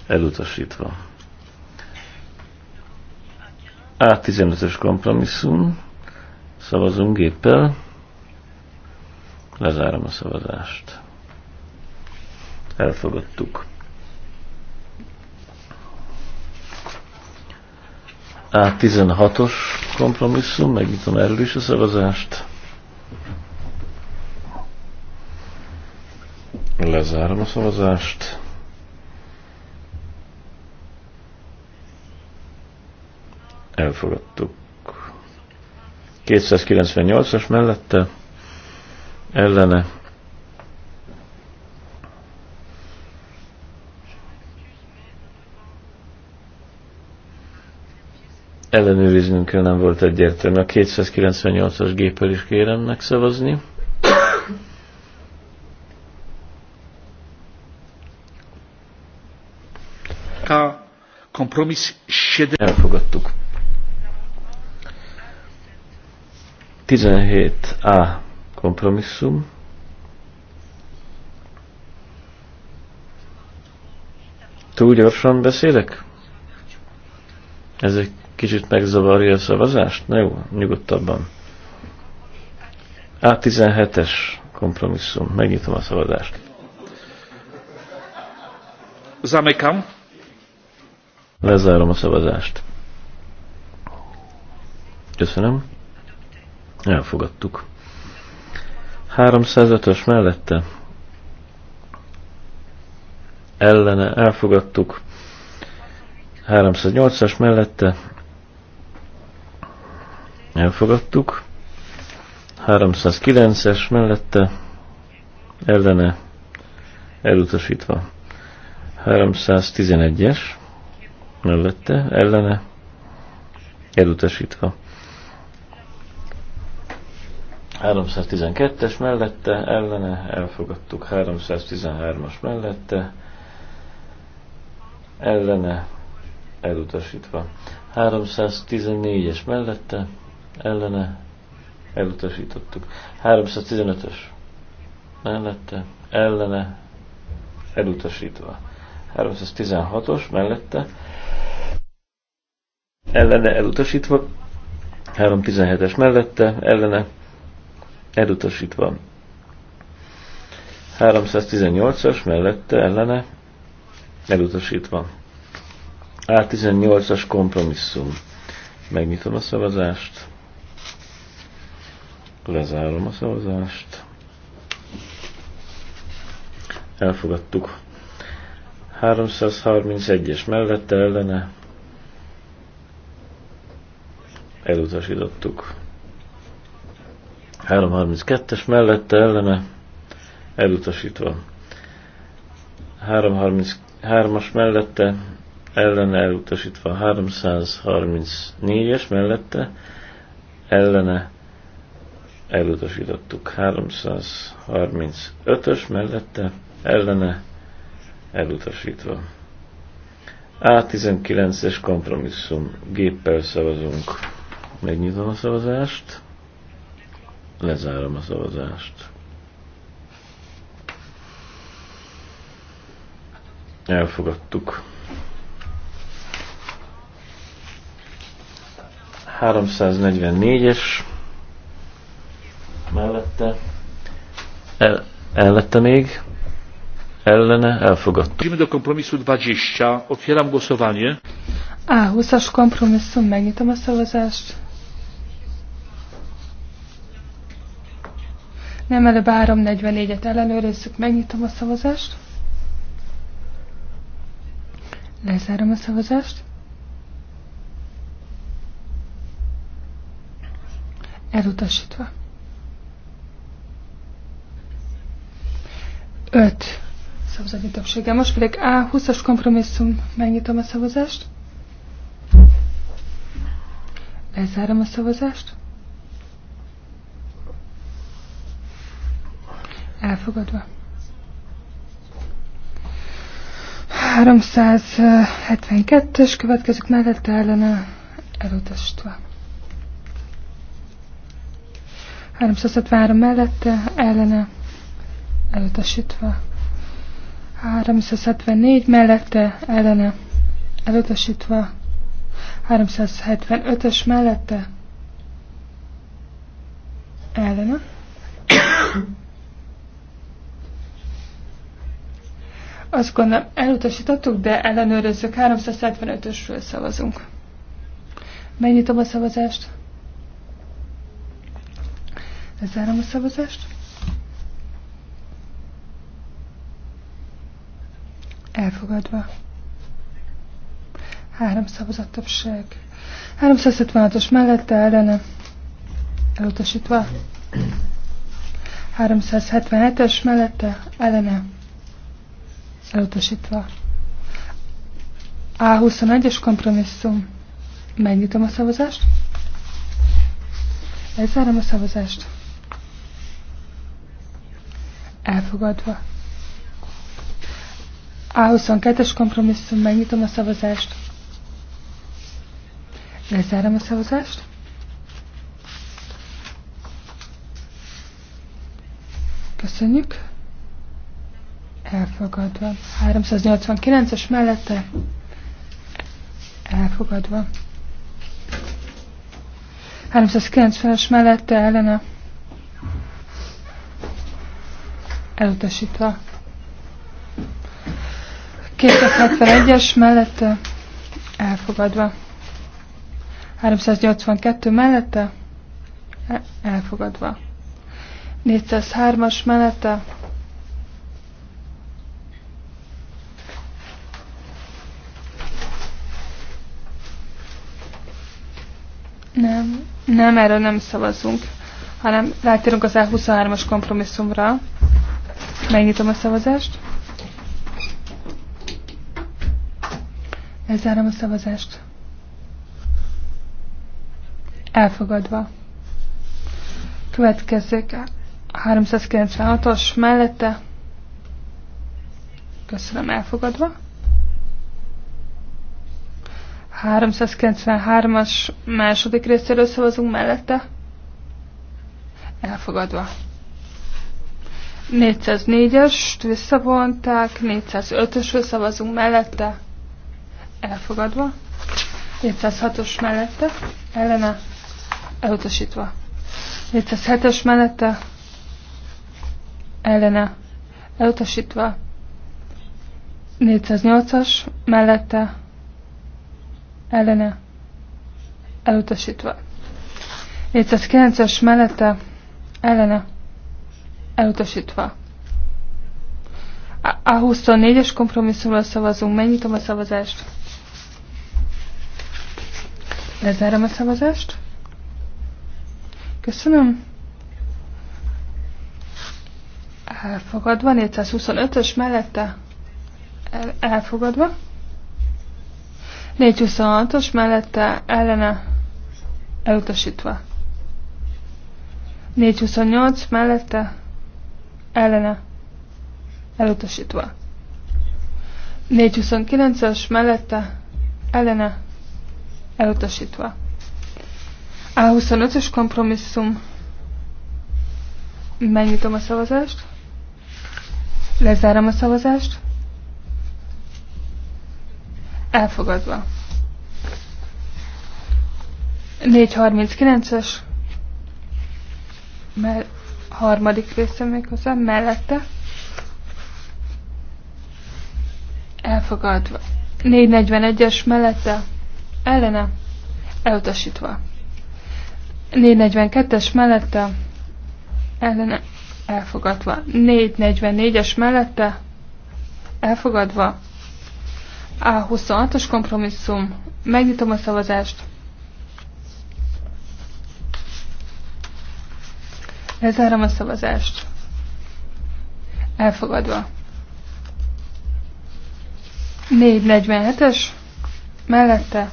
elutasítva. A15-ös kompromisszum, szavazunk géppel, lezárom a szavazást. Elfogadtuk. A16-os kompromisszum, megnyitom erről is a szavazást. Lezárom a szavazást. Elfogadtuk. 298-as mellette ellene ellenőriznünk kell, nem volt egyértelmű. A 298-as géppel is kérem megszavazni. A kompromiss 7... Elfogadtuk. 17A kompromisszum. Túl gyorsan beszélek? Ez egy kicsit megzavarja a szavazást? Na jó, nyugodtabban. A17-es kompromisszum. Megnyitom a szavazást. Zamekam. Lezárom a szavazást. Köszönöm. Elfogadtuk. 305-ös mellette ellene elfogadtuk. 308-as mellette elfogadtuk. 309-es mellette ellene elutasítva. 311-es mellette ellene elutasítva. 312-es mellette ellene elfogadtuk. 313-as mellette ellene elutasítva. 314-es mellette ellene elutasítottuk. 315-ös mellette, ellene elutasítva. 316-os mellette, ellene elutasítva. 317-es mellette, ellene elutasítva. 318-as mellette, ellene elutasítva. A18-as kompromisszum. Megnyitom a szavazást. Lezárom a szavazást. Elfogadtuk. 331-es mellette ellene elutasítottuk. 332-es mellette ellene elutasítva. 333-as mellette ellene elutasítva. 334-es mellette ellene elutasítottuk. 335-ös mellette ellene elutasítva. A19-es kompromisszum. Géppel szavazunk. Megnyitom a szavazást. Lezárom a szavazást. Elfogadtuk. 344-es mellette, el, ellette még, ellene, elfogadta. Prima do kompromisu 20, otvieram głosowanie. A, 20-as kompromisszum, megnyitom a szavazást. Nem előbb 344-et ellenőrizzük, megnyitom a szavazást. Lezárom a szavazást. Elutasítva. 5 szavazati többsége. Most pedig A20-as kompromisszum. Megnyitom a szavazást. Lezárom a szavazást. Elfogadva. 372-es következik mellette ellene elutasítva. 373 mellette ellene elutasítva. 374 mellette ellene elutasítva. 375-ös mellette ellene. Azt gondolom elutasítottuk, de ellenőrözzük. 375-ösről szavazunk. Megnyitom a szavazást. Lezárom a szavazást. Elfogadva. Három szavazat többség. 376-os mellette ellene. Elutasítva. 377-es mellette ellene. Elutasítva. A21-es kompromisszum. Megnyitom a szavazást. Lezárom a szavazást. Elfogadva. A22-es kompromisszum, megnyitom a szavazást. Lezárom a szavazást. Köszönjük. Elfogadva. 389-es mellette. Elfogadva. 390-es mellette ellene. Elutasítva. 271-es mellette elfogadva. 382 mellette elfogadva. 403-as mellette Nem, nem, erről nem szavazunk, hanem rátérünk az E23-as kompromisszumra. Megnyitom a szavazást. Lezárom a szavazást. Elfogadva. Következik 396-os mellette. Köszönöm, elfogadva. 393-as második részéről szavazunk mellette. Elfogadva. 404-est visszavonták, 405-ösről szavazunk mellette elfogadva, 406-os mellette, ellene elutasítva. 407-es mellette, ellene elutasítva. 408-as mellette, ellene elutasítva. 409-es mellette, ellene elutasítva. A24-es kompromisszumról szavazunk. Megnyitom a szavazást. Lezárom a szavazást. Köszönöm. Elfogadva, 425-ös mellette elfogadva. 426-os mellette ellene elutasítva. 428 mellette ellene elutasítva. 429 ös mellette ellene Elutasítva. A25-ös kompromisszum. Megnyitom a szavazást. Lezárom a szavazást. Elfogadva. 439-es Mert harmadik része hozzá, mellette elfogadva. 441-es mellette ellene elutasítva. 442-es mellette ellene elfogadva. 444-es mellette elfogadva. A26-os kompromisszum. Megnyitom a szavazást. Lezárom a szavazást. Elfogadva. 447-es mellette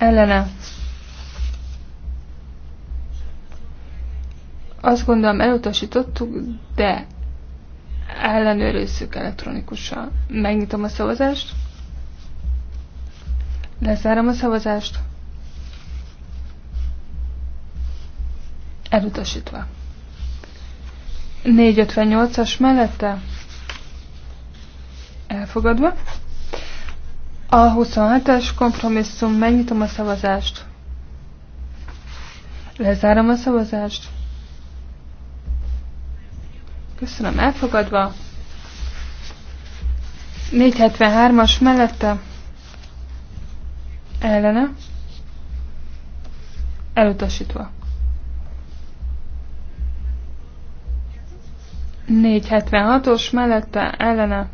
ellene. Azt gondolom elutasítottuk, de ellenőrizzük elektronikusan. Megnyitom a szavazást. Lezárom a szavazást. Elutasítva. 458-as mellette elfogadva. A 27-es kompromisszum, megnyitom a szavazást. Lezárom a szavazást. Köszönöm, elfogadva. 473-as mellette. Ellene. Elutasítva. 476-os mellette ellene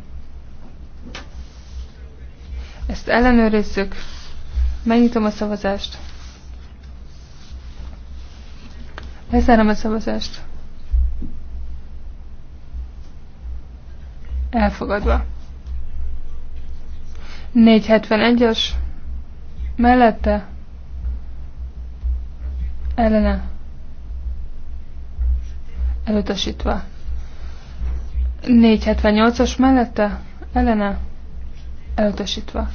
ezt ellenőrizzük. Megnyitom a szavazást. Lezárom a szavazást. Elfogadva. 471-es. Mellette. Ellene. Elutasítva. 478-as mellette. Ellene elutasítva.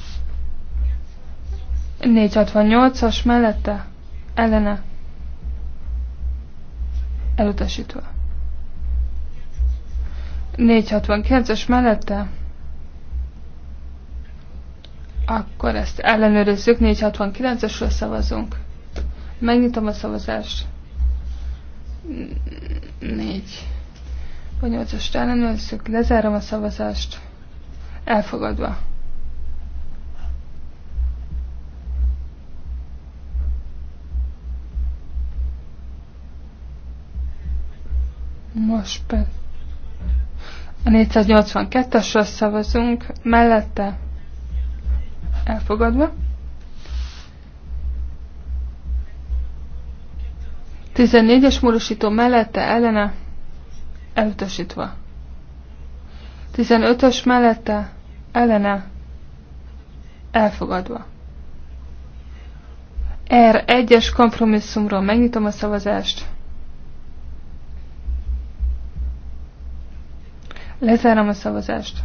468-as mellette ellene elutasítva. 469-es mellette akkor ezt ellenőrizzük, 469-esről szavazunk. Megnyitom a szavazást. 4 vagy 8-ast ellenőrizzük, lezárom a szavazást. Elfogadva. Most pedig a 482 esre szavazunk, mellette elfogadva. 14-es módosító mellette ellene elutasítva. 15-ös mellette ellene elfogadva. R1-es kompromisszumról megnyitom a szavazást. Lezárom a szavazást.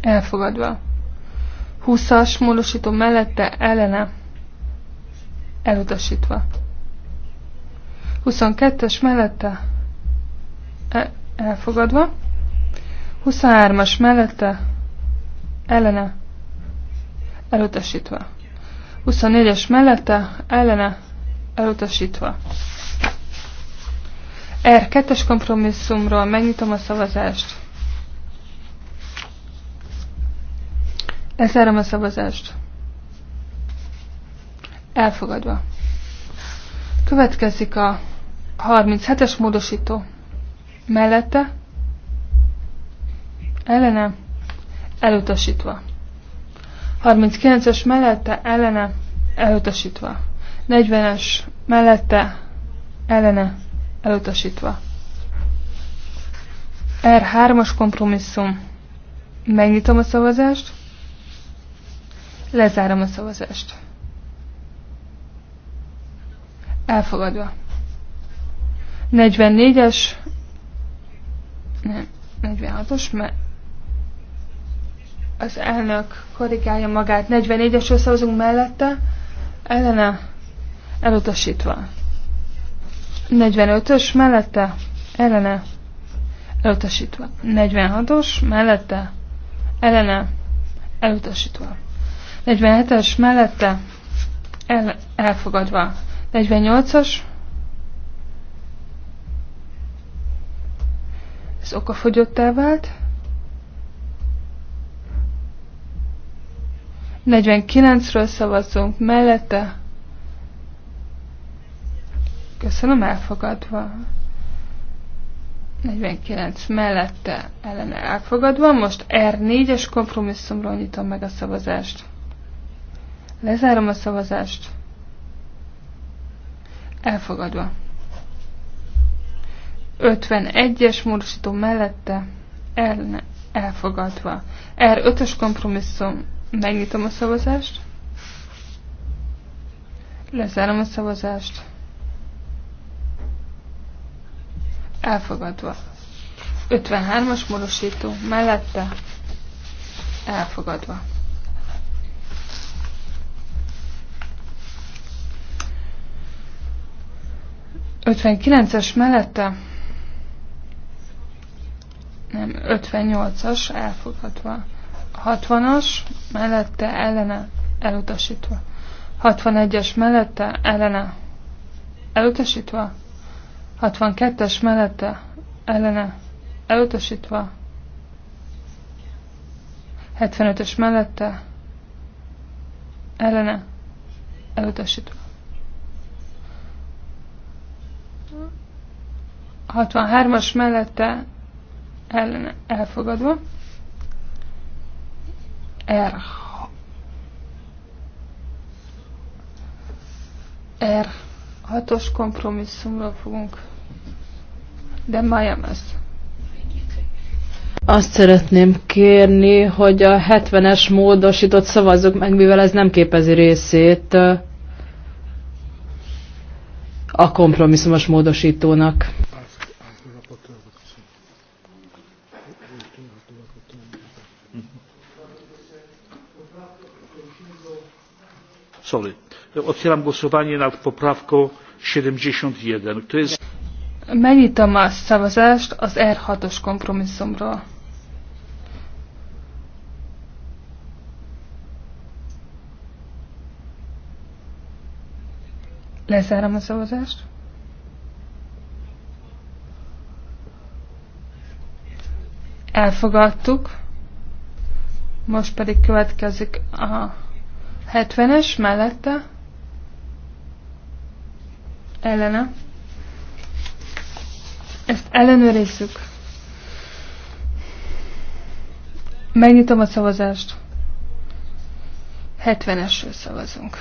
Elfogadva. 20-as módosító mellette ellene. Elutasítva. 22-es mellette e, elfogadva. 23-as mellette ellene. Elutasítva. 24-es mellette ellene. Elutasítva r er, 2 kompromisszumról megnyitom a szavazást. Lezárom a szavazást. Elfogadva. Következik a 37-es módosító. Mellette. Ellene. Elutasítva. 39-es mellette. Ellene. Elutasítva. 40-es mellette. Ellene elutasítva. R3-as kompromisszum. Megnyitom a szavazást. Lezárom a szavazást. Elfogadva. 44-es. Nem, 46-os, mert az elnök korrigálja magát. 44-esről szavazunk mellette, ellene elutasítva. 45-ös mellette ellene elutasítva. 46-os mellette ellene elutasítva. 47-es mellette el, elfogadva. 48-as ez okafogyottá vált. 49-ről szavazzunk mellette Köszönöm, elfogadva. 49 mellette ellene elfogadva. Most R4-es kompromisszumról nyitom meg a szavazást. Lezárom a szavazást. Elfogadva. 51-es módosító mellette ellene elfogadva. R5-ös kompromisszum. Megnyitom a szavazást. Lezárom a szavazást. Elfogadva. 53-as morosító mellette elfogadva. Ötvenkilences mellette nem, 58-as elfogadva. 60-as mellette ellene elutasítva. 61-es mellette ellene elutasítva. 62-es mellette ellene elutasítva, 75-ös mellette ellene elutasítva. 63-as mellette ellene elfogadva. R. R. Hatos kompromisszumról fogunk de Azt szeretném kérni, hogy a 70-es módosított szavazzuk meg, mivel ez nem képezi részét a kompromisszumos módosítónak. Sorry. Otwieram głosowanie nad poprawką 71. Kto jest Megnyitom a szavazást az R6-os kompromisszumról. Lezárom a szavazást. Elfogadtuk. Most pedig következik a 70-es mellette. Ellene. Ellenőrizzük. Megnyitom a szavazást. 70-esről szavazunk.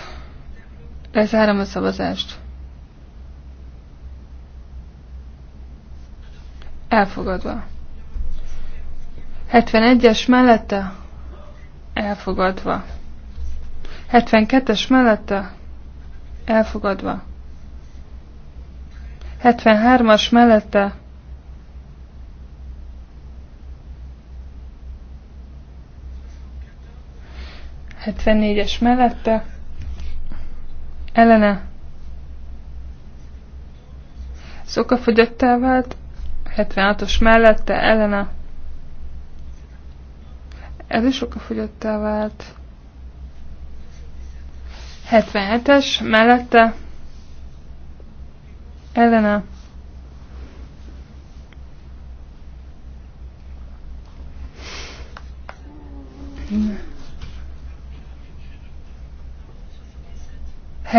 Lezárom a szavazást. Elfogadva. 71-es mellette? Elfogadva. 72-es mellette? Elfogadva. 73-as mellette? 74-es mellette, Elena. szokafogyottá vált, 76-os mellette, Elena. ez is okafogyottá vált, 77-es mellette, Elena.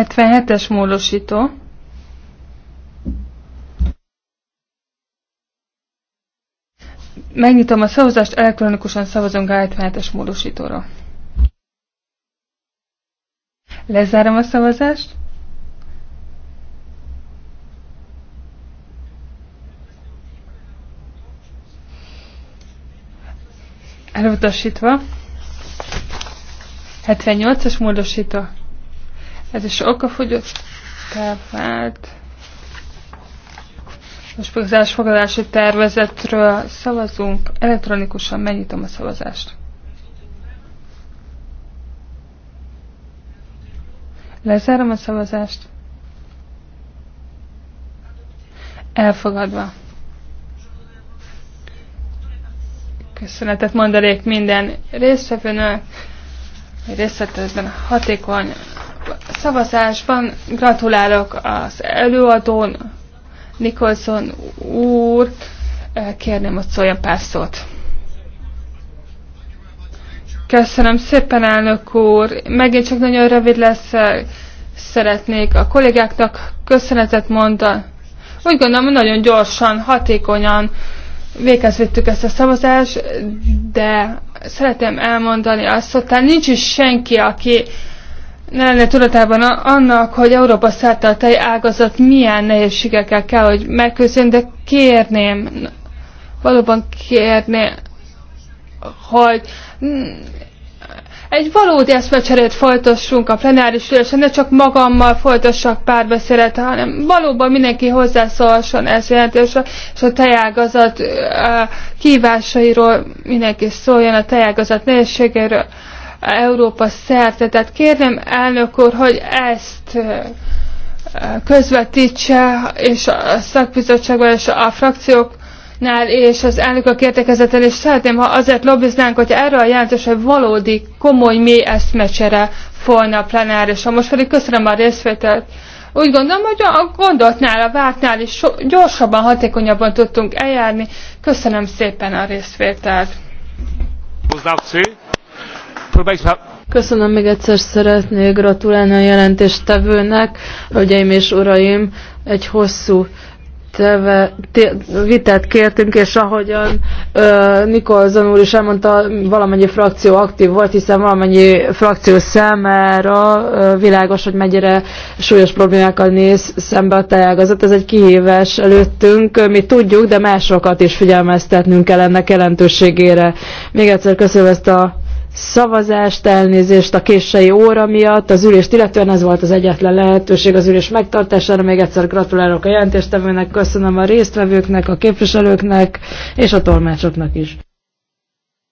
77-es módosító. Megnyitom a szavazást, elektronikusan szavazunk a 77-es módosítóra. Lezárom a szavazást. Elutasítva. 78-as módosító. Ez is fogyott. vált. Most pedig az elsfogadási tervezetről szavazunk. Elektronikusan megnyitom a szavazást. Lezárom a szavazást. Elfogadva. Köszönetet mondanék minden résztvevőnök, részletezben hatékony szavazásban gratulálok az előadón, Nikolson úr, kérném, hogy szóljon pár szót. Köszönöm szépen, elnök úr. Megint csak nagyon rövid lesz, szeretnék a kollégáknak köszönetet mondani. Úgy gondolom, hogy nagyon gyorsan, hatékonyan végezvettük ezt a szavazást, de szeretném elmondani azt, hogy nincs is senki, aki lenne tudatában annak, hogy Európa szerte a tej ágazat milyen nehézségekkel kell, hogy megküzdjön, de kérném, valóban kérném, hogy egy valódi eszmecserét folytassunk a plenáris ülésen, ne csak magammal folytassak párbeszédet, hanem valóban mindenki hozzászólhasson ez jelentésre, és a tejágazat kívásairól mindenki szóljon, a tejágazat nehézségeiről. Európa szerte. Tehát kérném elnök úr, hogy ezt közvetítse, és a szakbizottságban és a frakciók nál és az elnökök értekezetel, és szeretném, ha azért lobbiznánk, hogy erre a hogy valódi, komoly, mély eszmecsere folyna a plenárisra. Most pedig köszönöm a részvételt. Úgy gondolom, hogy a gondoltnál, a vártnál is so gyorsabban, hatékonyabban tudtunk eljárni. Köszönöm szépen a részvételt. Hozzávszé. Köszönöm még egyszer, szeretnék gratulálni a jelentéstevőnek. Hölgyeim és uraim, egy hosszú teve, te, vitát kértünk, és ahogyan ö, Nikolson úr is elmondta, valamennyi frakció aktív volt, hiszen valamennyi frakció számára ö, világos, hogy mennyire súlyos problémákkal néz szembe a tejágazat. Ez egy kihívás előttünk, mi tudjuk, de másokat is figyelmeztetnünk kell ennek jelentőségére. Még egyszer köszönöm ezt a szavazást, elnézést a késői óra miatt, az ülést illetően ez volt az egyetlen lehetőség az ülés megtartására. Még egyszer gratulálok a jelentéstevőnek, köszönöm a résztvevőknek, a képviselőknek és a tolmácsoknak is.